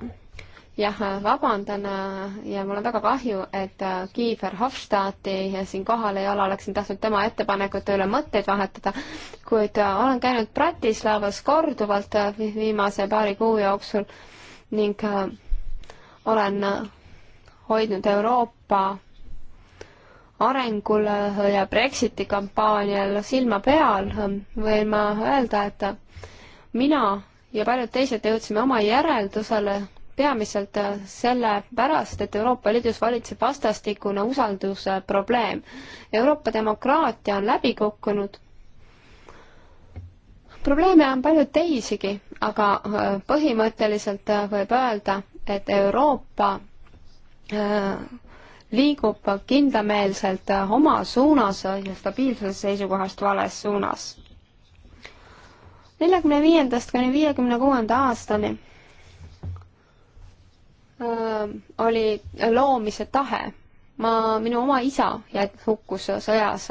jah, äh, vabandan äh, ja mul on väga kahju, et Kiiver Hofstadti siin kohal ei ole, oleksin tahtnud tema ettepanekute üle mõtteid vahetada, kuid olen käinud Bratislavas korduvalt viimase paari kuu jooksul ning olen hoidnud Euroopa arengul äh, ja Brexiti kampaanial silma peal, äh, võin ma öelda, et mina ja paljud teised jõudsime oma järeldusele peamiselt äh, sellepärast, et Euroopa Liidus valitseb vastastikune usalduse probleem. Euroopa demokraatia on läbi kukkunud. probleeme on palju teisigi, aga põhimõtteliselt võib öelda, et Euroopa äh, liigub kindlameelselt oma suunas ja stabiilsuse seisukohast vales suunas. neljakümne viiendast kuni viiekümne kuuenda aastani äh, oli loomise tahe. ma, minu oma isa jät-, hukkus sõjas.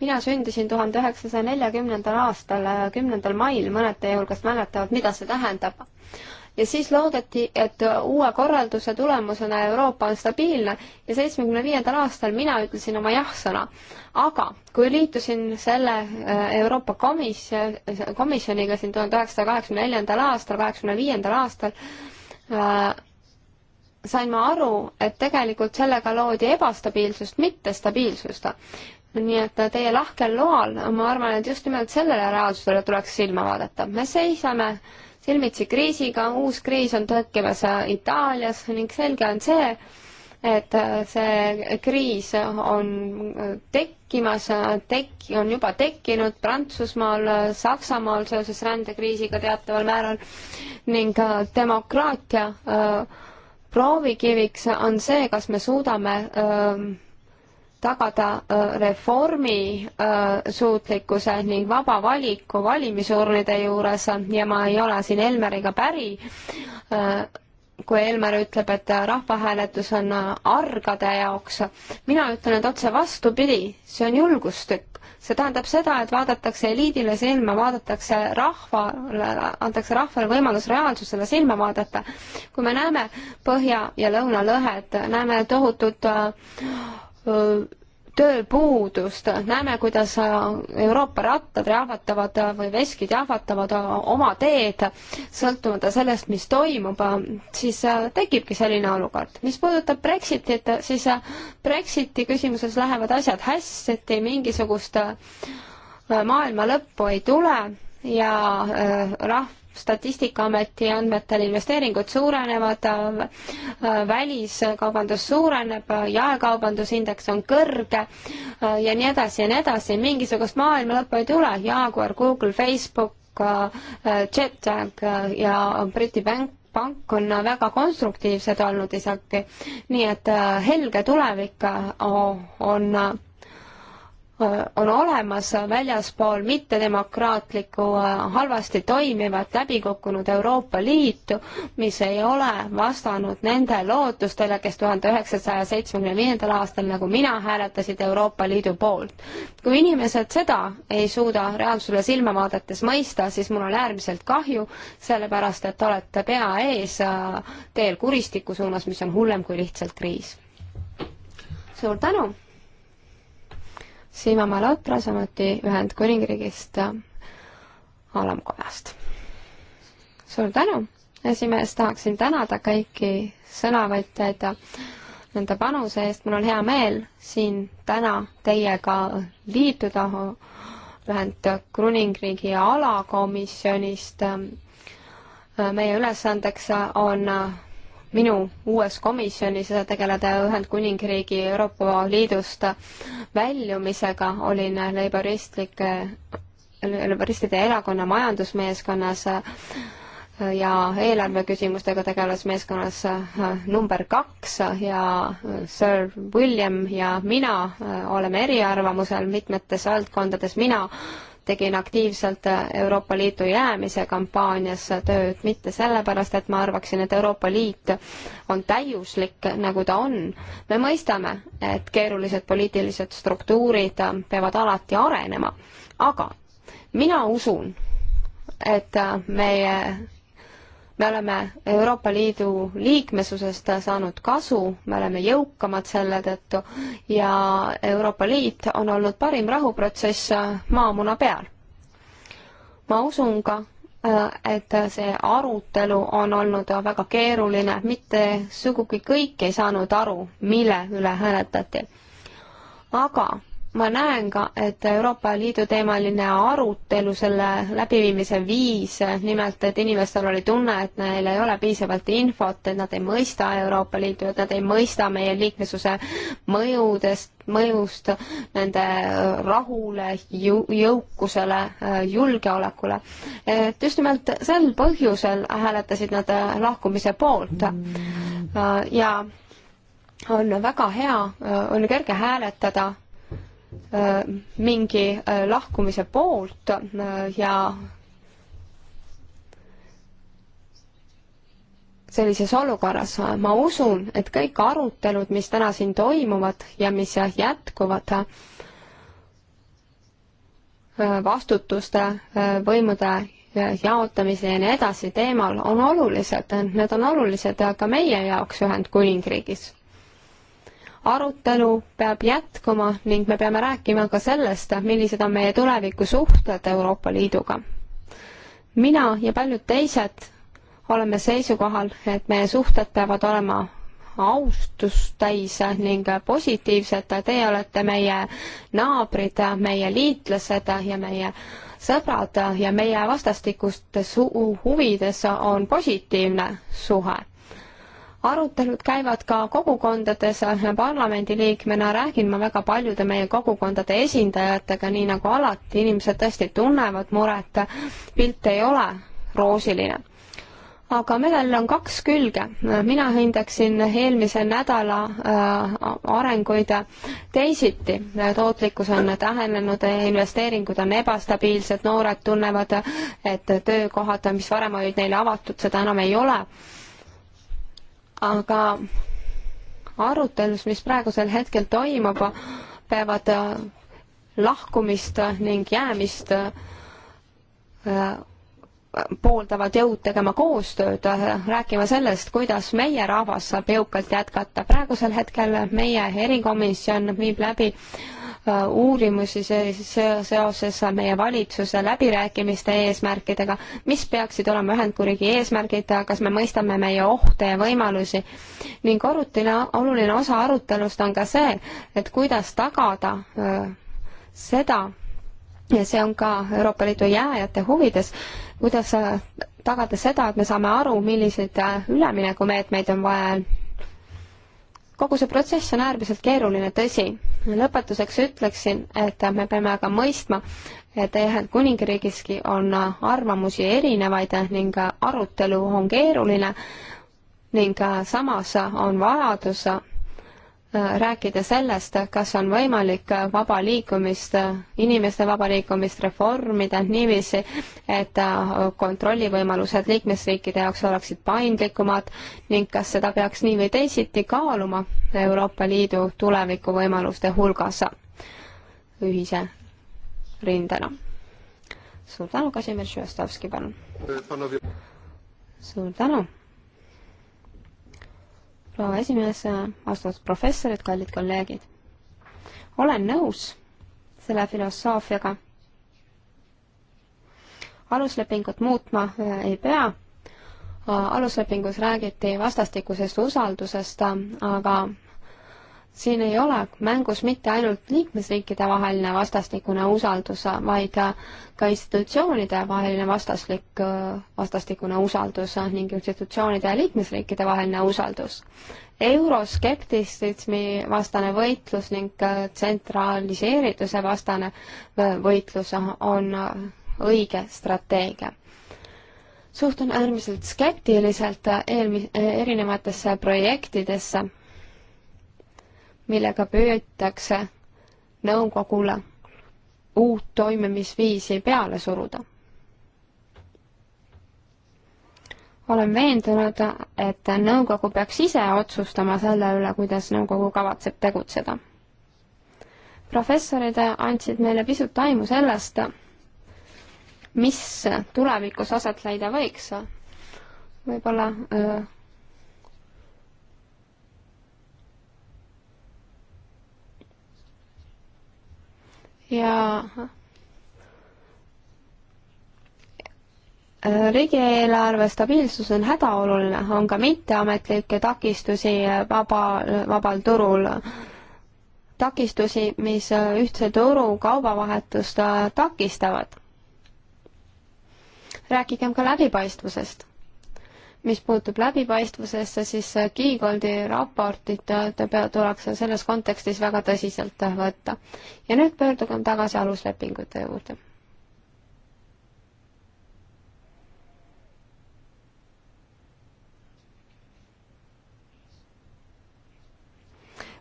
mina sündisin tuhande üheksasaja neljakümnendal aastal, äh, kümnendal mail, mõned teie hulgast mäletavad, mida see tähendab ja siis loodeti, et uue korralduse tulemusena Euroopa on stabiilne ja seitsmekümne viiendal aastal mina ütlesin oma jah-sõna. aga kui liitusin selle äh, Euroopa komisjon, komisjoniga siin tuhande üheksasaja kaheksakümne neljandal aastal, kaheksakümne viiendal aastal äh,, sain ma aru, et tegelikult sellega loodi ebastabiilsust, mitte stabiilsust nii et teie lahkel loal ma arvan, et just nimelt sellele reaalsusele tuleks silma vaadata. me seisame äh, silmitsi kriisiga, uus kriis on tekkimas äh, Itaalias ning selge on see, et äh, see kriis on äh, tekkimas, tekki-, on juba tekkinud Prantsusmaal, Saksamaal seoses rändekriisiga teataval määral ning demokraatia proovikiviks on see, kas me suudame öö, ähm, tagada äh, reformi äh, suutlikkuse ning vaba valiku valimisurnide juures ja ma ei ole siin Elmeriga päri, äh, kui Elmer ütleb, et rahvahääletus on argade jaoks. mina ütlen, et otse vastupidi, see on julgustükk. see tähendab seda, et vaadatakse eliidile silma, vaadatakse rahvale, antakse rahvale võimalus reaalsusele silma vaadata. kui me näeme põhja ja lõuna lõhet, näeme tohutut äh, tööpuudust, näeme, kuidas Euroopa rattad jahvatavad või veskid jahvatavad oma teed, sõltumata sellest, mis toimub, siis tekibki selline olukord. mis puudutab Brexitit, siis Brexiti küsimuses lähevad asjad hästi, mingisugust maailma lõppu ei tule ja äh, rahv-, Statistikaameti andmetel investeeringud suurenevad, väliskaubandus suureneb, jaekaubandusindeks on kõrge ja nii edasi ja nii edasi, mingisugust maailma lõppu ei tule, Jaguar, Google, Facebook, JetJack ja Briti Bank, pank on väga konstruktiivsed olnud isegi, nii et helge tulevik on Äh, on olemas väljaspool mittedemokraatlikku, äh, halvasti toimivat, läbikukkunud Euroopa Liitu, mis ei ole vastanud nende lootustele, kes tuhande üheksasaja seitsmekümne viiendal aastal, nagu mina, hääletasid Euroopa Liidu poolt. kui inimesed seda ei suuda reaalsusele silma vaadates mõista, siis mul on äärmiselt kahju, sellepärast et olete pea ees äh, teel kuristiku suunas, mis on hullem kui lihtsalt kriis. suur tänu! Siima Malatra, samuti Ühendkuningriigist äh, alamkojast. suur tänu, esimees, tahaksin tänada kõiki sõnavõtjaid nende panuse eest, mul on hea meel siin täna teiega liituda Ühendkuningriigi alakomisjonist. Äh, meie ülesandeks on minu uues komisjonis tegeleda Ühendkuningriigi Euroopa Liidust väljumisega, olin leiboristlike, leiboristide erakonna majandusmeeskonnas ja eelarveküsimustega tegeles meeskonnas number kaks ja Sir William ja mina oleme eriarvamusel mitmetes valdkondades, mina tegin aktiivselt Euroopa Liitu jäämise kampaanias tööd, mitte sellepärast, et ma arvaksin, et Euroopa Liit on täiuslik, nagu ta on. me mõistame, et keerulised poliitilised struktuurid peavad alati arenema, aga mina usun, et meie me oleme Euroopa Liidu liikmesusest saanud kasu, me oleme jõukamad selle tõttu ja Euroopa Liit on olnud parim rahuprotsess maamuna peal. ma usun ka, et see arutelu on olnud väga keeruline, mitte sugugi kõik ei saanud aru, mille üle hääletati. aga ma näen ka, et Euroopa Liidu teemaline arutelu, selle läbiviimise viis, nimelt et inimestel oli tunne, et neil ei ole piisavalt infot, et nad ei mõista Euroopa Liitu, et nad ei mõista meie liikmesuse mõjudest, mõjust nende rahule, jõukusele, julgeolekule. et just nimelt sel põhjusel hääletasid nad lahkumise poolt ja on väga hea, on kerge hääletada Äh, mingi äh, lahkumise poolt äh, ja sellises olukorras ma usun, et kõik arutelud, mis täna siin toimuvad ja mis jätkuvad, vastutuste, võimude jaotamise ja nii edasi teemal on olulised, need on olulised ka meie jaoks Ühendkuningriigis arutelu peab jätkuma ning me peame rääkima ka sellest, millised on meie tulevikusuhted Euroopa Liiduga. mina ja paljud teised oleme seisukohal, et meie suhted peavad olema austust täis ning positiivsed. Teie olete meie naabrid, meie liitlased ja meie sõbrad ja meie vastastikuste huvides on positiivne suhe arutelud käivad ka kogukondades, parlamendiliikmena räägin ma väga paljude meie kogukondade esindajatega, nii nagu alati, inimesed tõesti tunnevad muret, pilt ei ole roosiline aga medalil on kaks külge. mina hindaksin eelmise nädala äh, arenguid teisiti. tootlikkus on tähenenud, investeeringud on ebastabiilsed, noored tunnevad, et töökohad, mis varem olid neile avatud, seda enam ei ole aga arutelus, mis praegusel hetkel toimub, peavad äh, lahkumist ning jäämist äh, äh, pooldavad jõud tegema koostööd, rääkima sellest, kuidas meie rahvas saab jõukalt jätkata. praegusel hetkel meie erikomisjon viib läbi äh, uurimusi seoses meie valitsuse läbirääkimiste eesmärkidega, mis peaksid olema Ühendkuningriigi eesmärgid, kas me mõistame meie ohte ja võimalusi ning arutelu, oluline osa arutelust on ka see, et kuidas tagada äh, seda, ja see on ka Euroopa Liidu jääjate huvides, kuidas äh, tagada seda, et me saame aru, milliseid äh, üleminekumeetmeid on vaja kogu see protsess on äärmiselt keeruline, tõsi. lõpetuseks ütleksin, et me peame aga mõistma, et Ühendkuningriigiski on arvamusi erinevaid ning arutelu on keeruline ning samas on vajadus Äh, rääkida sellest, kas on võimalik vaba liikumist, inimeste vaba liikumist reformida niiviisi, et äh, kontrollivõimalused liikmesriikide jaoks oleksid paindlikumad ning kas seda peaks nii või teisiti kaaluma Euroopa Liidu tulevikuvõimaluste hulgas ühise rindena. suur tänu, Kasimir Švestovski, palun! suur tänu! proua esimees, austatud professorid, kallid kolleegid. olen nõus selle filosoofiaga. aluslepingut muutma äh, ei pea. Äh, aluslepingus räägiti vastastikusest usaldusest, äh, aga siin ei ole mängus mitte ainult liikmesriikide vaheline vastastikune usaldus, vaid ka institutsioonide vaheline vastaslik, vastastikune usaldus ning institutsioonide ja liikmesriikide vaheline usaldus. euroskeptismi vastane võitlus ning tsentraliseerituse vastane võitlus on õige strateegia suhtun äärmiselt skeptiliselt eelmi-, erinevatesse projektidesse millega püütakse nõukogule uut toimimisviisi peale suruda. olen veendunud, et nõukogu peaks ise otsustama selle üle, kuidas nõukogu kavatseb tegutseda. professorid andsid meile pisut aimu sellest, mis tulevikus aset leida võiks. võib-olla äh, ja äh, riigieelarve stabiilsus on hädaoluline, on ka mitteametlikke takistusi vaba, vabal turul. takistusi, mis ühtse turu kaubavahetust äh, takistavad. rääkigem ka läbipaistvusest mis puutub läbipaistvusesse, siis Kiigoldi raportit tuleks selles kontekstis väga tõsiselt võtta. ja nüüd pöördugem tagasi aluslepingute juurde.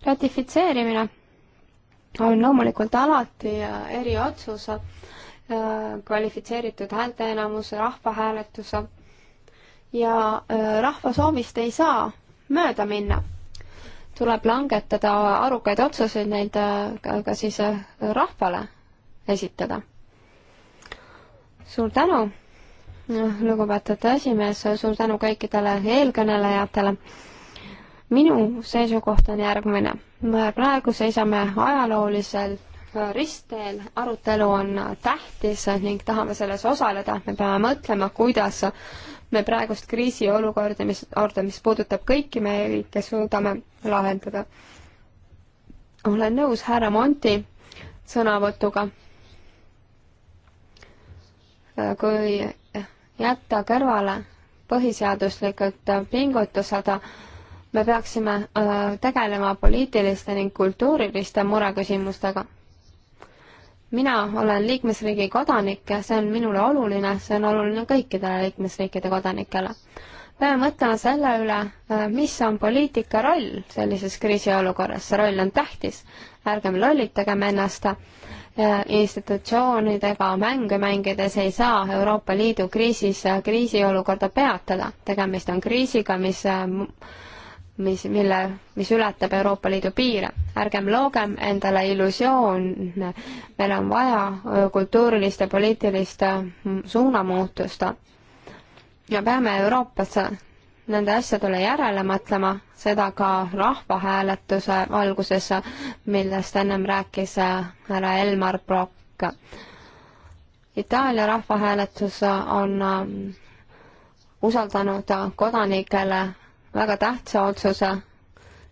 ratifitseerimine on loomulikult alati eriotsus, äh, kvalifitseeritud häälteenamuse, rahvahääletuse ja äh, rahva soovist ei saa mööda minna. tuleb langetada arukaid otsuseid, neid äh, ka siis äh, rahvale esitada. suur tänu, lugupeetud esimees, suur tänu kõikidele eelkõnelejatele. minu seisukoht on järgmine. me praegu seisame ajaloolisel ristteel, arutelu on tähtis ning tahame selles osaleda, me peame mõtlema, kuidas me praegust kriisiolukorda, mis, olukorda, mis puudutab kõiki meie riike, suudame lahendada. olen nõus härra Monti sõnavõtuga. kui jätta kõrvale põhiseaduslikud pingutused, me peaksime äh, tegelema poliitiliste ning kultuuriliste mureküsimustega mina olen liikmesriigi kodanik ja see on minule oluline, see on oluline kõikidele liikmesriikide kodanikele. peame mõtlema selle üle, äh, mis on poliitika roll sellises kriisiolukorras, see roll on tähtis, ärgem lollitagem ennast, äh, institutsioonidega mänge mängides ei saa Euroopa Liidu kriisis äh, kriisiolukorda peatada, tegemist on kriisiga, mis mis, mille, mis ületab Euroopa Liidu piire. ärgem loogem endale illusioone, meil on vaja äh, kultuurilist ja poliitilist äh, suunamuutust. ja peame Euroopasse äh, nende asjadele järele mõtlema, seda ka rahvahääletuse valguses, millest ennem rääkis härra Elmar Brokk. Itaalia rahvahääletus on usaldanud kodanikele väga tähtsa otsuse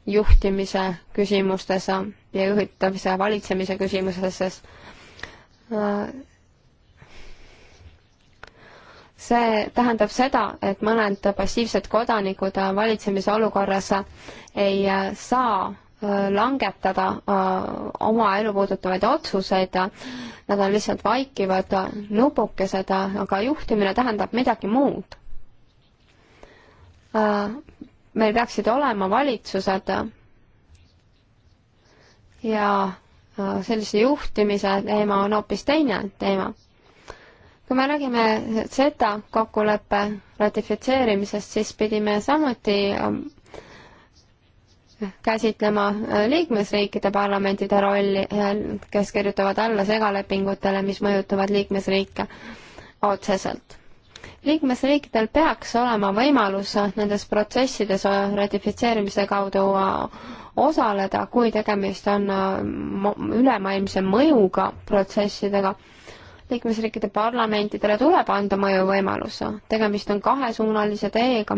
juhtimise küsimustes ja juhitamise valitsemise küsimuses. Äh, see tähendab seda, et mõned passiivsed kodanikud äh, valitsemise olukorras äh, ei saa langetada oma elu puudutavaid otsuseid, nad on lihtsalt vaikivad nupukesed, aga juhtimine tähendab midagi muud meil peaksid olema valitsused ja äh, sellise juhtimise teema on hoopis teine teema. kui me räägime seda kokkuleppe ratifitseerimisest, siis pidime samuti ähm, käsitlema äh, liikmesriikide parlamentide rolli, äh, kes kirjutavad alla segalepingutele, mis mõjutavad liikmesriike otseselt liikmesriikidel peaks olema võimalus nendes protsessides äh, ratifitseerimise kaudu äh, osaleda, kui tegemist on äh, ülemaailmse mõjuga protsessidega liikmesriikide parlamentidele tuleb anda mõjuvõimalus, tegemist on kahesuunalise teega.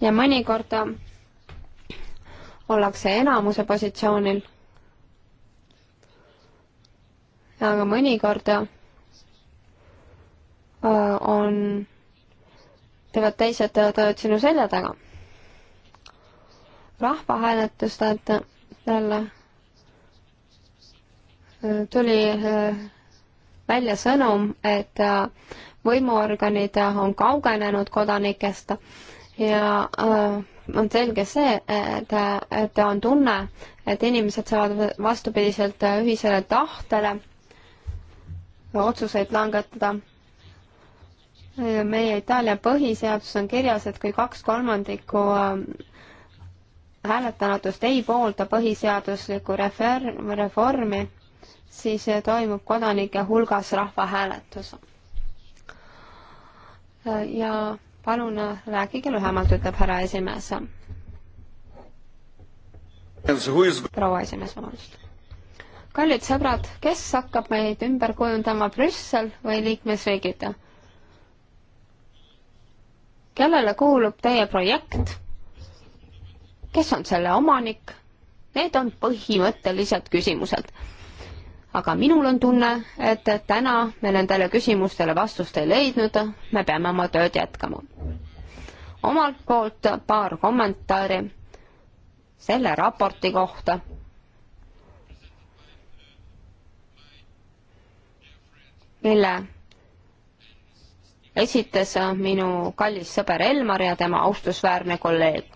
ja mõnikord ollakse enamuse positsioonil. aga mõnikord Äh, on, teevad teised äh, tööd sinu selja taga. rahvahääletustel jälle äh, tuli välja sõnum, et võimuorganid on kaugenenud kodanikest ja on selge see, et, et on tunne, et inimesed saavad vastupidiselt ühisele tahtele otsuseid langetada meie Itaalia põhiseaduses on kirjas, et kui kaks kolmandikku ähm, hääletanutest ei poolda põhiseaduslikku reformi, siis äh, toimub kodanike hulgas rahvahääletus. Äh, ja palun äh, rääkige lühemalt, ütleb härra esimees. proua esimees, vabandust. kallid sõbrad, kes hakkab meid ümber kujundama, Brüssel või liikmesriigid? kellele kuulub teie projekt, kes on selle omanik, need on põhimõttelised küsimused. aga minul on tunne, et täna me nendele küsimustele vastust ei leidnud, me peame oma tööd jätkama. omalt poolt paar kommentaari selle raporti kohta mille esitas minu kallis sõber Elmar ja tema austusväärne kolleeg.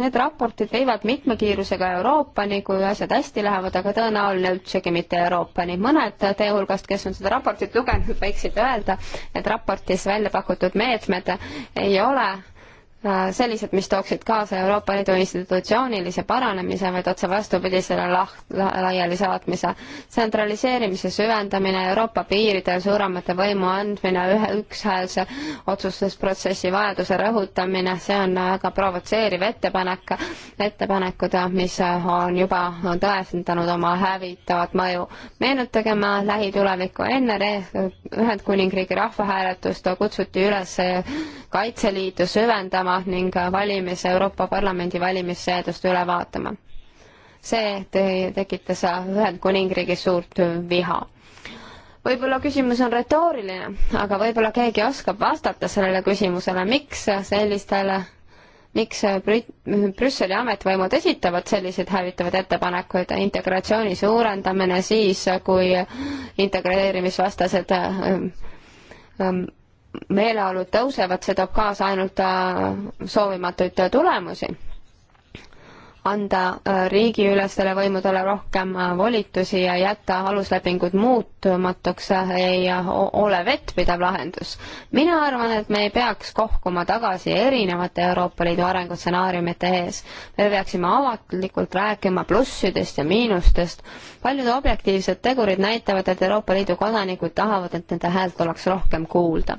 Need raportid viivad mitmekiirusega Euroopani, kui asjad hästi lähevad, aga tõenäoline üldsegi mitte Euroopani. mõned teie hulgast, kes on seda raportit lugenud, võiksid öelda, et raportis välja pakutud meetmed ei ole Äh, sellised, mis tooksid kaasa Euroopa Liidu institutsioonilise paranemise, vaid otse vastupidi, selle lah-, laiali saatmise. tsentraliseerimise süvendamine, Euroopa piiridel suuremate võimu andmine, ühe, ükshäälse otsustusprotsessi vajaduse rõhutamine, see on väga provotseeriv ettepanek, ettepanekud, mis on juba tõestanud oma hävitavat mõju. meenutagem lähitulevikku, enne Ühendkuningriigi rahvahääletust kutsuti üles Kaitseliitu süvendama, muutma ning valimis, Euroopa Parlamendi valimisseadust üle vaatama. see te-, tekitas Ühendkuningriigis suurt viha. võib-olla küsimus on retooriline, aga võib-olla keegi oskab vastata sellele küsimusele, miks sellistele miks Brü-, Brüsseli ametivõimud esitavad selliseid hävitavaid ettepanekuid, integratsiooni suurendamine siis, kui integreerimisvastased ähm, ähm, meeleolud tõusevad, see toob kaasa ainult äh, soovimatuid äh, tulemusi. anda äh, riigiülestele võimudele rohkem volitusi ja jätta aluslepingud muutumatuks ei ole vettpidav lahendus. mina arvan, et me ei peaks kohkuma tagasi erinevate Euroopa Liidu arengutsenaariumite ees. me peaksime avatlikult rääkima plussidest ja miinustest. paljud objektiivsed tegurid näitavad, et Euroopa Liidu kodanikud tahavad, et nende häält oleks rohkem kuulda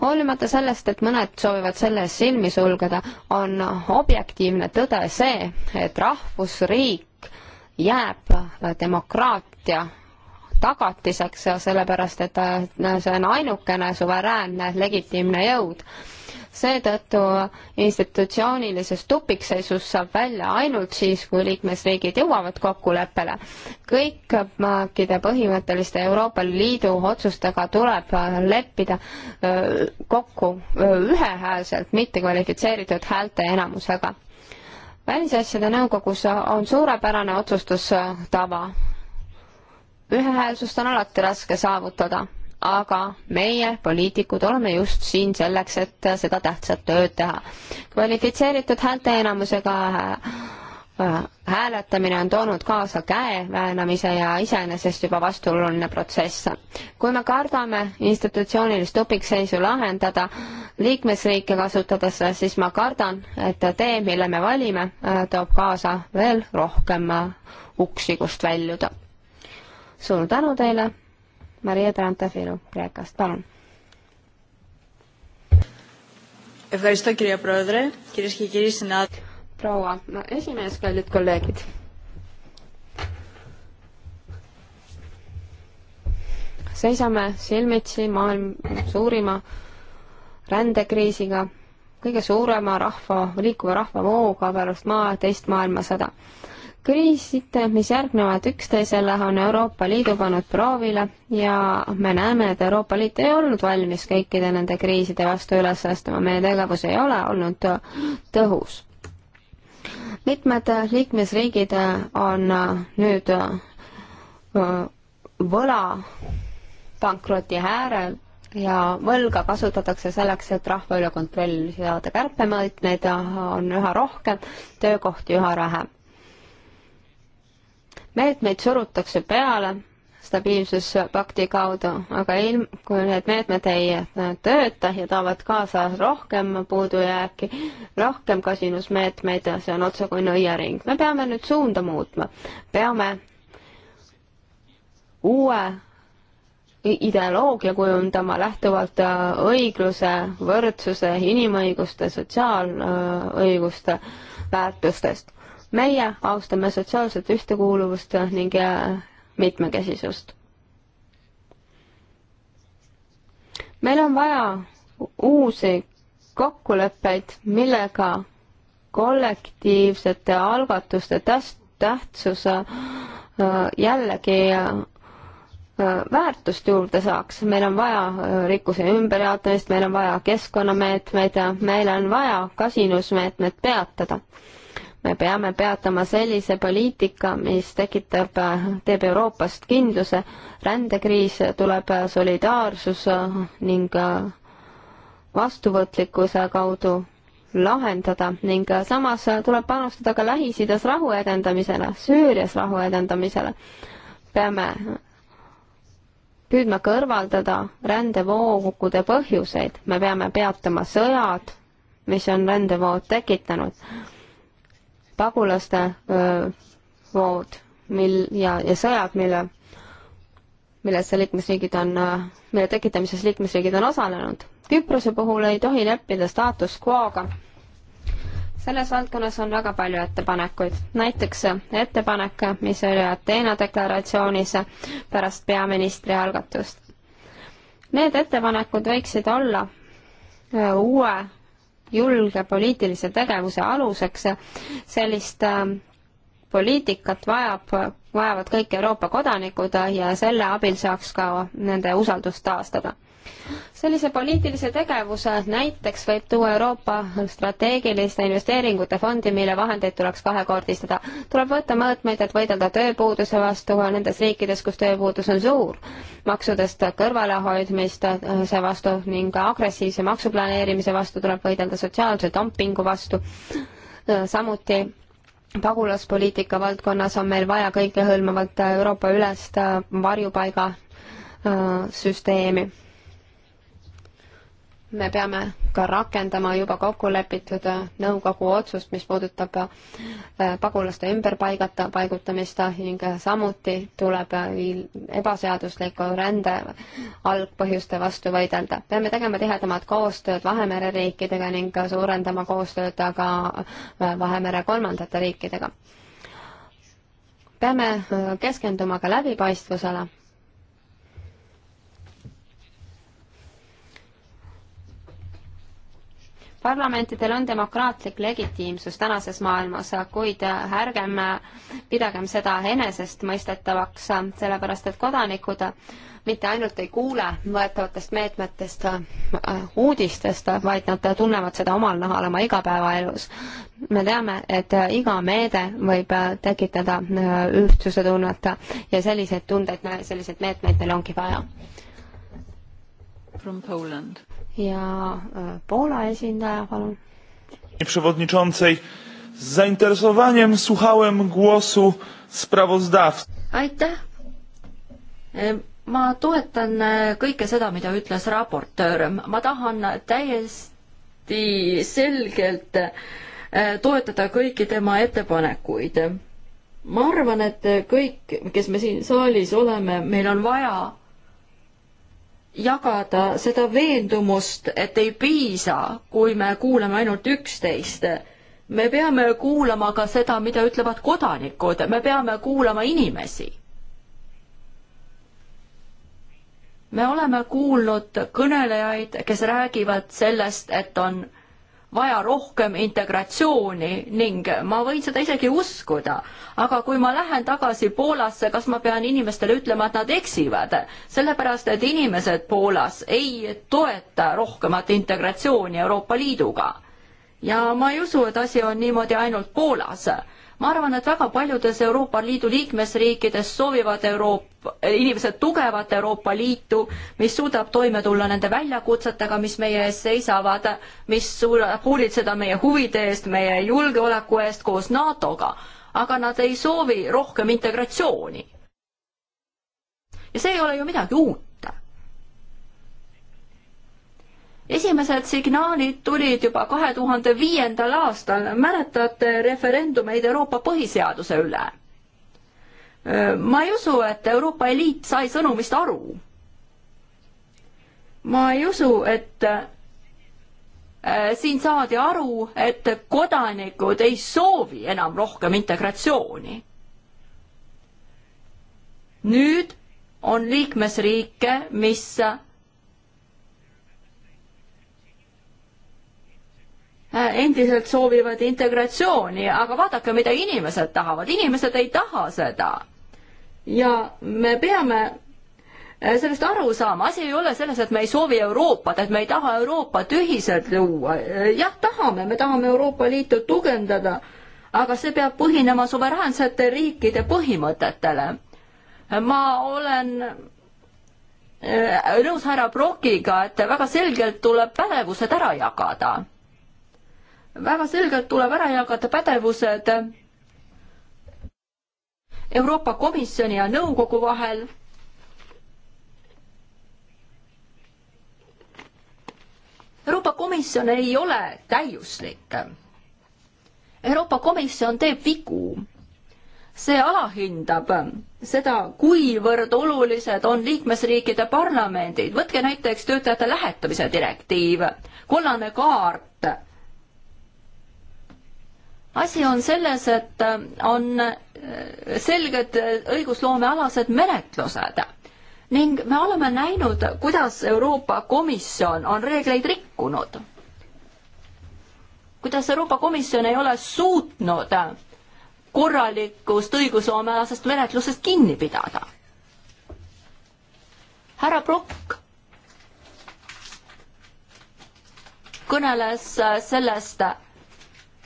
hoolimata sellest, et mõned soovivad selle ees silmi sulgeda, on objektiivne tõde see, et rahvusriik jääb demokraatia tagatiseks, sellepärast et see on ainukene suveräänne legitiimne jõud seetõttu institutsioonilises tupikseisus saab välja ainult siis, kui liikmesriigid jõuavad kokkuleppele. kõikide põhimõtteliste Euroopa Liidu otsustega tuleb leppida kokku ühehäälselt, mitte kvalifitseeritud häälteenamusega. välisasjade nõukogus on suurepärane otsustustava ühehäälsust on alati raske saavutada aga meie, poliitikud, oleme just siin selleks, et seda tähtsat tööd teha. kvalifitseeritud häälteenamusega äh, äh, hääletamine on toonud kaasa käe väänamise ja iseenesest juba vastuoluline protsess. kui me kardame institutsioonilist tupikseisu lahendada liikmesriike kasutades, siis ma kardan, et tee, mille me valime, äh, toob kaasa veel rohkem uksi, kust väljuda. suur tänu teile Maria Trantafilu Kreekast, palun. proua esimees, kallid kolleegid. seisame silmitsi maailma suurima rändekriisiga, kõige suurema rahva, liikuva rahvavooga pärast maa, teist maailmasõda kriisid, mis järgnevad üksteisele, on Euroopa Liidu pannud proovile ja me näeme, et Euroopa Liit ei olnud valmis kõikide nende kriiside vastu üles astuma, meie tegevus ei ole olnud tõhus. mitmed liikmesriigid on nüüd võla pankroti äärel ja võlga kasutatakse selleks, et rahva üle kontrolli saada, kärpemeetmeid on üha rohkem, töökohti üha vähem meetmeid surutakse peale stabiilsuspakti kaudu, aga ilm-, kui need meetmed ei tööta ja toovad kaasa rohkem puudujääki, rohkem kasinusmeetmeid, see on otsekui nõiaring. me peame nüüd suunda muutma, peame uue ideoloogia kujundama lähtuvalt äh, õigluse, võrdsuse, inimõiguste, sotsiaalõiguste väärtustest meie austame sotsiaalset ühtekuuluvust ning äh, mitmekesisust. meil on vaja uusi kokkuleppeid, millega kollektiivsete algatuste tähtsus äh, jällegi äh, väärtust juurde saaks, meil on vaja rikkuse ümberjaotamist, meil on vaja keskkonnameetmeid ja meil on vaja kasinusmeetmed peatada me peame peatama sellise poliitika, mis tekitab, teeb Euroopast kindluse, rändekriis tuleb solidaarsus ning vastuvõtlikkuse kaudu lahendada ning samas tuleb panustada ka Lähis-Idas rahu edendamisele, Süürias rahu edendamisele. peame püüdma kõrvaldada rändevoogude põhjuseid, me peame peatama sõjad, mis on rändevood tekitanud pagulaste vood, mil ja, ja sõjad, mille, millesse liikmesriigid on, mille tekitamises liikmesriigid on osalenud. Küprose puhul ei tohi leppida staatus quo'ga. selles valdkonnas on väga palju ettepanekuid, näiteks ettepanek, mis oli Ateena deklaratsioonis pärast peaministri algatust. Need ettepanekud võiksid olla uue julge poliitilise tegevuse aluseks, sellist ähm, poliitikat vajab, vajavad kõik Euroopa kodanikud ja selle abil saaks ka nende usaldust taastada sellise poliitilise tegevuse näiteks võib tuua Euroopa strateegiliste investeeringute fondi, mille vahendeid tuleks kahekordistada. tuleb võtta mõõtmeid, et võidelda tööpuuduse vastu nendes riikides, kus tööpuudus on suur, maksudest kõrvalehoidmist äh, see vastu ning agressiivse maksuplaneerimise vastu tuleb võidelda sotsiaalse dumpingu vastu, äh, samuti pagulaspoliitika valdkonnas on meil vaja kõikehõlmavalt Euroopa ülest äh, varjupaiga süsteemi me peame ka rakendama juba kokku lepitud äh, nõukogu otsust, mis puudutab äh, pagulaste ümberpaigata, paigutamist ning äh, samuti tuleb ebaseadusliku rände algpõhjuste vastu võidelda. peame tegema tihedamat koostööd Vahemere riikidega ning suurendama koostööd ka Vahemere kolmandate riikidega. peame keskenduma ka läbipaistvusele parlamentidel on demokraatlik legitiimsus tänases maailmas, kuid ärgem pidagem seda enesestmõistetavaks, sellepärast et kodanikud mitte ainult ei kuule võetavatest meetmetest äh, uudistest, vaid nad tunnevad seda omal nahal oma igapäevaelus. me teame, et iga meede võib tekitada äh, ühtsuse tunnet ja selliseid tundeid, selliseid meetmeid meil ongi vaja. From Poland ja e, Poola esindaja, palun. Z zainteresowaniem słuchałem głosu sprawozdawcy. Aitäh! E, ma toetan e, kõike seda, mida ütles raportöör. ma tahan täiesti selgelt toetada kõiki tema ettepanekuid. ma arvan, et kõik, kes me siin saalis oleme, meil on vaja jagada seda veendumust, et ei piisa, kui me kuulame ainult üksteist. me peame kuulama ka seda, mida ütlevad kodanikud, me peame kuulama inimesi. me oleme kuulnud kõnelejaid, kes räägivad sellest, et on vaja rohkem integratsiooni ning ma võin seda isegi uskuda, aga kui ma lähen tagasi Poolasse, kas ma pean inimestele ütlema, et nad eksivad, sellepärast et inimesed Poolas ei toeta rohkemat integratsiooni Euroopa Liiduga. ja ma ei usu, et asi on niimoodi ainult Poolas ma arvan, et väga paljudes Euroopa Liidu liikmesriikides soovivad Euroopa, inimesed tugevat Euroopa Liitu, mis suudab toime tulla nende väljakutsetega, mis meie ees seisavad, mis suudab hoolitseda meie huvide eest, meie julgeoleku eest koos NATO-ga, aga nad ei soovi rohkem integratsiooni. ja see ei ole ju midagi uut esimesed signaalid tulid juba kahe tuhande viiendal aastal, mäletate referendumeid Euroopa põhiseaduse üle? ma ei usu, et Euroopa eliit sai sõnumist aru. ma ei usu, et äh, siin saadi aru, et kodanikud ei soovi enam rohkem integratsiooni. nüüd on liikmesriike, mis Äh, endiselt soovivad integratsiooni, aga vaadake, mida inimesed tahavad, inimesed ei taha seda. ja me peame äh, sellest aru saama, asi ei ole selles, et me ei soovi Euroopat, et me ei taha Euroopat ühiselt luua, äh, jah, tahame, me tahame Euroopa Liitu tugevdada, aga see peab põhinema suveräänsete riikide põhimõtetele. ma olen nõus härra Brokiga, et väga selgelt tuleb pädevused ära jagada väga selgelt tuleb ära jagada pädevused Euroopa Komisjoni ja nõukogu vahel. Euroopa Komisjon ei ole täiuslik. Euroopa Komisjon teeb vigu. see alahindab seda, kuivõrd olulised on liikmesriikide parlamendid. võtke näiteks töötajate lähetamise direktiiv, kollane kaart asi on selles, et äh, on äh, selged äh, õigusloomealased menetlused ning me oleme näinud, kuidas Euroopa Komisjon on reegleid rikkunud. kuidas Euroopa Komisjon ei ole suutnud korralikust õigusloomealasest menetlusest kinni pidada. härra Prokk kõneles sellest,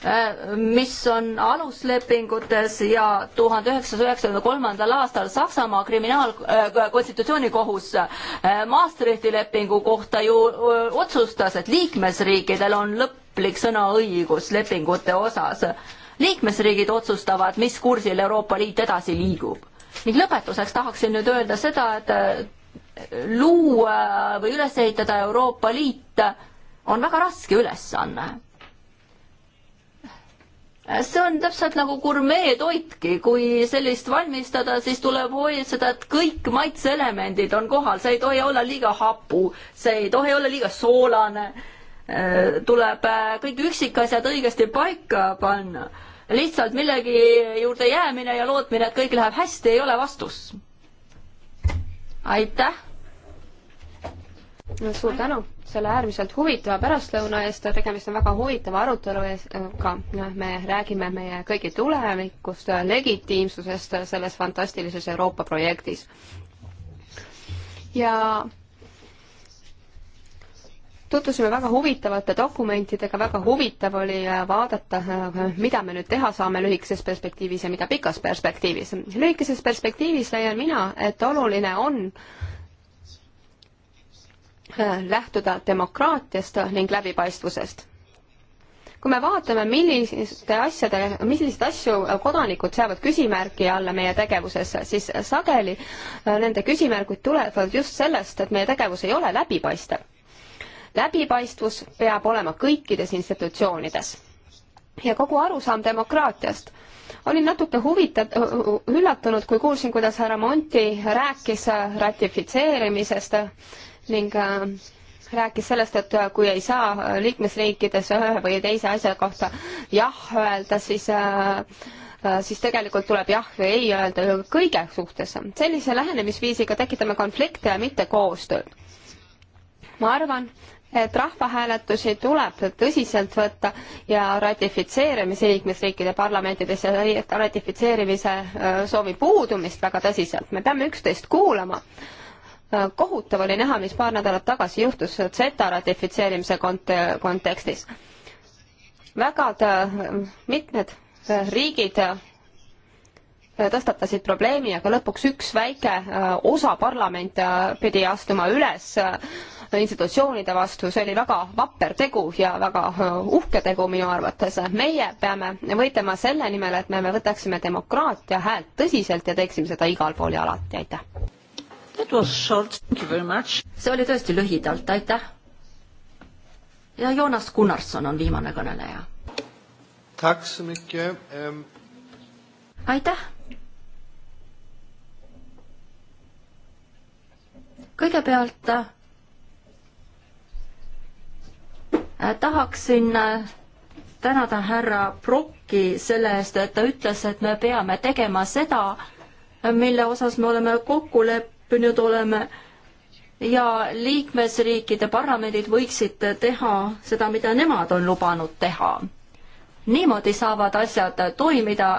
Äh, mis on aluslepingutes ja tuhande üheksasaja üheksakümne kolmandal aastal Saksamaa kriminaalkonstitutsioonikohus äh, äh, Maastrichti lepingu kohta ju otsustas, et liikmesriikidel on lõplik sõnaõigus lepingute osas. liikmesriigid otsustavad, mis kursil Euroopa Liit edasi liigub. ning lõpetuseks tahaksin nüüd öelda seda, et luua või üles ehitada Euroopa Liit on väga raske ülesanne see on täpselt nagu gurmeetoitki, kui sellist valmistada, siis tuleb hoolitseda, et kõik maitseelemendid on kohal, see ei tohi olla liiga hapu, see ei tohi olla liiga soolane. Äh, tuleb äh, kõik üksikasjad õigesti paika panna. lihtsalt millegi juurde jäämine ja lootmine, et kõik läheb hästi, ei ole vastus. aitäh. suur tänu selle äärmiselt huvitava pärastlõuna eest, tegemist on väga huvitava arutelu eestka. me räägime meie kõigi tulevikust, legitiimsusest selles fantastilises Euroopa projektis. ja tutvusime väga huvitavate dokumentidega, väga huvitav oli vaadata, mida me nüüd teha saame lühikeses perspektiivis ja mida pikas perspektiivis. lühikeses perspektiivis leian mina, et oluline on lähtuda demokraatiast ning läbipaistvusest. kui me vaatame, milliste asjade, milliseid asju kodanikud seavad küsimärgi alla meie tegevuses, siis sageli äh, nende küsimärgid tulevad just sellest, et meie tegevus ei ole läbipaistev. läbipaistvus peab olema kõikides institutsioonides. ja kogu arusaam demokraatiast olin natuke huvitav, üllatunud, kui kuulsin, kuidas härra Monti rääkis ratifitseerimisest ning äh, rääkis sellest, et äh, kui ei saa äh, liikmesriikides ühe või teise asja kohta jah öelda, siis siis tegelikult tuleb jah või ei öelda ju kõige suhtes. sellise lähenemisviisiga tekitame konflikte ja mitte koostööd. ma arvan, et rahvahääletusi tuleb tõsiselt võtta ja ratifitseerimise liikmesriikide parlamentides ja ratifitseerimise soovi puudumist väga tõsiselt. me peame üksteist kuulama Äh, kohutav oli näha, mis paar nädalat tagasi juhtus Zeta ratifitseerimise kont-, kontekstis. väga äh, mitmed äh, riigid tõstatasid probleemi, aga lõpuks üks väike osa parlament pidi astuma üles institutsioonide vastu, see oli väga vapper tegu ja väga uhke tegu minu arvates. meie peame võitlema selle nimel, et me võtaksime demokraatia häält tõsiselt ja teeksime seda igal pool ja alati, aitäh! see oli tõesti lühidalt, aitäh. ja Joonas Gunnarsson on viimane kõneleja. Ähm, aitäh. kõigepealt äh, tahaksin äh, tänada härra Brocki selle eest, et ta ütles, et me peame tegema seda, mille osas me oleme kokku leppinud leppinud oleme ja liikmesriikide parlamendid võiksid teha seda, mida nemad on lubanud teha. niimoodi saavad asjad toimida,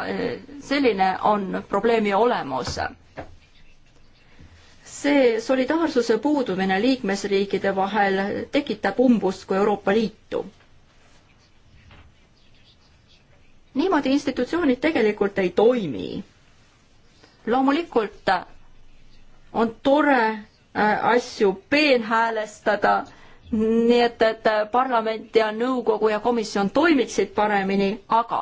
selline on probleemi olemus. see solidaarsuse puudumine liikmesriikide vahel tekitab umbusku Euroopa Liitu. niimoodi institutsioonid tegelikult ei toimi. loomulikult on tore äh, asju peenhäälestada, nii et, et äh, parlament ja nõukogu ja komisjon toimiksid paremini, aga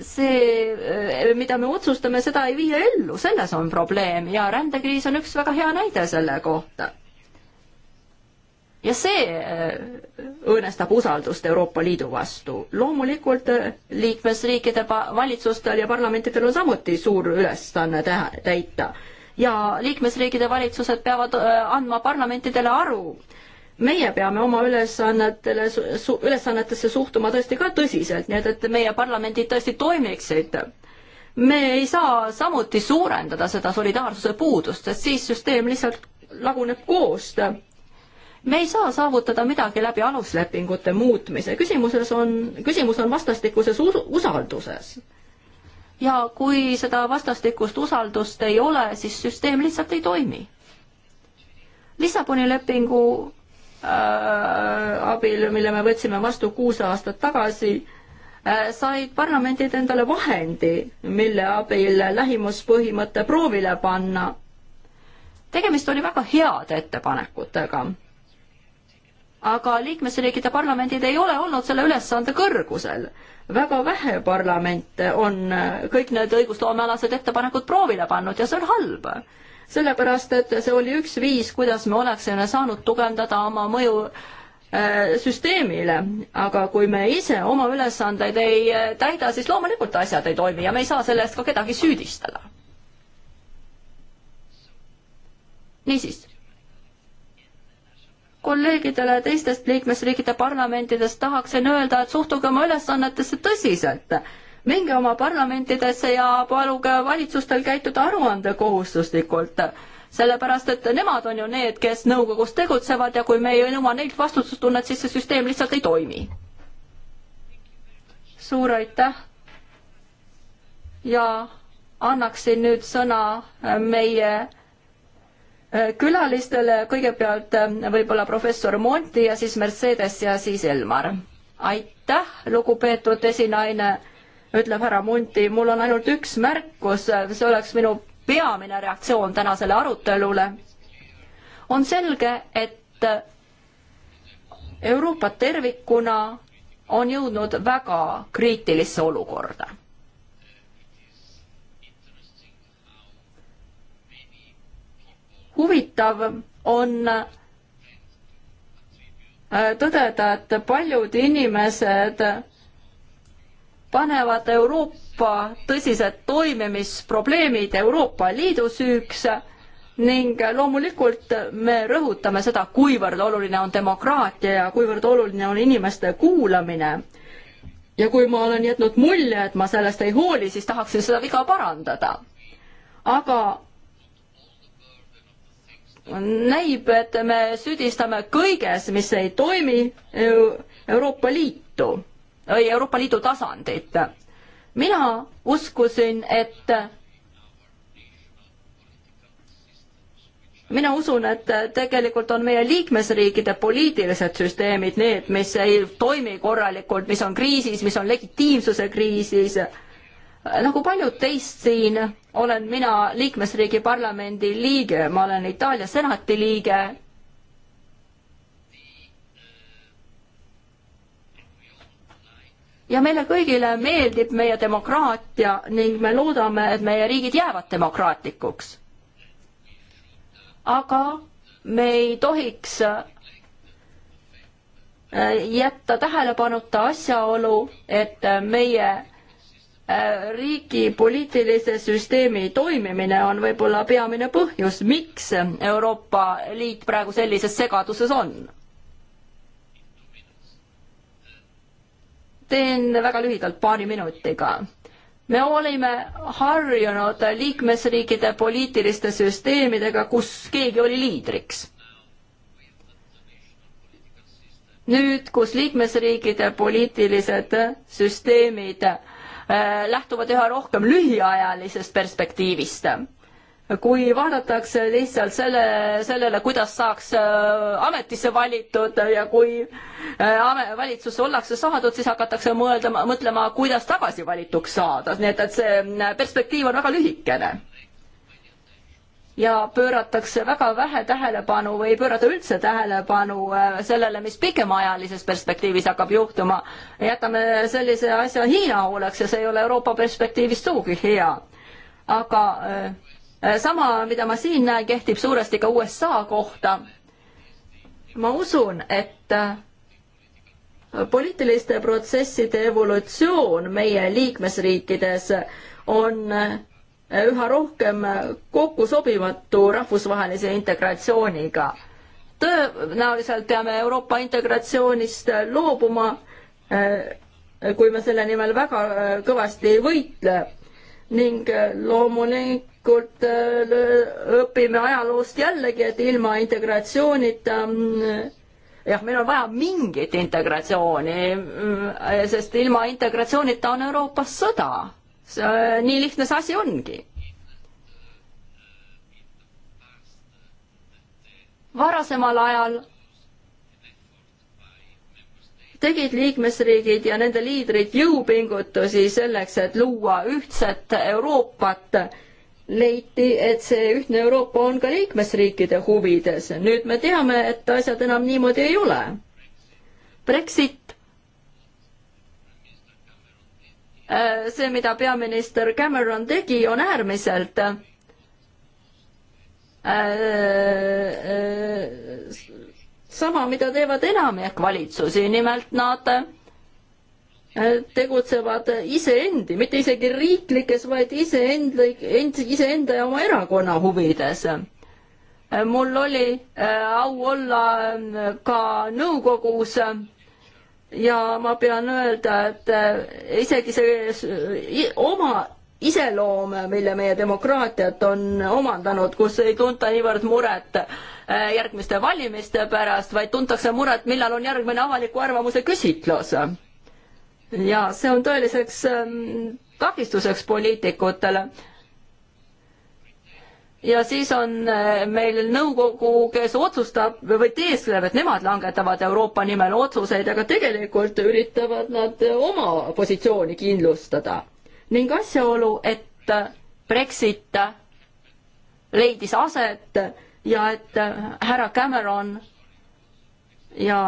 see, äh, mida me otsustame, seda ei vii ellu, selles on probleem ja rändekriis on üks väga hea näide selle kohta ja see äh, õõnestab usaldust Euroopa Liidu vastu. loomulikult äh, liikmesriikide valitsustel ja parlamentidel on samuti suur ülesanne tähe, täita ja liikmesriikide valitsused peavad äh, andma parlamentidele aru, meie peame oma ülesannetele, ülesannetesse suhtuma tõesti ka tõsiselt, nii et, et meie parlamendid tõesti toimiksid. me ei saa samuti suurendada seda solidaarsuse puudust, sest siis süsteem lihtsalt laguneb koost me ei saa saavutada midagi läbi aluslepingute muutmise, küsimuses on, küsimus on vastastikuses usalduses. ja kui seda vastastikust usaldust ei ole, siis süsteem lihtsalt ei toimi. Lissaboni lepingu äh, abil, mille me võtsime vastu kuus aastat tagasi äh,, said parlamendid endale vahendi, mille abil lähimuspõhimõte proovile panna. tegemist oli väga heade ettepanekutega aga liikmesriikide parlamendid ei ole olnud selle ülesande kõrgusel. väga vähe parlamente on äh, kõik need õigusloomealased ettepanekud proovile pannud ja see on halb. sellepärast, et see oli üks viis, kuidas me oleksime saanud tugevdada oma mõju äh, süsteemile, aga kui me ise oma ülesandeid ei äh, täida, siis loomulikult asjad ei toimi ja me ei saa selle eest ka kedagi süüdistada. niisiis kolleegidele teistest liikmesriikide parlamentidest tahaksin öelda, et suhtuge oma ülesannetesse tõsiselt. minge oma parlamentidesse ja paluge valitsustel käituda aruandekohustuslikult sellepärast et nemad on ju need, kes nõukogus tegutsevad ja kui me ei nõua neilt vastutustunnet, siis see süsteem lihtsalt ei toimi. suur aitäh. ja annaksin nüüd sõna meie Äh, külalistele kõigepealt äh, võib-olla professor Monti ja siis Mercedes ja siis Elmar. aitäh, lugupeetud esinaine, ütleb härra Monti, mul on ainult üks märkus, see oleks minu peamine reaktsioon tänasele arutelule. on selge, et äh, Euroopa tervikuna on jõudnud väga kriitilisse olukorda huvitav on äh, tõdeda, et paljud inimesed panevad Euroopa tõsised toimimisprobleemid Euroopa Liidu süüks ning loomulikult me rõhutame seda, kuivõrd oluline on demokraatia ja kuivõrd oluline on inimeste kuulamine. ja kui ma olen jätnud mulje, et ma sellest ei hooli, siis tahaksin seda viga parandada. aga näib, et me süüdistame kõiges, mis ei toimi Euroopa Liitu või Euroopa Liidu tasandit. mina uskusin, et mina usun, et tegelikult on meie liikmesriikide poliitilised süsteemid need, mis ei toimi korralikult, mis on kriisis, mis on legitiimsuse kriisis nagu paljud teist siin olen mina liikmesriigi parlamendi liige, ma olen Itaalia senati liige. ja meile kõigile meeldib meie demokraatia ning me loodame, et meie riigid jäävad demokraatlikuks. aga me ei tohiks äh, jätta tähelepanuta asjaolu, et meie Äh, riigi poliitilise süsteemi toimimine on võib-olla peamine põhjus, miks Euroopa Liit praegu sellises segaduses on. teen väga lühidalt, paari minutiga. me olime harjunud liikmesriikide poliitiliste süsteemidega, kus keegi oli liidriks nüüd, kus liikmesriikide poliitilised süsteemid Äh, lähtuvad üha rohkem lühiajalisest perspektiivist. kui vaadatakse lihtsalt selle, sellele, kuidas saaks äh, ametisse valitud ja kui äh, valitsusse ollakse saadud, siis hakatakse mõelda, mõtlema, kuidas tagasi valituks saada, nii et, et see perspektiiv on väga lühikene ja pööratakse väga vähe tähelepanu või ei pöörata üldse tähelepanu äh, sellele, mis pikemaajalises perspektiivis hakkab juhtuma. jätame sellise asja Hiina hooleks ja see ei ole Euroopa perspektiivist sugugi hea. aga äh, äh, sama, mida ma siin näen, kehtib suuresti ka USA kohta. ma usun, et poliitiliste protsesside evolutsioon meie liikmesriikides on üha rohkem kokku sobimatu rahvusvahelise integratsiooniga. tõenäoliselt peame Euroopa integratsioonist loobuma, eh, kui me selle nimel väga eh, kõvasti ei võitle ning eh, loomulikult õpime ajaloost jällegi, et ilma integratsioonita mm, jah, meil on vaja mingit integratsiooni, mm, sest ilma integratsioonita on Euroopas sõda Äh, nii lihtne see asi ongi. varasemal ajal tegid liikmesriigid ja nende liidrid jõupingutusi selleks, et luua ühtset Euroopat. leiti, et see ühtne Euroopa on ka liikmesriikide huvides. nüüd me teame, et asjad enam niimoodi ei ole. Brexit Äh, see, mida peaminister Cameron tegi, on äärmiselt äh, äh, sama, mida teevad enamik valitsusi, nimelt nad tegutsevad iseendi, mitte isegi riiklikes, vaid iseenda, iseenda ja oma erakonna huvides. mul oli au olla ka nõukogus ja ma pean öelda, et eh, isegi see oma iseloom, mille meie demokraatiat on omandanud, kus ei tunta niivõrd muret eh, järgmiste valimiste pärast, vaid tuntakse muret, millal on järgmine avaliku arvamuse küsitlus. ja see on tõeliseks ehm, takistuseks poliitikutele ja siis on eh, meil nõukogu, kes otsustab või teeskleb, et nemad langetavad Euroopa nimel otsuseid, aga tegelikult üritavad nad eh, oma positsiooni kindlustada. ning asjaolu, et eh, Brexit leidis aset ja et härra Cameron ja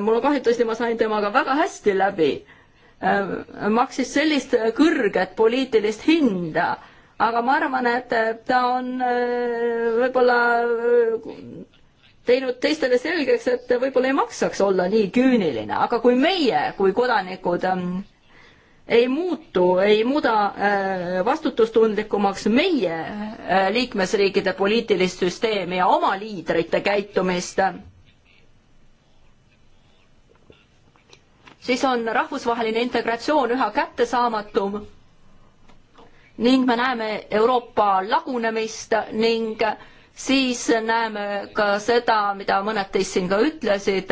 mul on kahju, tõesti, ma sain temaga väga hästi läbi, maksis sellist kõrget poliitilist hinda aga ma arvan, et ta on äh, võib-olla äh, teinud teistele selgeks, et võib-olla ei maksaks olla nii küüniline, aga kui meie kui kodanikud ähm, ei muutu, ei muuda äh, vastutustundlikumaks meie liikmesriikide poliitilist süsteemi ja oma liidrite käitumist, siis on rahvusvaheline integratsioon üha kättesaamatum ning me näeme Euroopa lagunemist ning siis näeme ka seda, mida mõned teist siin ka ütlesid.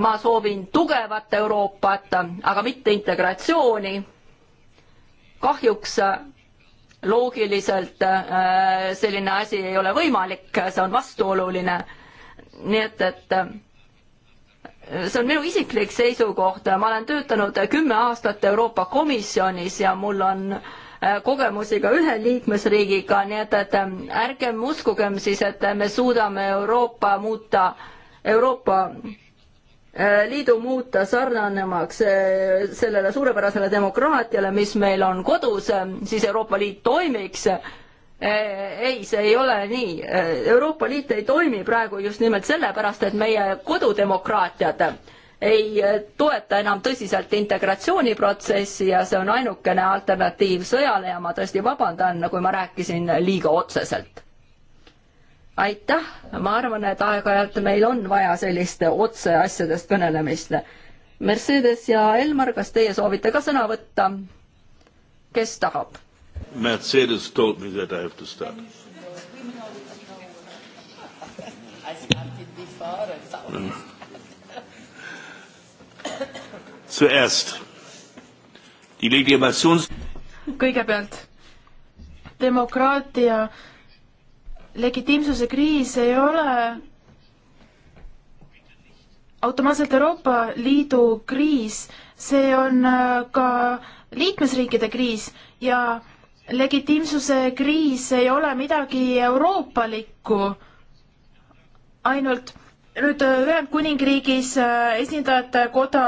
ma soovin tugevat Euroopat, aga mitte integratsiooni. kahjuks loogiliselt äh, selline asi ei ole võimalik, see on vastuoluline. nii et, et äh, see on minu isiklik seisukoht, ma olen töötanud kümme aastat Euroopa Komisjonis ja mul on äh, Äh, kogemusi ka ühe liikmesriigiga, nii et, et ähm, ärgem uskugem siis, et me suudame Euroopa muuta, Euroopa äh, Liidu muuta sarnanemaks äh, sellele suurepärasele demokraatiale, mis meil on kodus, siis Euroopa Liit toimiks ei, see ei ole nii. Euroopa Liit ei toimi praegu just nimelt sellepärast, et meie kodudemokraatiad ei eh, toeta enam tõsiselt integratsiooniprotsessi ja see on ainukene alternatiiv sõjale ja ma tõesti vabandan, kui ma rääkisin liiga otseselt. aitäh, ma arvan, et aeg-ajalt meil on vaja sellist otse asjadest kõnelemist. Mercedes ja Elmar, kas teie soovite ka sõna võtta? kes tahab? Mercedes told me that I have to start. Mm. Zuerst die Legitimations- kõigepealt, demokraatia legitiimsuse kriis ei ole automaatselt Euroopa Liidu kriis, see on äh, ka liikmesriikide kriis ja legitiimsuse kriis ei ole midagi euroopalikku. ainult nüüd äh, Ühendkuningriigis äh, esindajate koda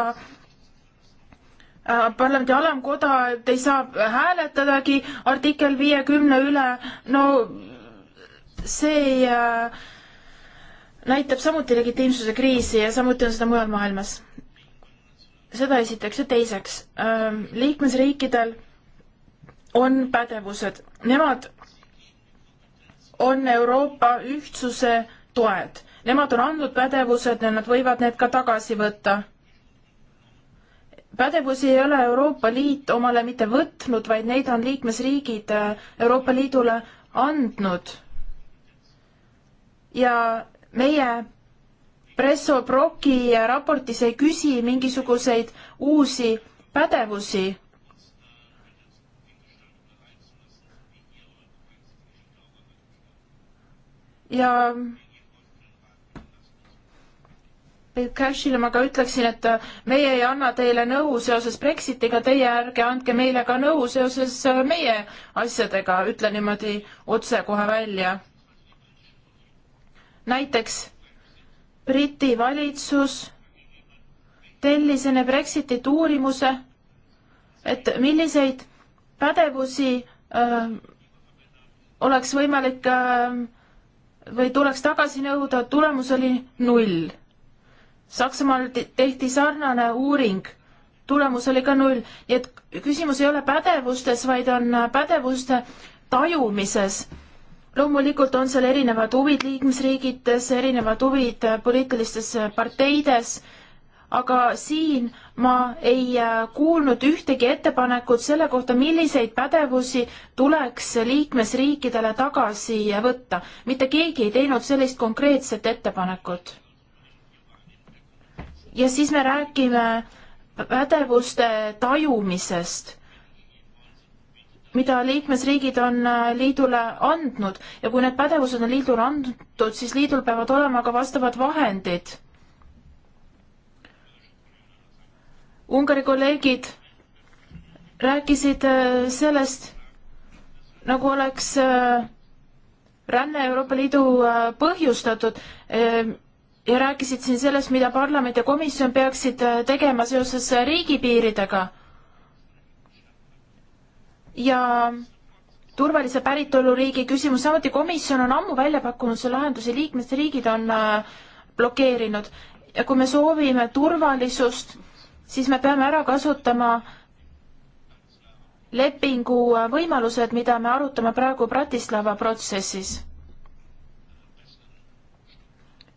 Äh, parlamendi alamkoda, et ei saa hääletadagi artikkel viiekümne üle, no see äh, näitab samuti legitiimsuse kriisi ja samuti on seda mujal maailmas. seda esiteks ja teiseks äh,, liikmesriikidel on pädevused, nemad on Euroopa ühtsuse toed, nemad on andnud pädevused ja nad võivad need ka tagasi võtta pädevusi ei ole Euroopa Liit omale mitte võtnud, vaid neid on liikmesriigid äh, Euroopa Liidule andnud. ja meie Presso Proki raportis ei küsi mingisuguseid uusi pädevusi. ja Cashile ma ka ütleksin, et äh, meie ei anna teile nõu seoses Brexitiga, teie ärge andke meile ka nõu seoses äh, meie asjadega, ütle niimoodi otsekohe välja. näiteks Briti valitsus tellis enne Brexitit uurimuse, et milliseid pädevusi öö, äh, oleks võimalik öö, või tuleks tagasi nõuda, tulemus oli null Saksamaal tehti sarnane uuring, tulemus oli ka null, nii et küsimus ei ole pädevustes, vaid on äh, pädevuste tajumises. loomulikult on seal erinevad huvid liikmesriigites, erinevad huvid äh, poliitilistes äh, parteides, aga siin ma ei kuulnud ühtegi ettepanekut selle kohta, milliseid pädevusi tuleks liikmesriikidele tagasi võtta. mitte keegi ei teinud sellist konkreetset ettepanekut ja siis me räägime pädevuste tajumisest, mida liikmesriigid on äh, liidule andnud ja kui need pädevused on liidule antud, siis liidul peavad olema ka vastavad vahendid. Ungari kolleegid rääkisid äh, sellest, nagu oleks äh, ränne Euroopa Liidu põhjustatud ja rääkisid siin sellest, mida parlament ja komisjon peaksid äh, tegema seoses äh, riigipiiridega. ja turvalise päritoluriigi küsimus, samuti komisjon on ammu välja pakkunud selle lahenduse, liikmesriigid on äh, blokeerinud ja kui me soovime turvalisust, siis me peame ära kasutama lepingu võimalused, mida me arutame praegu Bratislava protsessis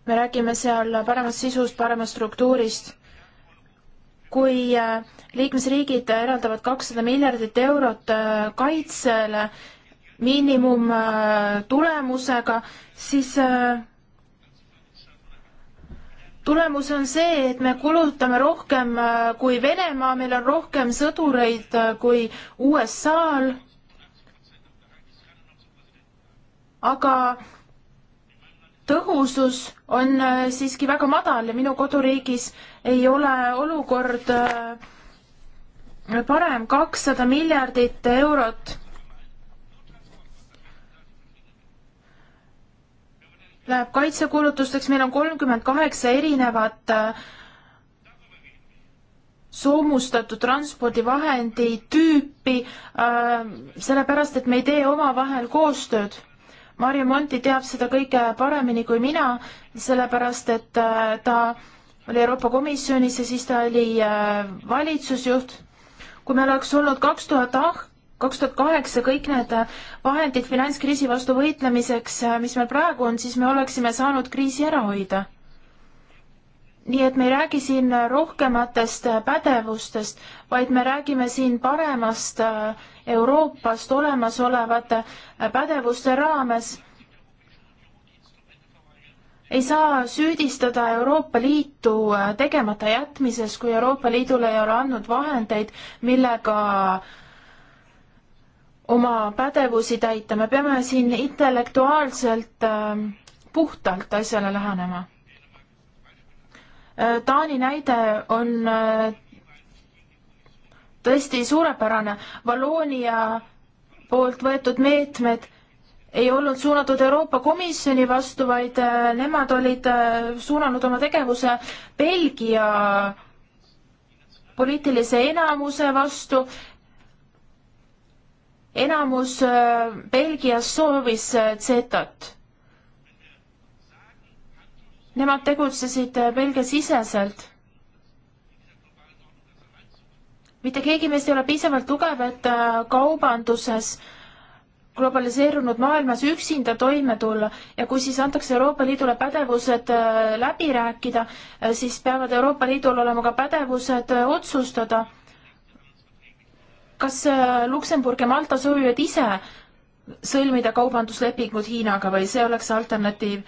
me räägime seal paremast sisust, paremast struktuurist. kui äh, liikmesriigid eraldavad kakssada miljardit eurot äh, kaitsele miinimumtulemusega, äh, siis tulemus on see, et me kulutame rohkem kui Venemaa, meil on rohkem sõdureid kui USA-l. aga tõhusus on äh, siiski väga madal ja minu koduriigis ei ole olukord äh, parem, kakssada miljardit eurot läheb kaitsekulutusteks, meil on kolmkümmend kaheksa erinevat äh, soomustatud transpordivahendi tüüpi, sellepärast et me ei tee omavahel koostööd Marju Monti teab seda kõige paremini kui mina, sellepärast et äh, ta oli Euroopa Komisjonis ja siis ta oli äh, valitsusjuht. kui meil oleks olnud kaks tuhat ah-, kaks tuhat kaheksa kõik need äh, vahendid finantskriisi vastu võitlemiseks, mis meil praegu on, siis me oleksime saanud kriisi ära hoida nii et me ei räägi siin rohkematest pädevustest, vaid me räägime siin paremast äh, Euroopast olemasolevate äh, pädevuste raames. ei saa süüdistada Euroopa Liitu äh, tegemata jätmises, kui Euroopa Liidule ei ole andnud vahendeid, millega oma pädevusi täita, me peame siin intellektuaalselt puhtalt asjale lähenema Äh, Taani näide on äh, tõesti suurepärane. Valoonia poolt võetud meetmed ei olnud suunatud Euroopa Komisjoni vastu, vaid äh, nemad olid suunanud oma tegevuse Belgia poliitilise enamuse vastu. enamus Belgias soovis CETA-t Nemad tegutsesid äh, Belgia-siseselt. mitte keegi meist ei ole piisavalt tugev, et äh, kaubanduses globaliseerunud maailmas üksinda toime tulla ja kui siis antakse Euroopa Liidule pädevused äh, läbi rääkida, siis peavad Euroopa Liidul olema ka pädevused otsustada. kas Luksemburg ja Malta soovivad ise sõlmida kaubanduslepingud Hiinaga või see oleks alternatiiv?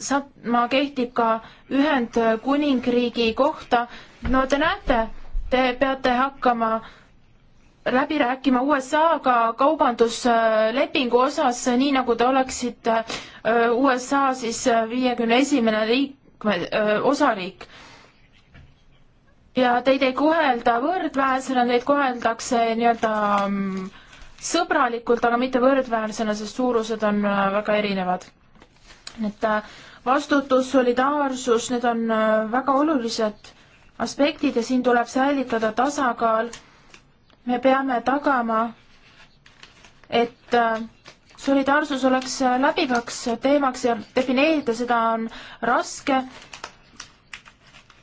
sama kehtib ka Ühendkuningriigi kohta. no te näete, te peate hakkama läbi rääkima USA-ga kaubanduslepingu osas, nii nagu te oleksite äh, USA siis äh, viiekümne esimene liikme, äh, osariik. ja teid ei kohelda võrdväärsena, teid koheldakse nii-öelda mm, sõbralikult, aga mitte võrdväärsena, sest suurused on väga erinevad. et vastutus, solidaarsus, need on äh, väga olulised aspektid ja siin tuleb säilitada tasakaal. me peame tagama, et äh, solidaarsus oleks äh, läbivaks teemaks ja defineerida seda on raske.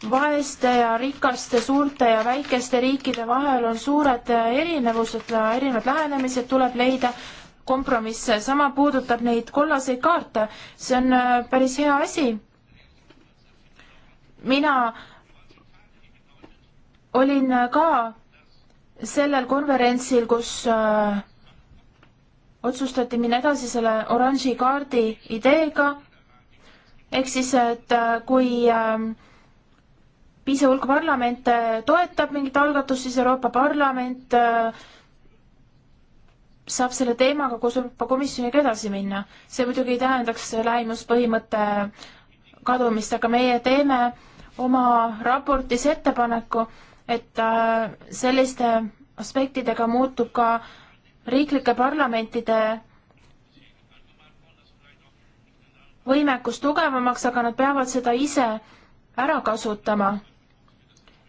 vaeste ja rikaste, suurte ja väikeste riikide vahel on suured erinevused, erinevad lähenemised, tuleb leida kompromisse, sama puudutab neid kollaseid kaarte, see on äh, päris hea asi. mina olin äh, ka sellel konverentsil, kus äh, otsustati minna edasi selle oranži kaardi ideega, ehk siis, et kui äh, piisav hulk parlamente toetab mingit algatust, siis Euroopa Parlament äh, saab selle teemaga koos Euroopa Komisjoniga edasi minna. see muidugi ei tähendaks lähimuspõhimõtte kadumist, aga meie teeme oma raportis ettepaneku, et äh, selliste aspektidega muutub ka riiklike parlamentide võimekus tugevamaks, aga nad peavad seda ise ära kasutama.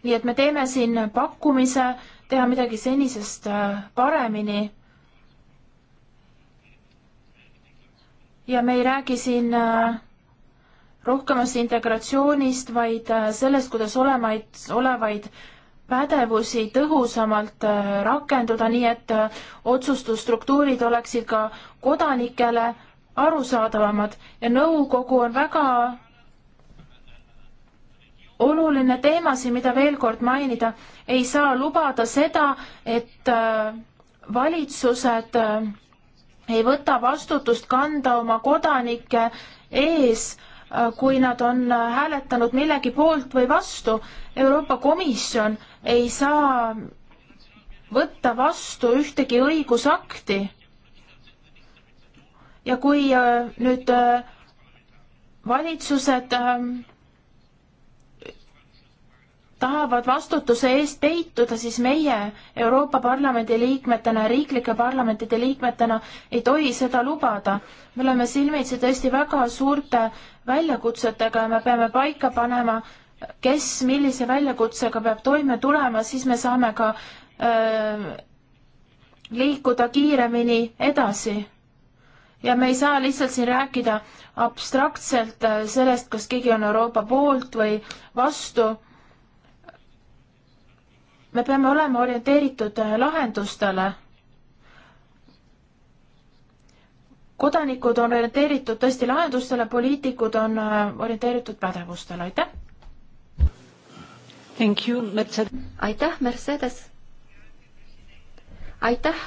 nii et me teeme siin pakkumise teha midagi senisest äh, paremini ja me ei räägi siin äh, rohkemast integratsioonist, vaid äh, sellest, kuidas olemaid, olevaid pädevusi tõhusamalt äh, rakenduda, nii et otsustusstruktuurid oleksid ka kodanikele arusaadavamad ja nõukogu on väga oluline teema siin, mida veel kord mainida, ei saa lubada seda, et valitsused äh, ei võta vastutust kanda oma kodanike ees, äh, kui nad on äh, hääletanud millegi poolt või vastu. Euroopa Komisjon ei saa võtta vastu ühtegi õigusakti. ja kui äh, nüüd valitsused ähm, tahavad vastutuse eest peituda, siis meie Euroopa Parlamendi liikmetena ja riiklike parlamentide liikmetena ei tohi seda lubada. me oleme silmitsi tõesti väga suurte väljakutsetega ja me peame paika panema, kes millise väljakutsega peab toime tulema, siis me saame ka öö, liikuda kiiremini edasi. ja me ei saa lihtsalt siin rääkida abstraktselt sellest, kas keegi on Euroopa poolt või vastu me peame olema orienteeritud äh, lahendustele. kodanikud on orienteeritud tõesti lahendustele, poliitikud on äh, orienteeritud pädevustele, aitäh! aitäh, Mercedes! aitäh!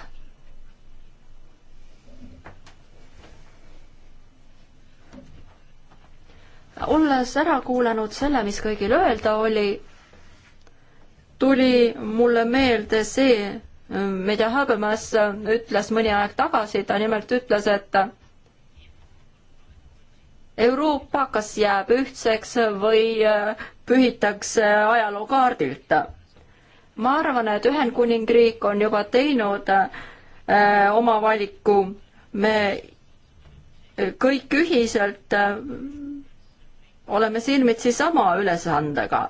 olles ära kuulanud selle, mis kõigil öelda oli, tuli mulle meelde see, mida Habermas ütles mõni aeg tagasi, ta nimelt ütles, et Euroopa kas jääb ühtseks või pühitakse ajalookaardilt. ma arvan, et Ühendkuningriik on juba teinud äh, oma valiku, me kõik ühiselt äh, oleme silmitsi sama ülesandega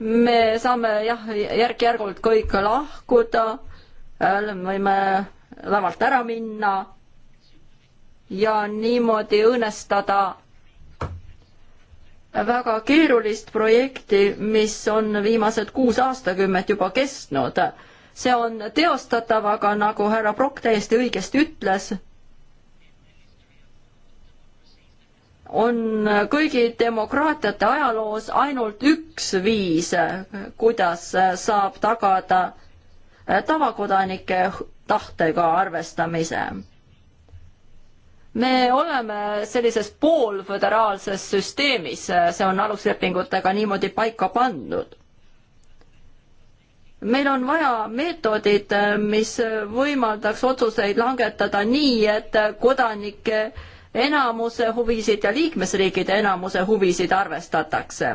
me saame jah, järk-järgult kõik lahkuda, äh, võime lavalt ära minna ja niimoodi õõnestada väga keerulist projekti, mis on viimased kuus aastakümmet juba kestnud. see on teostatav, aga nagu härra Prokk täiesti õigesti ütles, on kõigi demokraatiate ajaloos ainult üks viis, kuidas saab tagada tavakodanike tahtega arvestamise. me oleme sellises poolföderaalses süsteemis, see on aluslepingutega niimoodi paika pandud meil on vaja meetodid, mis võimaldaks otsuseid langetada nii, et kodanike äh, enamuse huvisid ja liikmesriikide enamuse huvisid arvestatakse.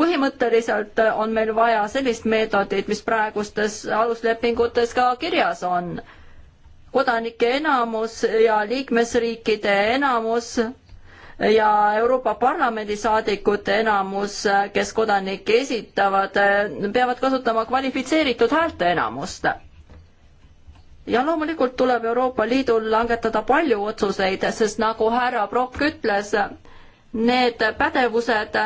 põhimõtteliselt on meil vaja sellist meetodit, mis praegustes aluslepingutes ka kirjas on. kodanike enamus ja liikmesriikide enamus ja Euroopa Parlamendi saadikute enamus, kes kodanikke esitavad, peavad kasutama kvalifitseeritud häälteenamust ja loomulikult tuleb Euroopa Liidul langetada palju otsuseid, sest nagu härra Brock ütles, need pädevused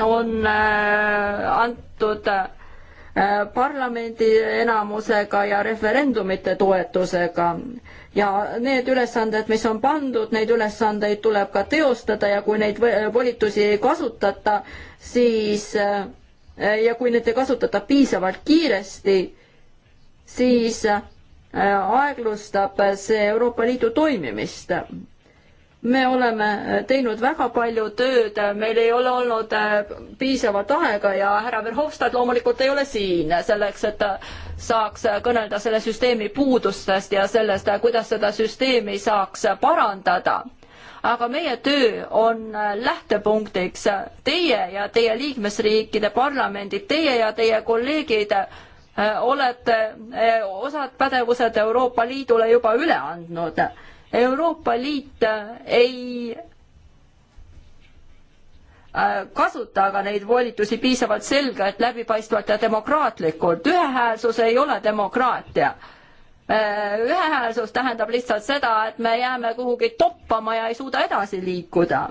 on äh, antud äh, parlamendi enamusega ja referendumite toetusega ja need ülesanded, mis on pandud, neid ülesandeid tuleb ka teostada ja kui neid volitusi ei kasutata, siis äh, ja kui neid ei kasutata piisavalt kiiresti, siis äh, aeglustab see Euroopa Liidu toimimist. me oleme äh, teinud väga palju tööd, meil ei ole olnud äh, piisavat aega ja härra Verhofstadt loomulikult ei ole siin selleks, et saaks kõnelda selle süsteemi puudustest ja sellest, kuidas seda süsteemi saaks parandada aga meie töö on lähtepunktiks teie ja teie liikmesriikide parlamendid, teie ja teie kolleegid Äh, olete äh, osad pädevused Euroopa Liidule juba üle andnud. Euroopa Liit äh, ei kasuta aga neid volitusi piisavalt selgelt, läbipaistvalt ja demokraatlikult. ühehäälsus ei ole demokraatia. ühehäälsus tähendab lihtsalt seda, et me jääme kuhugi toppama ja ei suuda edasi liikuda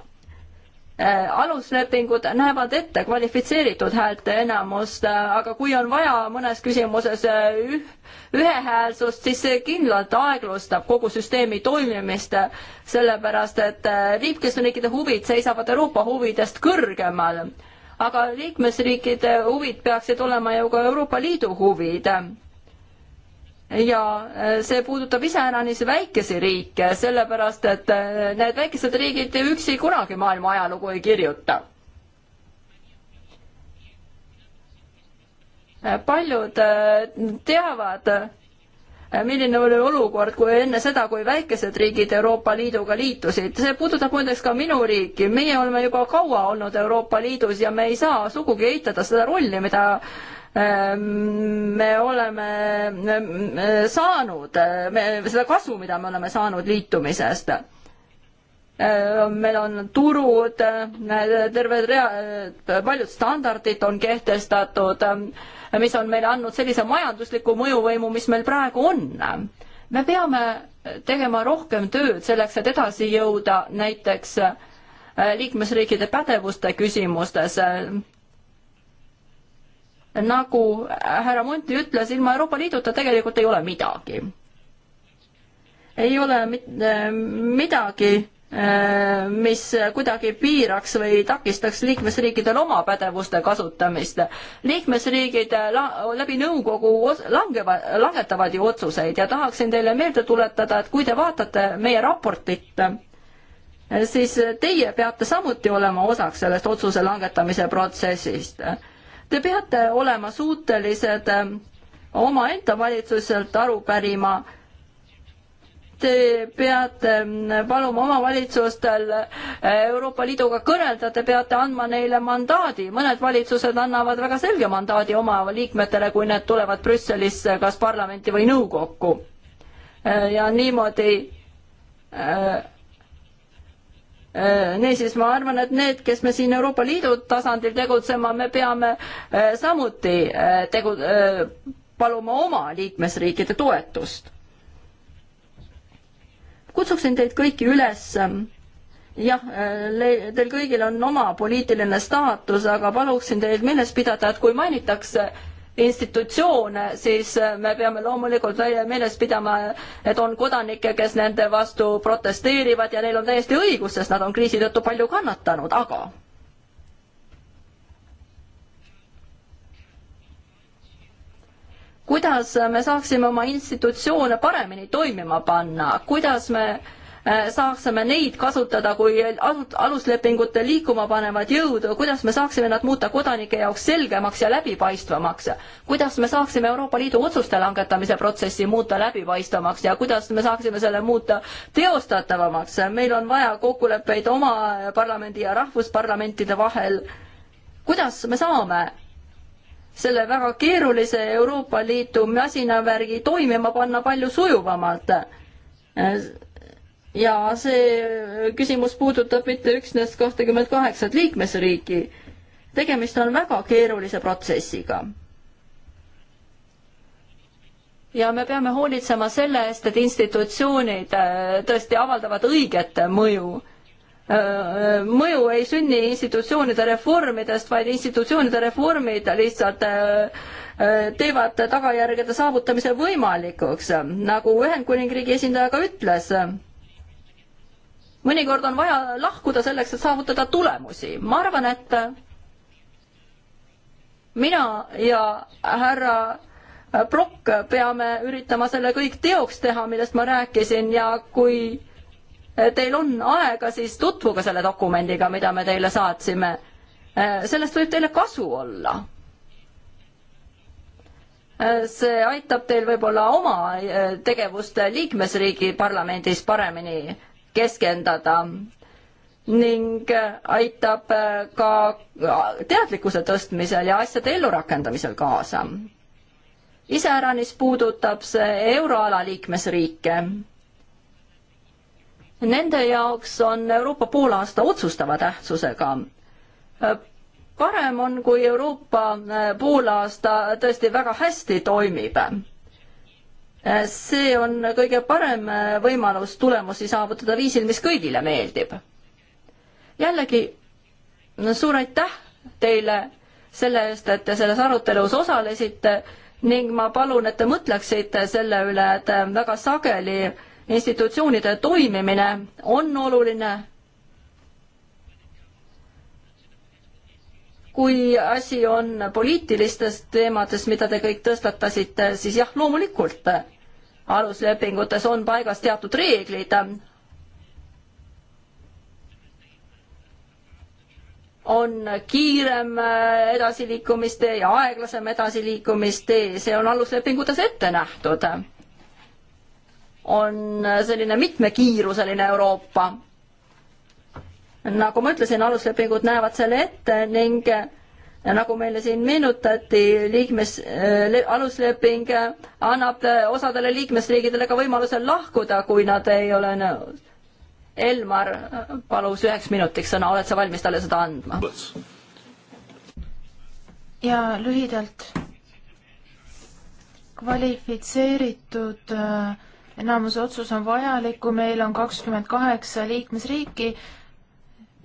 Äh, aluslepingud näevad ette kvalifitseeritud häälte enamust, äh, aga kui on vaja mõnes küsimuses äh, ühehäälsust, siis see kindlalt aeglustab kogu süsteemi toimimist, sellepärast et liikmesriikide huvid seisavad Euroopa huvidest kõrgemal. aga liikmesriikide huvid peaksid olema ju ka Euroopa Liidu huvid ja äh, see puudutab iseäranis väikesi riike, sellepärast et äh, need väikesed riigid üksi kunagi maailma ajalugu ei kirjuta. paljud äh, teavad, milline oli olukord, kui enne seda, kui väikesed riigid Euroopa Liiduga liitusid, see puudutab muideks ka minu riiki, meie oleme juba kaua olnud Euroopa Liidus ja me ei saa sugugi eitada seda rolli, mida Ehm, me oleme ehm, ehm, saanud, seda kasu, mida me oleme saanud liitumisest meil on turud, terved rea-, paljud standardid on kehtestatud, mis on meile andnud sellise majandusliku mõjuvõimu, mis meil praegu on. me peame tegema rohkem tööd selleks, et edasi jõuda näiteks liikmesriikide pädevuste küsimustes nagu härra Monti ütles, ilma Euroopa Liiduta tegelikult ei ole midagi. ei ole mit-, äh, midagi, äh, mis kuidagi piiraks või takistaks liikmesriikidel oma pädevuste kasutamist. liikmesriigid äh, la-, läbi nõukogu os-, langevad, langetavad ju otsuseid ja tahaksin teile meelde tuletada, et kui te vaatate meie raportit, siis teie peate samuti olema osaks sellest otsuse langetamise protsessist Te peate olema suutelised ähm, omaenda valitsuselt aru pärima. Te peate ähm, paluma omavalitsustel äh, Euroopa Liiduga kõnelda, te peate andma neile mandaadi, mõned valitsused annavad väga selge mandaadi oma liikmetele, kui need tulevad Brüsselisse kas parlamenti või nõukokku. Äh, ja niimoodi äh, Äh, niisiis, ma arvan, et need, kes me siin Euroopa Liidu tasandil tegutsema, me peame äh, samuti äh, tegu-, paluma oma liikmesriikide toetust. kutsuksin teid kõiki üles ähm, jah, teil kõigil on oma poliitiline staatus, aga paluksin teil meeles pidada, et kui mainitakse institutsioone, siis äh, me peame loomulikult meeles pidama, et on kodanikke, kes nende vastu protesteerivad ja neil on täiesti õigus, sest nad on kriisi tõttu palju kannatanud, aga kuidas me saaksime oma institutsioone paremini toimima panna, kuidas me Äh, saaksime neid kasutada kui aluslepingute liikuma panevat jõudu, kuidas me saaksime nad muuta kodanike jaoks selgemaks ja läbipaistvamaks, kuidas me saaksime Euroopa Liidu otsuste langetamise protsessi muuta läbipaistvamaks ja kuidas me saaksime selle muuta teostatavamaks, meil on vaja kokkuleppeid oma parlamendi ja rahvusparlamentide vahel, kuidas me saame selle väga keerulise Euroopa Liidu masinavärgi toimima panna palju sujuvamalt ja see küsimus puudutab mitte üksnes kahtekümmet kaheksat liikmesriiki. tegemist on väga keerulise protsessiga. ja me peame hoolitsema selle eest, et institutsioonid äh, tõesti avaldavad õiget mõju. Äh, äh, mõju ei sünni institutsioonide reformidest, vaid institutsioonide reformid lihtsalt teevad tagajärgede saavutamise võimalikuks, nagu Ühendkuningriigi esindaja ka ütles mõnikord on vaja lahkuda selleks, et saavutada tulemusi. ma arvan, et mina ja härra Brock peame üritama selle kõik teoks teha, millest ma rääkisin ja kui teil on aega, siis tutvuge selle dokumendiga, mida me teile saatsime. sellest võib teile kasu olla. see aitab teil võib-olla oma tegevust liikmesriigi parlamendis paremini keskenduda ning aitab ka teadlikkuse tõstmisel ja asjade ellurakendamisel kaasa. iseäranis puudutab see euroala liikmesriike. Nende jaoks on Euroopa poolaasta otsustava tähtsusega. parem on, kui Euroopa poolaasta tõesti väga hästi toimib Äh, see on kõige parem äh, võimalus tulemusi saavutada viisil, mis kõigile meeldib. jällegi no, suur aitäh teile selle eest, et te selles arutelus osalesite ning ma palun, et te mõtleksite selle üle, et äh, väga sageli institutsioonide toimimine on oluline kui asi on poliitilistes teemades, mida te kõik tõstatasite, siis jah, loomulikult aluslepingutes on paigas teatud reeglid. on kiirem edasiliikumistee ja aeglasem edasiliikumistee, see on aluslepingutes ette nähtud. on selline mitmekiiruseline Euroopa nagu ma ütlesin, aluslepingud näevad selle ette ning nagu meile siin meenutati, liikmes äh,, alusleping annab osadele liikmesriigidele ka võimaluse lahkuda, kui nad ei ole nõus. Elmar palus üheks minutiks sõna, oled sa valmis talle seda andma? ja lühidalt kvalifitseeritud äh, enamuse otsus on vajalik, kui meil on kakskümmend kaheksa liikmesriiki,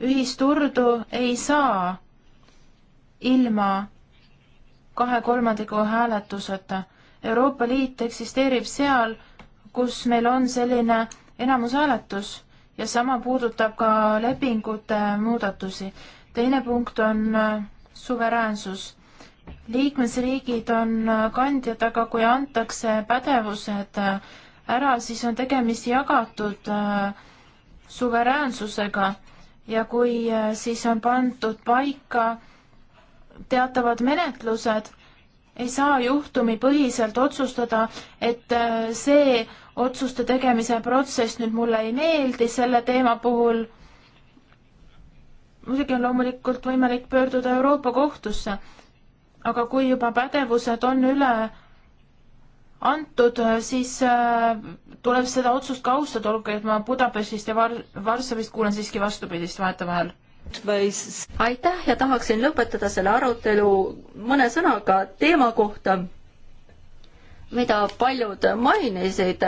ühisturdu ei saa ilma kahe kolmandiku hääletuseta. Euroopa Liit eksisteerib seal, kus meil on selline enamushääletus ja sama puudutab ka lepingute muudatusi. teine punkt on äh, suveräänsus. liikmesriigid on äh, kandjad, aga kui antakse pädevused äh, ära, siis on tegemist jagatud suveräänsusega ja kui äh, siis on pandud paika teatavad menetlused, ei saa juhtumipõhiselt otsustada, et äh, see otsuste tegemise protsess nüüd mulle ei meeldi selle teema puhul. muidugi on loomulikult võimalik pöörduda Euroopa Kohtusse, aga kui juba pädevused on üle antud, äh, siis tuleb seda otsust ka austada, olgugi et ma Budapestist ja Var-, Varssavist kuulen siiski vastupidist vahetevahel. aitäh ja tahaksin lõpetada selle arutelu mõne sõnaga teema kohta, mida paljud mainisid.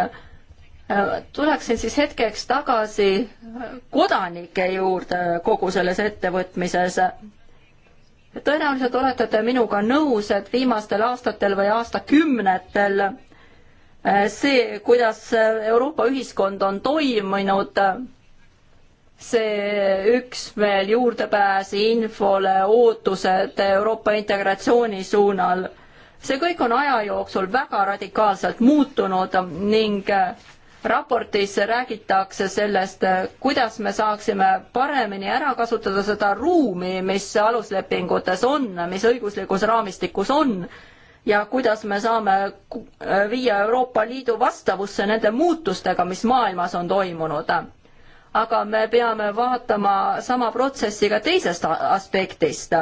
tuleksin siis hetkeks tagasi kodanike juurde kogu selles ettevõtmises tõenäoliselt olete te minuga nõus, et viimastel aastatel või aastakümnetel Äh, see, kuidas äh, Euroopa ühiskond on toiminud, äh, see üksmeel, juurdepääs infole, ootused Euroopa integratsiooni suunal, see kõik on aja jooksul väga radikaalselt muutunud ning raportis räägitakse sellest, kuidas me saaksime paremini ära kasutada seda ruumi, mis aluslepingutes on, mis õiguslikus raamistikus on ja kuidas me saame äh, viia Euroopa Liidu vastavusse nende muutustega, mis maailmas on toimunud. aga me peame vaatama sama protsessi ka teisest aspektist.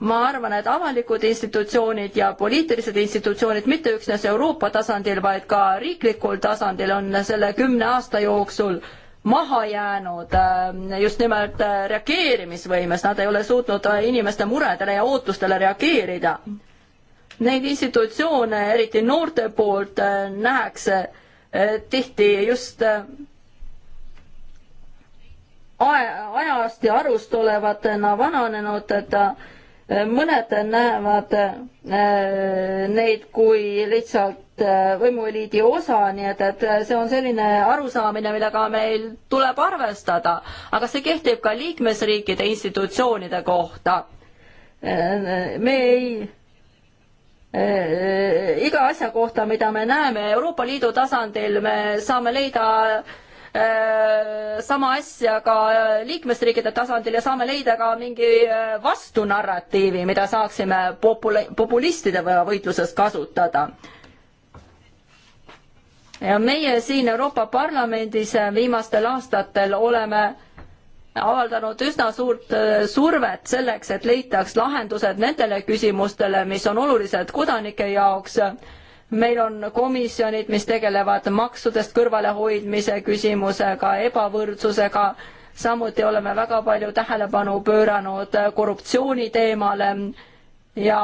ma arvan, et avalikud institutsioonid ja poliitilised institutsioonid mitte üksnes Euroopa tasandil, vaid ka riiklikul tasandil on selle kümne aasta jooksul maha jäänud äh, just nimelt äh, reageerimisvõimes, nad ei ole suutnud inimeste muredele ja ootustele reageerida mm Neid institutsioone, eriti noorte poolt, äh, nähakse äh, tihti just äh, ajast ja arust olevatena vananenud, et mõned näevad neid kui lihtsalt võimueliidi osa, nii et, et see on selline arusaamine, millega meil tuleb arvestada, aga see kehtib ka liikmesriikide institutsioonide kohta. me ei Äh, äh, iga asja kohta, mida me näeme Euroopa Liidu tasandil, me saame leida äh, sama asja ka liikmesriikide tasandil ja saame leida ka mingi vastunarratiivi, mida saaksime popul-, populistide võitluses kasutada. ja meie siin Euroopa Parlamendis viimastel aastatel oleme avaldanud üsna suurt äh, survet selleks, et leitaks lahendused nendele küsimustele, mis on olulised kodanike jaoks. meil on komisjonid, mis tegelevad maksudest kõrvalehoidmise küsimusega, ebavõrdsusega, samuti oleme väga palju tähelepanu pööranud korruptsiooni teemale ja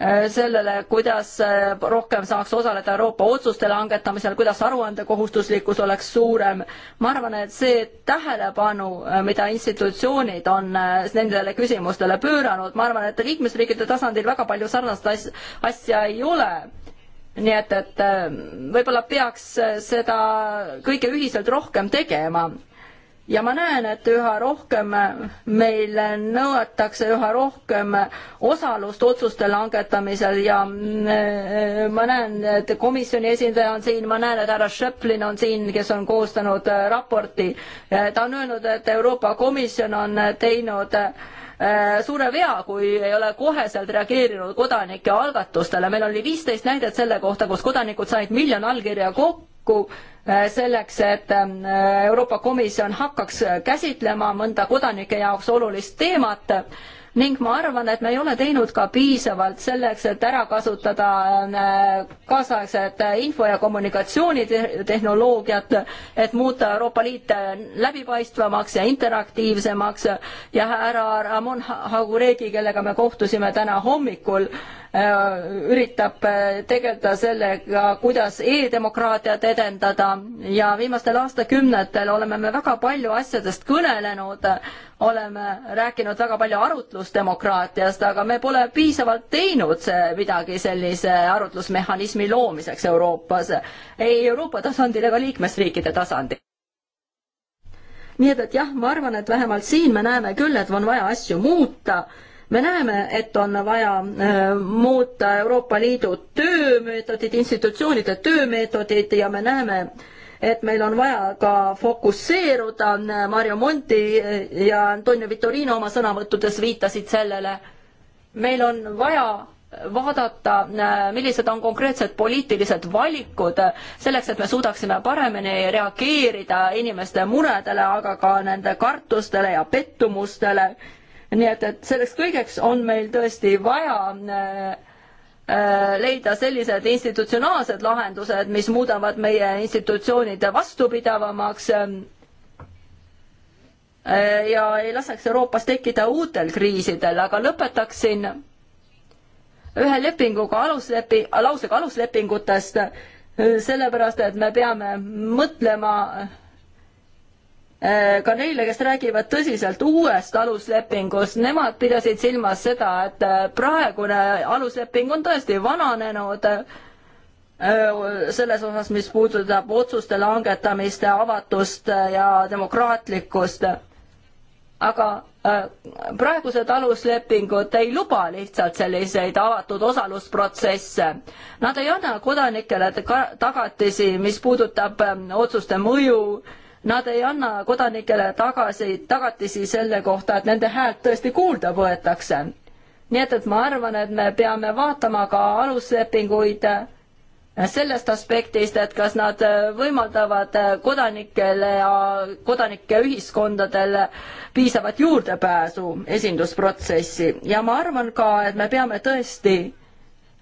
Äh, sellele, kuidas äh, rohkem saaks osaleda Euroopa otsuste langetamisel, kuidas aruandekohustuslikkus oleks suurem. ma arvan, et see tähelepanu, äh, mida institutsioonid on nendele küsimustele pööranud, ma arvan, et liikmesriikide tasandil väga palju sarnast asja, asja ei ole nii et, et võib-olla peaks seda kõike ühiselt rohkem tegema ja ma näen, et üha rohkem meil nõuetakse üha rohkem osalust otsuste langetamisel ja mm, eh, ma näen, et komisjoni esindaja on siin, ma näen, et härra Šeplin on siin, kes on koostanud eh, raporti. Eh, ta on öelnud, et Euroopa Komisjon on teinud suure vea, kui ei ole koheselt reageerinud kodanike algatustele. meil oli viisteist näidet selle kohta, kus kodanikud said miljon allkirja kokku kokku äh, selleks, et ähm, äh, Euroopa Komisjon hakkaks äh, käsitlema mõnda kodanike jaoks olulist teemat ning ma arvan, et me ei ole teinud ka piisavalt selleks, et ära kasutada kaasaegset info- ja kommunikatsioonitehnoloogiat, et muuta Euroopa Liit läbipaistvamaks ja interaktiivsemaks ja härra Ramon Haguregi, kellega me kohtusime täna hommikul, Äh, üritab äh, tegeleda sellega, kuidas e-demokraatiat edendada ja viimastel aastakümnetel oleme me väga palju asjadest kõnelenud, oleme rääkinud väga palju arutlusdemokraatiast, aga me pole piisavalt teinud midagi sellise arutlusmehhanismi loomiseks Euroopas, ei Euroopa tasandil ega liikmesriikide tasandil nii et, et jah, ma arvan, et vähemalt siin me näeme küll, et on vaja asju muuta me näeme, et on vaja äh, muuta Euroopa Liidu töömeetodid, institutsioonide töömeetodid ja me näeme, et meil on vaja ka fokusseeruda, Mario Monti äh, ja Antonio Vitorino oma sõnavõttudes viitasid sellele, meil on vaja vaadata, äh, millised on konkreetsed poliitilised valikud selleks, et me suudaksime paremini reageerida inimeste muredele, aga ka nende kartustele ja pettumustele nii et, et selleks kõigeks on meil tõesti vaja äh, äh, leida sellised institutsionaalsed lahendused, mis muudavad meie institutsioonid vastupidavamaks ähm, äh, ja ei laseks Euroopas tekkida uutel kriisidel, aga lõpetaksin ühe lepinguga aluslepi, lausega aluslepingutest, sellepärast et me peame mõtlema Äh, ka neile, kes räägivad tõsiselt uuest aluslepingust, nemad pidasid silmas seda, et äh, praegune alusleping on tõesti vananenud äh, selles osas, mis puudutab otsuste langetamist, avatust ja demokraatlikkust. aga praegused aluslepingud ei luba lihtsalt selliseid avatud osalusprotsesse. Nad ei anna kodanikele tagatisi, mis puudutab otsuste mõju Nad ei anna kodanikele tagasi, tagatisi selle kohta, et nende häält tõesti kuulda võetakse. nii et, et ma arvan, et me peame vaatama ka aluslepinguid sellest aspektist, et kas nad võimaldavad kodanikele ja kodanike ühiskondadele piisavat juurdepääsu esindusprotsessi ja ma arvan ka, et me peame tõesti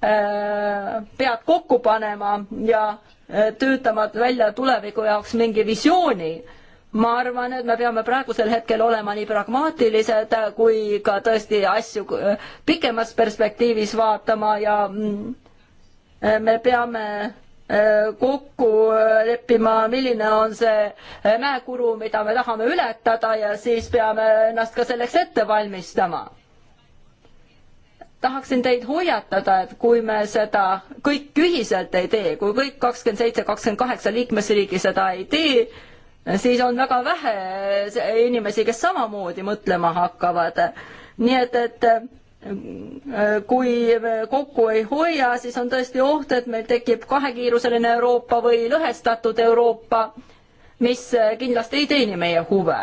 äh, pead kokku panema ja Äh, töötama välja tuleviku jaoks mingi visiooni. ma arvan, et me peame praegusel hetkel olema nii pragmaatilised kui ka tõesti asju äh, pikemas perspektiivis vaatama ja mm, äh, me peame kokku leppima, milline on see mäekuru, mida me tahame ületada ja siis peame ennast ka selleks ette valmistama tahaksin teid hoiatada, et kui me seda kõik ühiselt ei tee, kui kõik kakskümmend seitse, kakskümmend kaheksa liikmesriigi seda ei tee, siis on väga vähe inimesi, kes samamoodi mõtlema hakkavad. nii et, et äh, kui kokku ei hoia, siis on tõesti oht, et meil tekib kahekiiruseline Euroopa või lõhestatud Euroopa, mis kindlasti ei teeni meie huve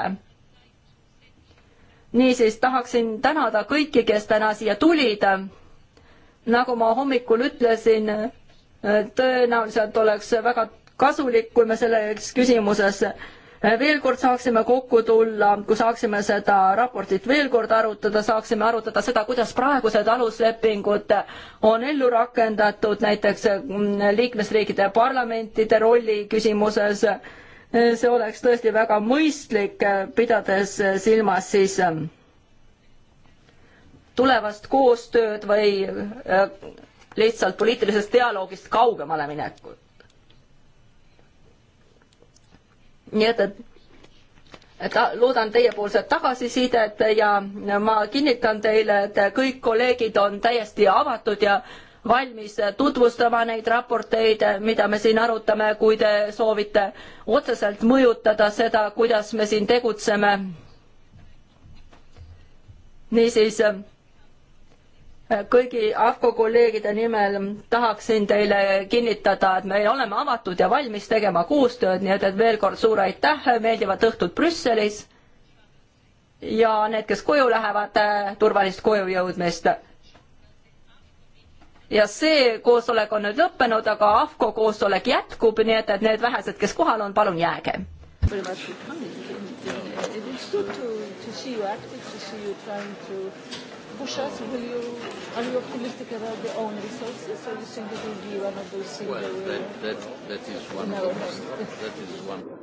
niisiis tahaksin tänada kõiki, kes täna siia tulid. nagu ma hommikul ütlesin, tõenäoliselt oleks väga kasulik, kui me selles küsimuses veel kord saaksime kokku tulla, kui saaksime seda raportit veel kord arutada, saaksime arutada seda, kuidas praegused aluslepingud on ellu rakendatud, näiteks mm, liikmesriikide parlamentide rolli küsimuses see oleks tõesti väga mõistlik, pidades silmas siis äh, tulevast koostööd või äh, lihtsalt poliitilisest dialoogist kaugemale minekut. nii et, et, et äh, loodan teiepoolset tagasisidet ja ma kinnitan teile, et kõik kolleegid on täiesti avatud ja äh, valmis tutvustama neid raporteid, mida me siin arutame, kui te soovite otseselt mõjutada seda, kuidas me siin tegutseme. niisiis kõigi AFCO kolleegide nimel tahaksin teile kinnitada, et me oleme avatud ja valmis tegema koostööd, nii et, et veel kord suur aitäh, meeldivat õhtut Brüsselis. ja need, kes koju lähevad, turvalist koju jõudmist ja see koosolek on nüüd lõppenud, aga AFCO koosolek jätkub, nii et, et need vähesed, kes kohal on, palun jääge. Very much for coming. It is good to, to see you active, to see you trying to push us. Will you, are you optimistic about the own resources, or you think it will be one of those things? Well, that, that, that is one of the most. That is one.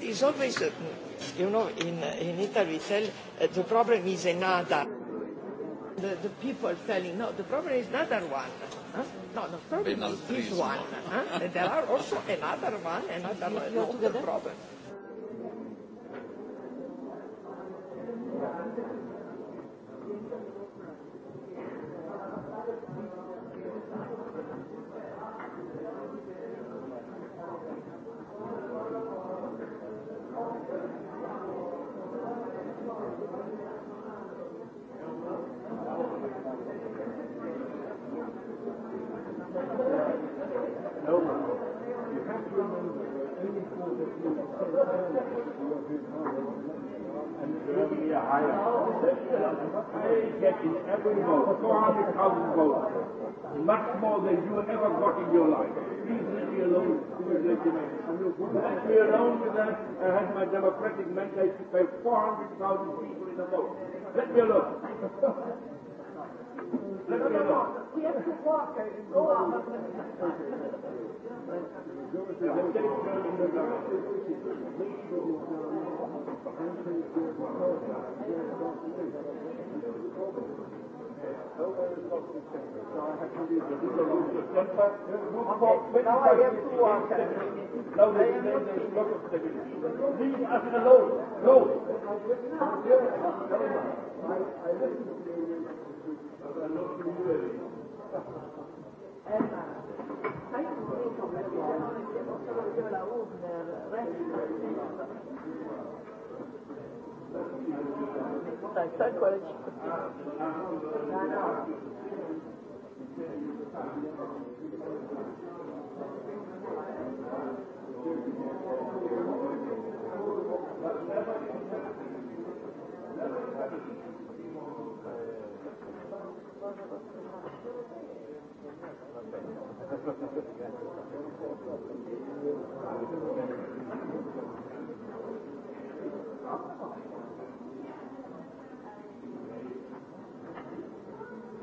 is always, uh, you know, in, uh, in Italy, tell, uh, the problem is another. The, the people telling, no, the problem is another one. Huh? No, the problem is this one. Huh? there are also another one, another, another problem. thousand votes. Much more than you ever got in your life. Please leave me alone with that demand. Let me alone with that. I had my democratic mandate by 400,000 people in a vote. Let me alone. Let me alone. We have to walk and go on. Thank you. Nobody talks in chamber, so I have to leave the little room to temper. Okay, now I have to walk. Now there is a block of stability. Leave us alone. Go. I listen to you, but I'm not really. Emma, sai che mi dico perché? Perché posso vedere la Uber, Renzi, Так, так, Варочка. Thank you.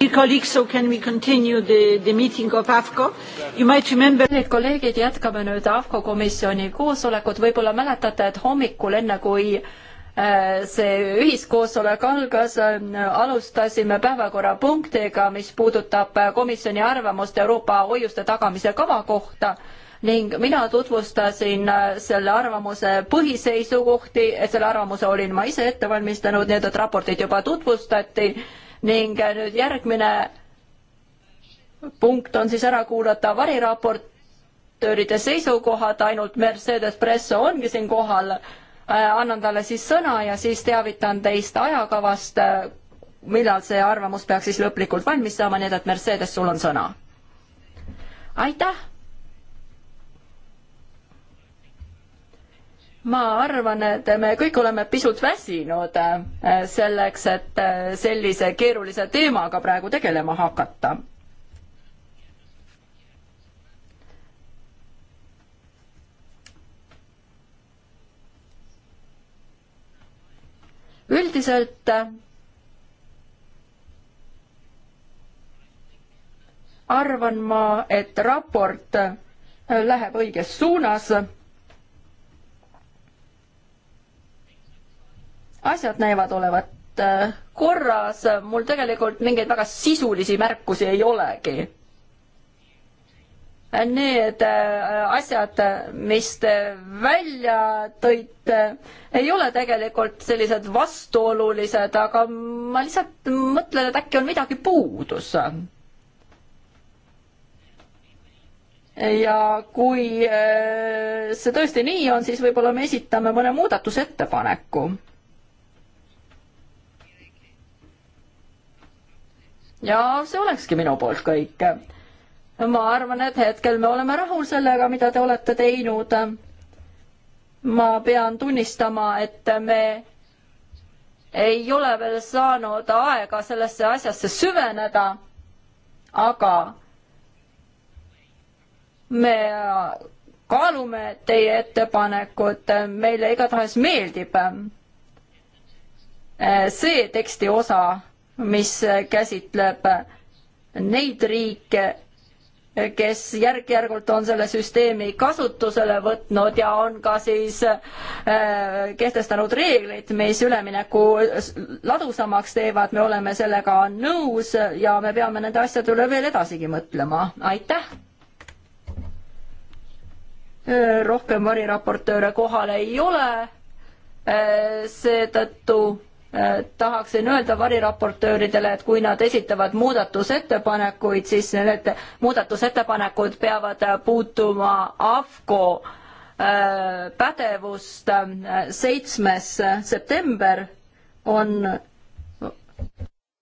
Dear colleagues, so can we continue the, the meeting of AFCO? You might remember Need kolleegid, jätkame nüüd AFCO komisjoni koosolekut. Võib-olla mäletate, et hommikul enne kui äh, see ühiskoosolek algas, äh, alustasime päevakorrapunktiga, mis puudutab äh, komisjoni arvamust Euroopa hoiuste tagamise kava kohta ning mina tutvustasin selle arvamuse põhiseisukohti, selle arvamuse olin ma ise ette valmistanud, need raportid juba tutvustati ning nüüd järgmine punkt on siis ära kuulata variraportööride seisukohad, ainult Mercedes Presso ongi siin kohal. Äh, annan talle siis sõna ja siis teavitan teist ajakavast, äh, millal see arvamus peaks siis lõplikult valmis saama, nii et Mercedes, sul on sõna. aitäh ma arvan, et me kõik oleme pisut väsinud äh, selleks, et äh, sellise keerulise teemaga praegu tegelema hakata. üldiselt äh, arvan ma, et raport läheb õiges suunas asjad näivad olevat äh, korras, mul tegelikult mingeid väga sisulisi märkusi ei olegi. Need äh, asjad, mis te välja tõite, ei ole tegelikult sellised vastuolulised, aga ma lihtsalt mõtlen, et äkki on midagi puudus ja kui äh, see tõesti nii on, siis võib-olla me esitame mõne muudatusettepaneku. ja see olekski minu poolt kõik. ma arvan, et hetkel me oleme rahul sellega, mida te olete teinud. ma pean tunnistama, et me ei ole veel saanud aega sellesse asjasse süveneda, aga me kaalume teie ettepanekut, meile igatahes meeldib eh, see teksti osa, mis käsitleb neid riike, kes järk-järgult on selle süsteemi kasutusele võtnud ja on ka siis äh, kehtestanud reeglid, mis ülemineku ladusamaks teevad, me oleme sellega nõus ja me peame nende asjade üle veel edasigi mõtlema, aitäh! rohkem variraportööre kohal ei ole, äh, seetõttu Äh, tahaksin öelda variraportööridele, et kui nad esitavad muudatusettepanekuid, siis need muudatusettepanekud peavad puutuma AFCO äh, pädevust. Äh, seitsmes september on,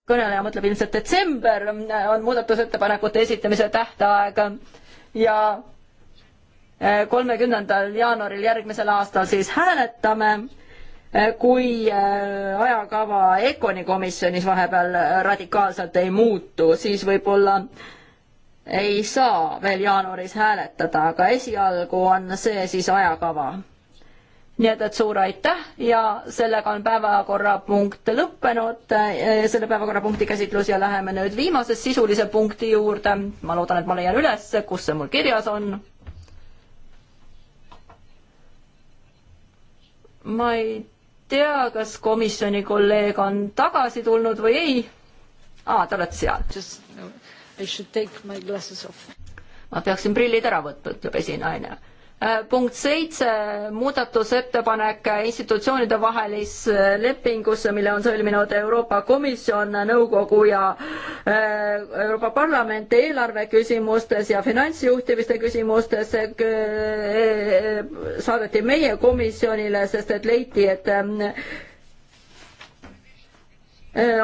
kõneleja mõtleb ilmselt detsember, on muudatusettepanekute esitamise tähtaeg ja kolmekümnendal jaanuaril järgmisel aastal siis hääletame Äh, kui äh, ajakava ECONi komisjonis vahepeal äh, radikaalselt ei muutu, siis võib-olla ei saa veel jaanuaris hääletada, aga esialgu on see siis ajakava. nii et, et suur aitäh ja sellega on päevakorrapunkt lõppenud, selle päevakorrapunkti käsitlus ja läheme nüüd viimase sisulise punkti juurde. ma loodan, et ma leian üles, kus see mul kirjas on ma ei tea, kas komisjoni kolleeg on tagasi tulnud või ei. aa, te olete seal. ma peaksin prillid ära võtma, ütleb esinaine Äh, punkt seitse, muudatusettepanek institutsioonide vahelisse äh, lepingusse, mille on sõlminud Euroopa Komisjon, nõukogu ja äh, Euroopa Parlament eelarve küsimustes ja finantsjuhtimiste küsimustes saadeti meie komisjonile, sest et leiti, et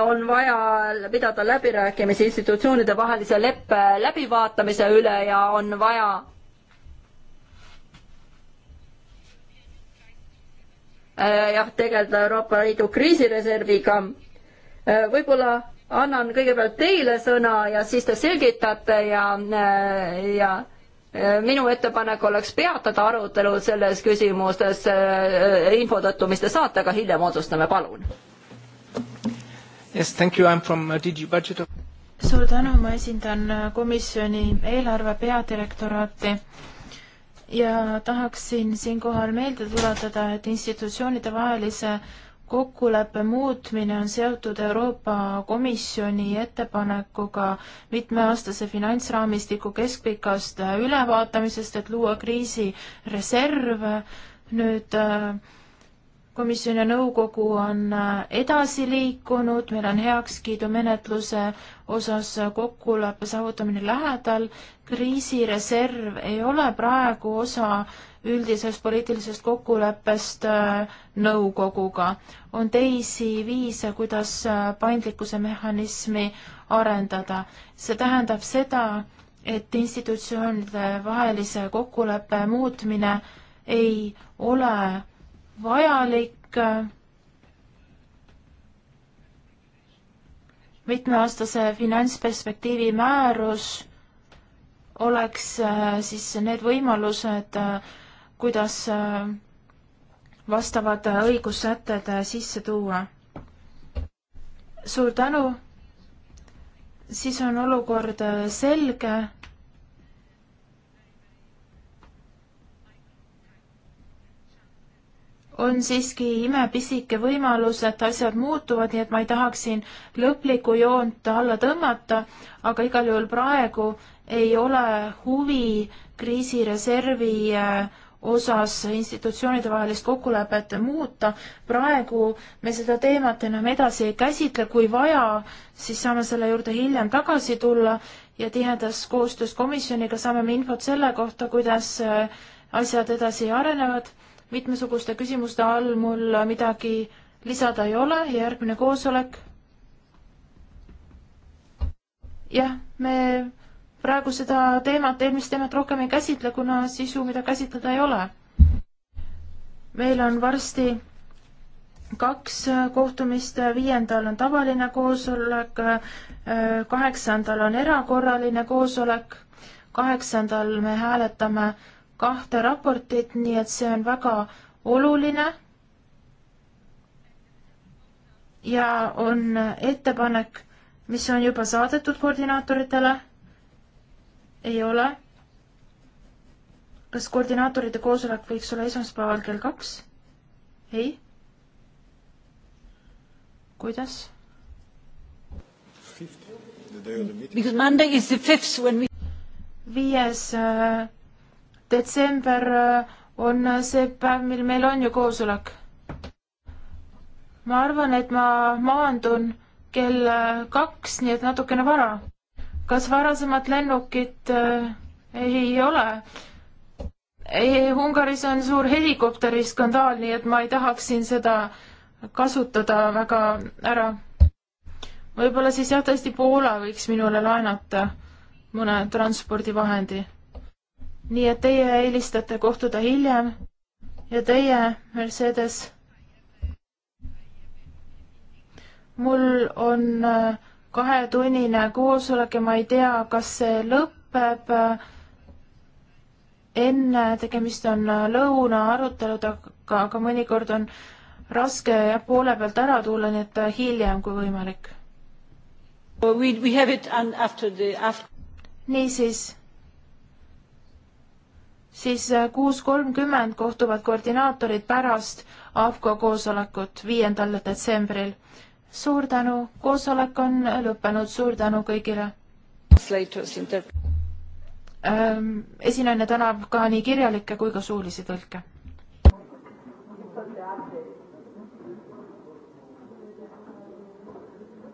on vaja pidada läbirääkimisi institutsioonide vahelise leppe läbivaatamise üle ja on vaja Äh, ja tegeleda Euroopa Liidu kriisireserviga. Äh, võib-olla annan kõigepealt teile sõna ja siis te selgitate ja, äh, ja minu ettepanek oleks peatada arutelu selles küsimustes info tõttu, mis te saate, aga hiljem otsustame, palun. Yes, thank you, I am from uh, DG Budget. suur tänu, ma esindan komisjoni eelarve peadirektoraati ja tahaksin siinkohal meelde tuletada, et institutsioonide vahelise kokkuleppe muutmine on seotud Euroopa Komisjoni ettepanekuga mitmeaastase finantsraamistiku keskpikast ülevaatamisest, et luua kriisireserv. nüüd äh, komisjon ja nõukogu on äh, edasi liikunud, meil on heakskiidumenetluse osas äh, kokkuleppe saavutamine lähedal, kriisireserv ei ole praegu osa üldisest poliitilisest kokkuleppest äh, nõukoguga. on teisi viise, kuidas paindlikkuse mehhanismi arendada. see tähendab seda, et institutsioonide vahelise kokkuleppe muutmine ei ole vajalik äh, mitmeaastase finantsperspektiivi määrus oleks äh, siis need võimalused, äh, kuidas vastavad õigussätted sisse tuua. suur tänu, siis on olukord selge on siiski imepisike võimalus, et asjad muutuvad, nii et ma ei tahaks siin lõplikku joont alla tõmmata, aga igal juhul praegu ei ole huvi kriisireservi äh, osas institutsioonide vahelist kokkulepet muuta. praegu me seda teemat enam edasi ei käsitle, kui vaja, siis saame selle juurde hiljem tagasi tulla ja tihedas koostöös komisjoniga saame me infot selle kohta, kuidas äh, asjad edasi arenevad mitmesuguste küsimuste all mul midagi lisada ei ole, järgmine koosolek. jah, me praegu seda teemat, eelmist teemat rohkem ei käsitle, kuna sisu, mida käsitleda ei ole. meil on varsti kaks kohtumist, viiendal on tavaline koosolek, kaheksandal on erakorraline koosolek, kaheksandal me hääletame kahte raportit, nii et see on väga oluline. ja on ettepanek, mis on juba saadetud koordinaatoritele. ei ole. kas koordinaatorite koosolek võiks olla esmaspäeval kell kaks? ei. kuidas? viies äh, detsember äh, on äh, see päev, mil meil on ju koosolek. ma arvan, et ma maandun kell äh, kaks, nii et natukene vara. kas varasemat lennukit äh, ei ole? ei, Ungaris on suur helikopteriskandaal, nii et ma ei tahaks siin seda kasutada väga ära. võib-olla siis jah, tõesti Poola võiks minule laenata mõne transpordivahendi nii et teie eelistate kohtuda hiljem ja teie, Mercedes, mul on äh, kahetunnine koosolek ja ma ei tea, kas see lõpeb äh, enne, tegemist on äh, lõuna aruteludega, aga mõnikord on raske jah, poole pealt ära tulla, nii et hiljem, kui võimalik. niisiis siis äh, kuus kolmkümmend kohtuvad koordinaatorid pärast AFCO koosolekut viiendal detsembril. suur tänu, koosolek on lõppenud, suur tänu kõigile. Ähm, esinejana tänab ka nii kirjalikke kui ka suulisi tõlke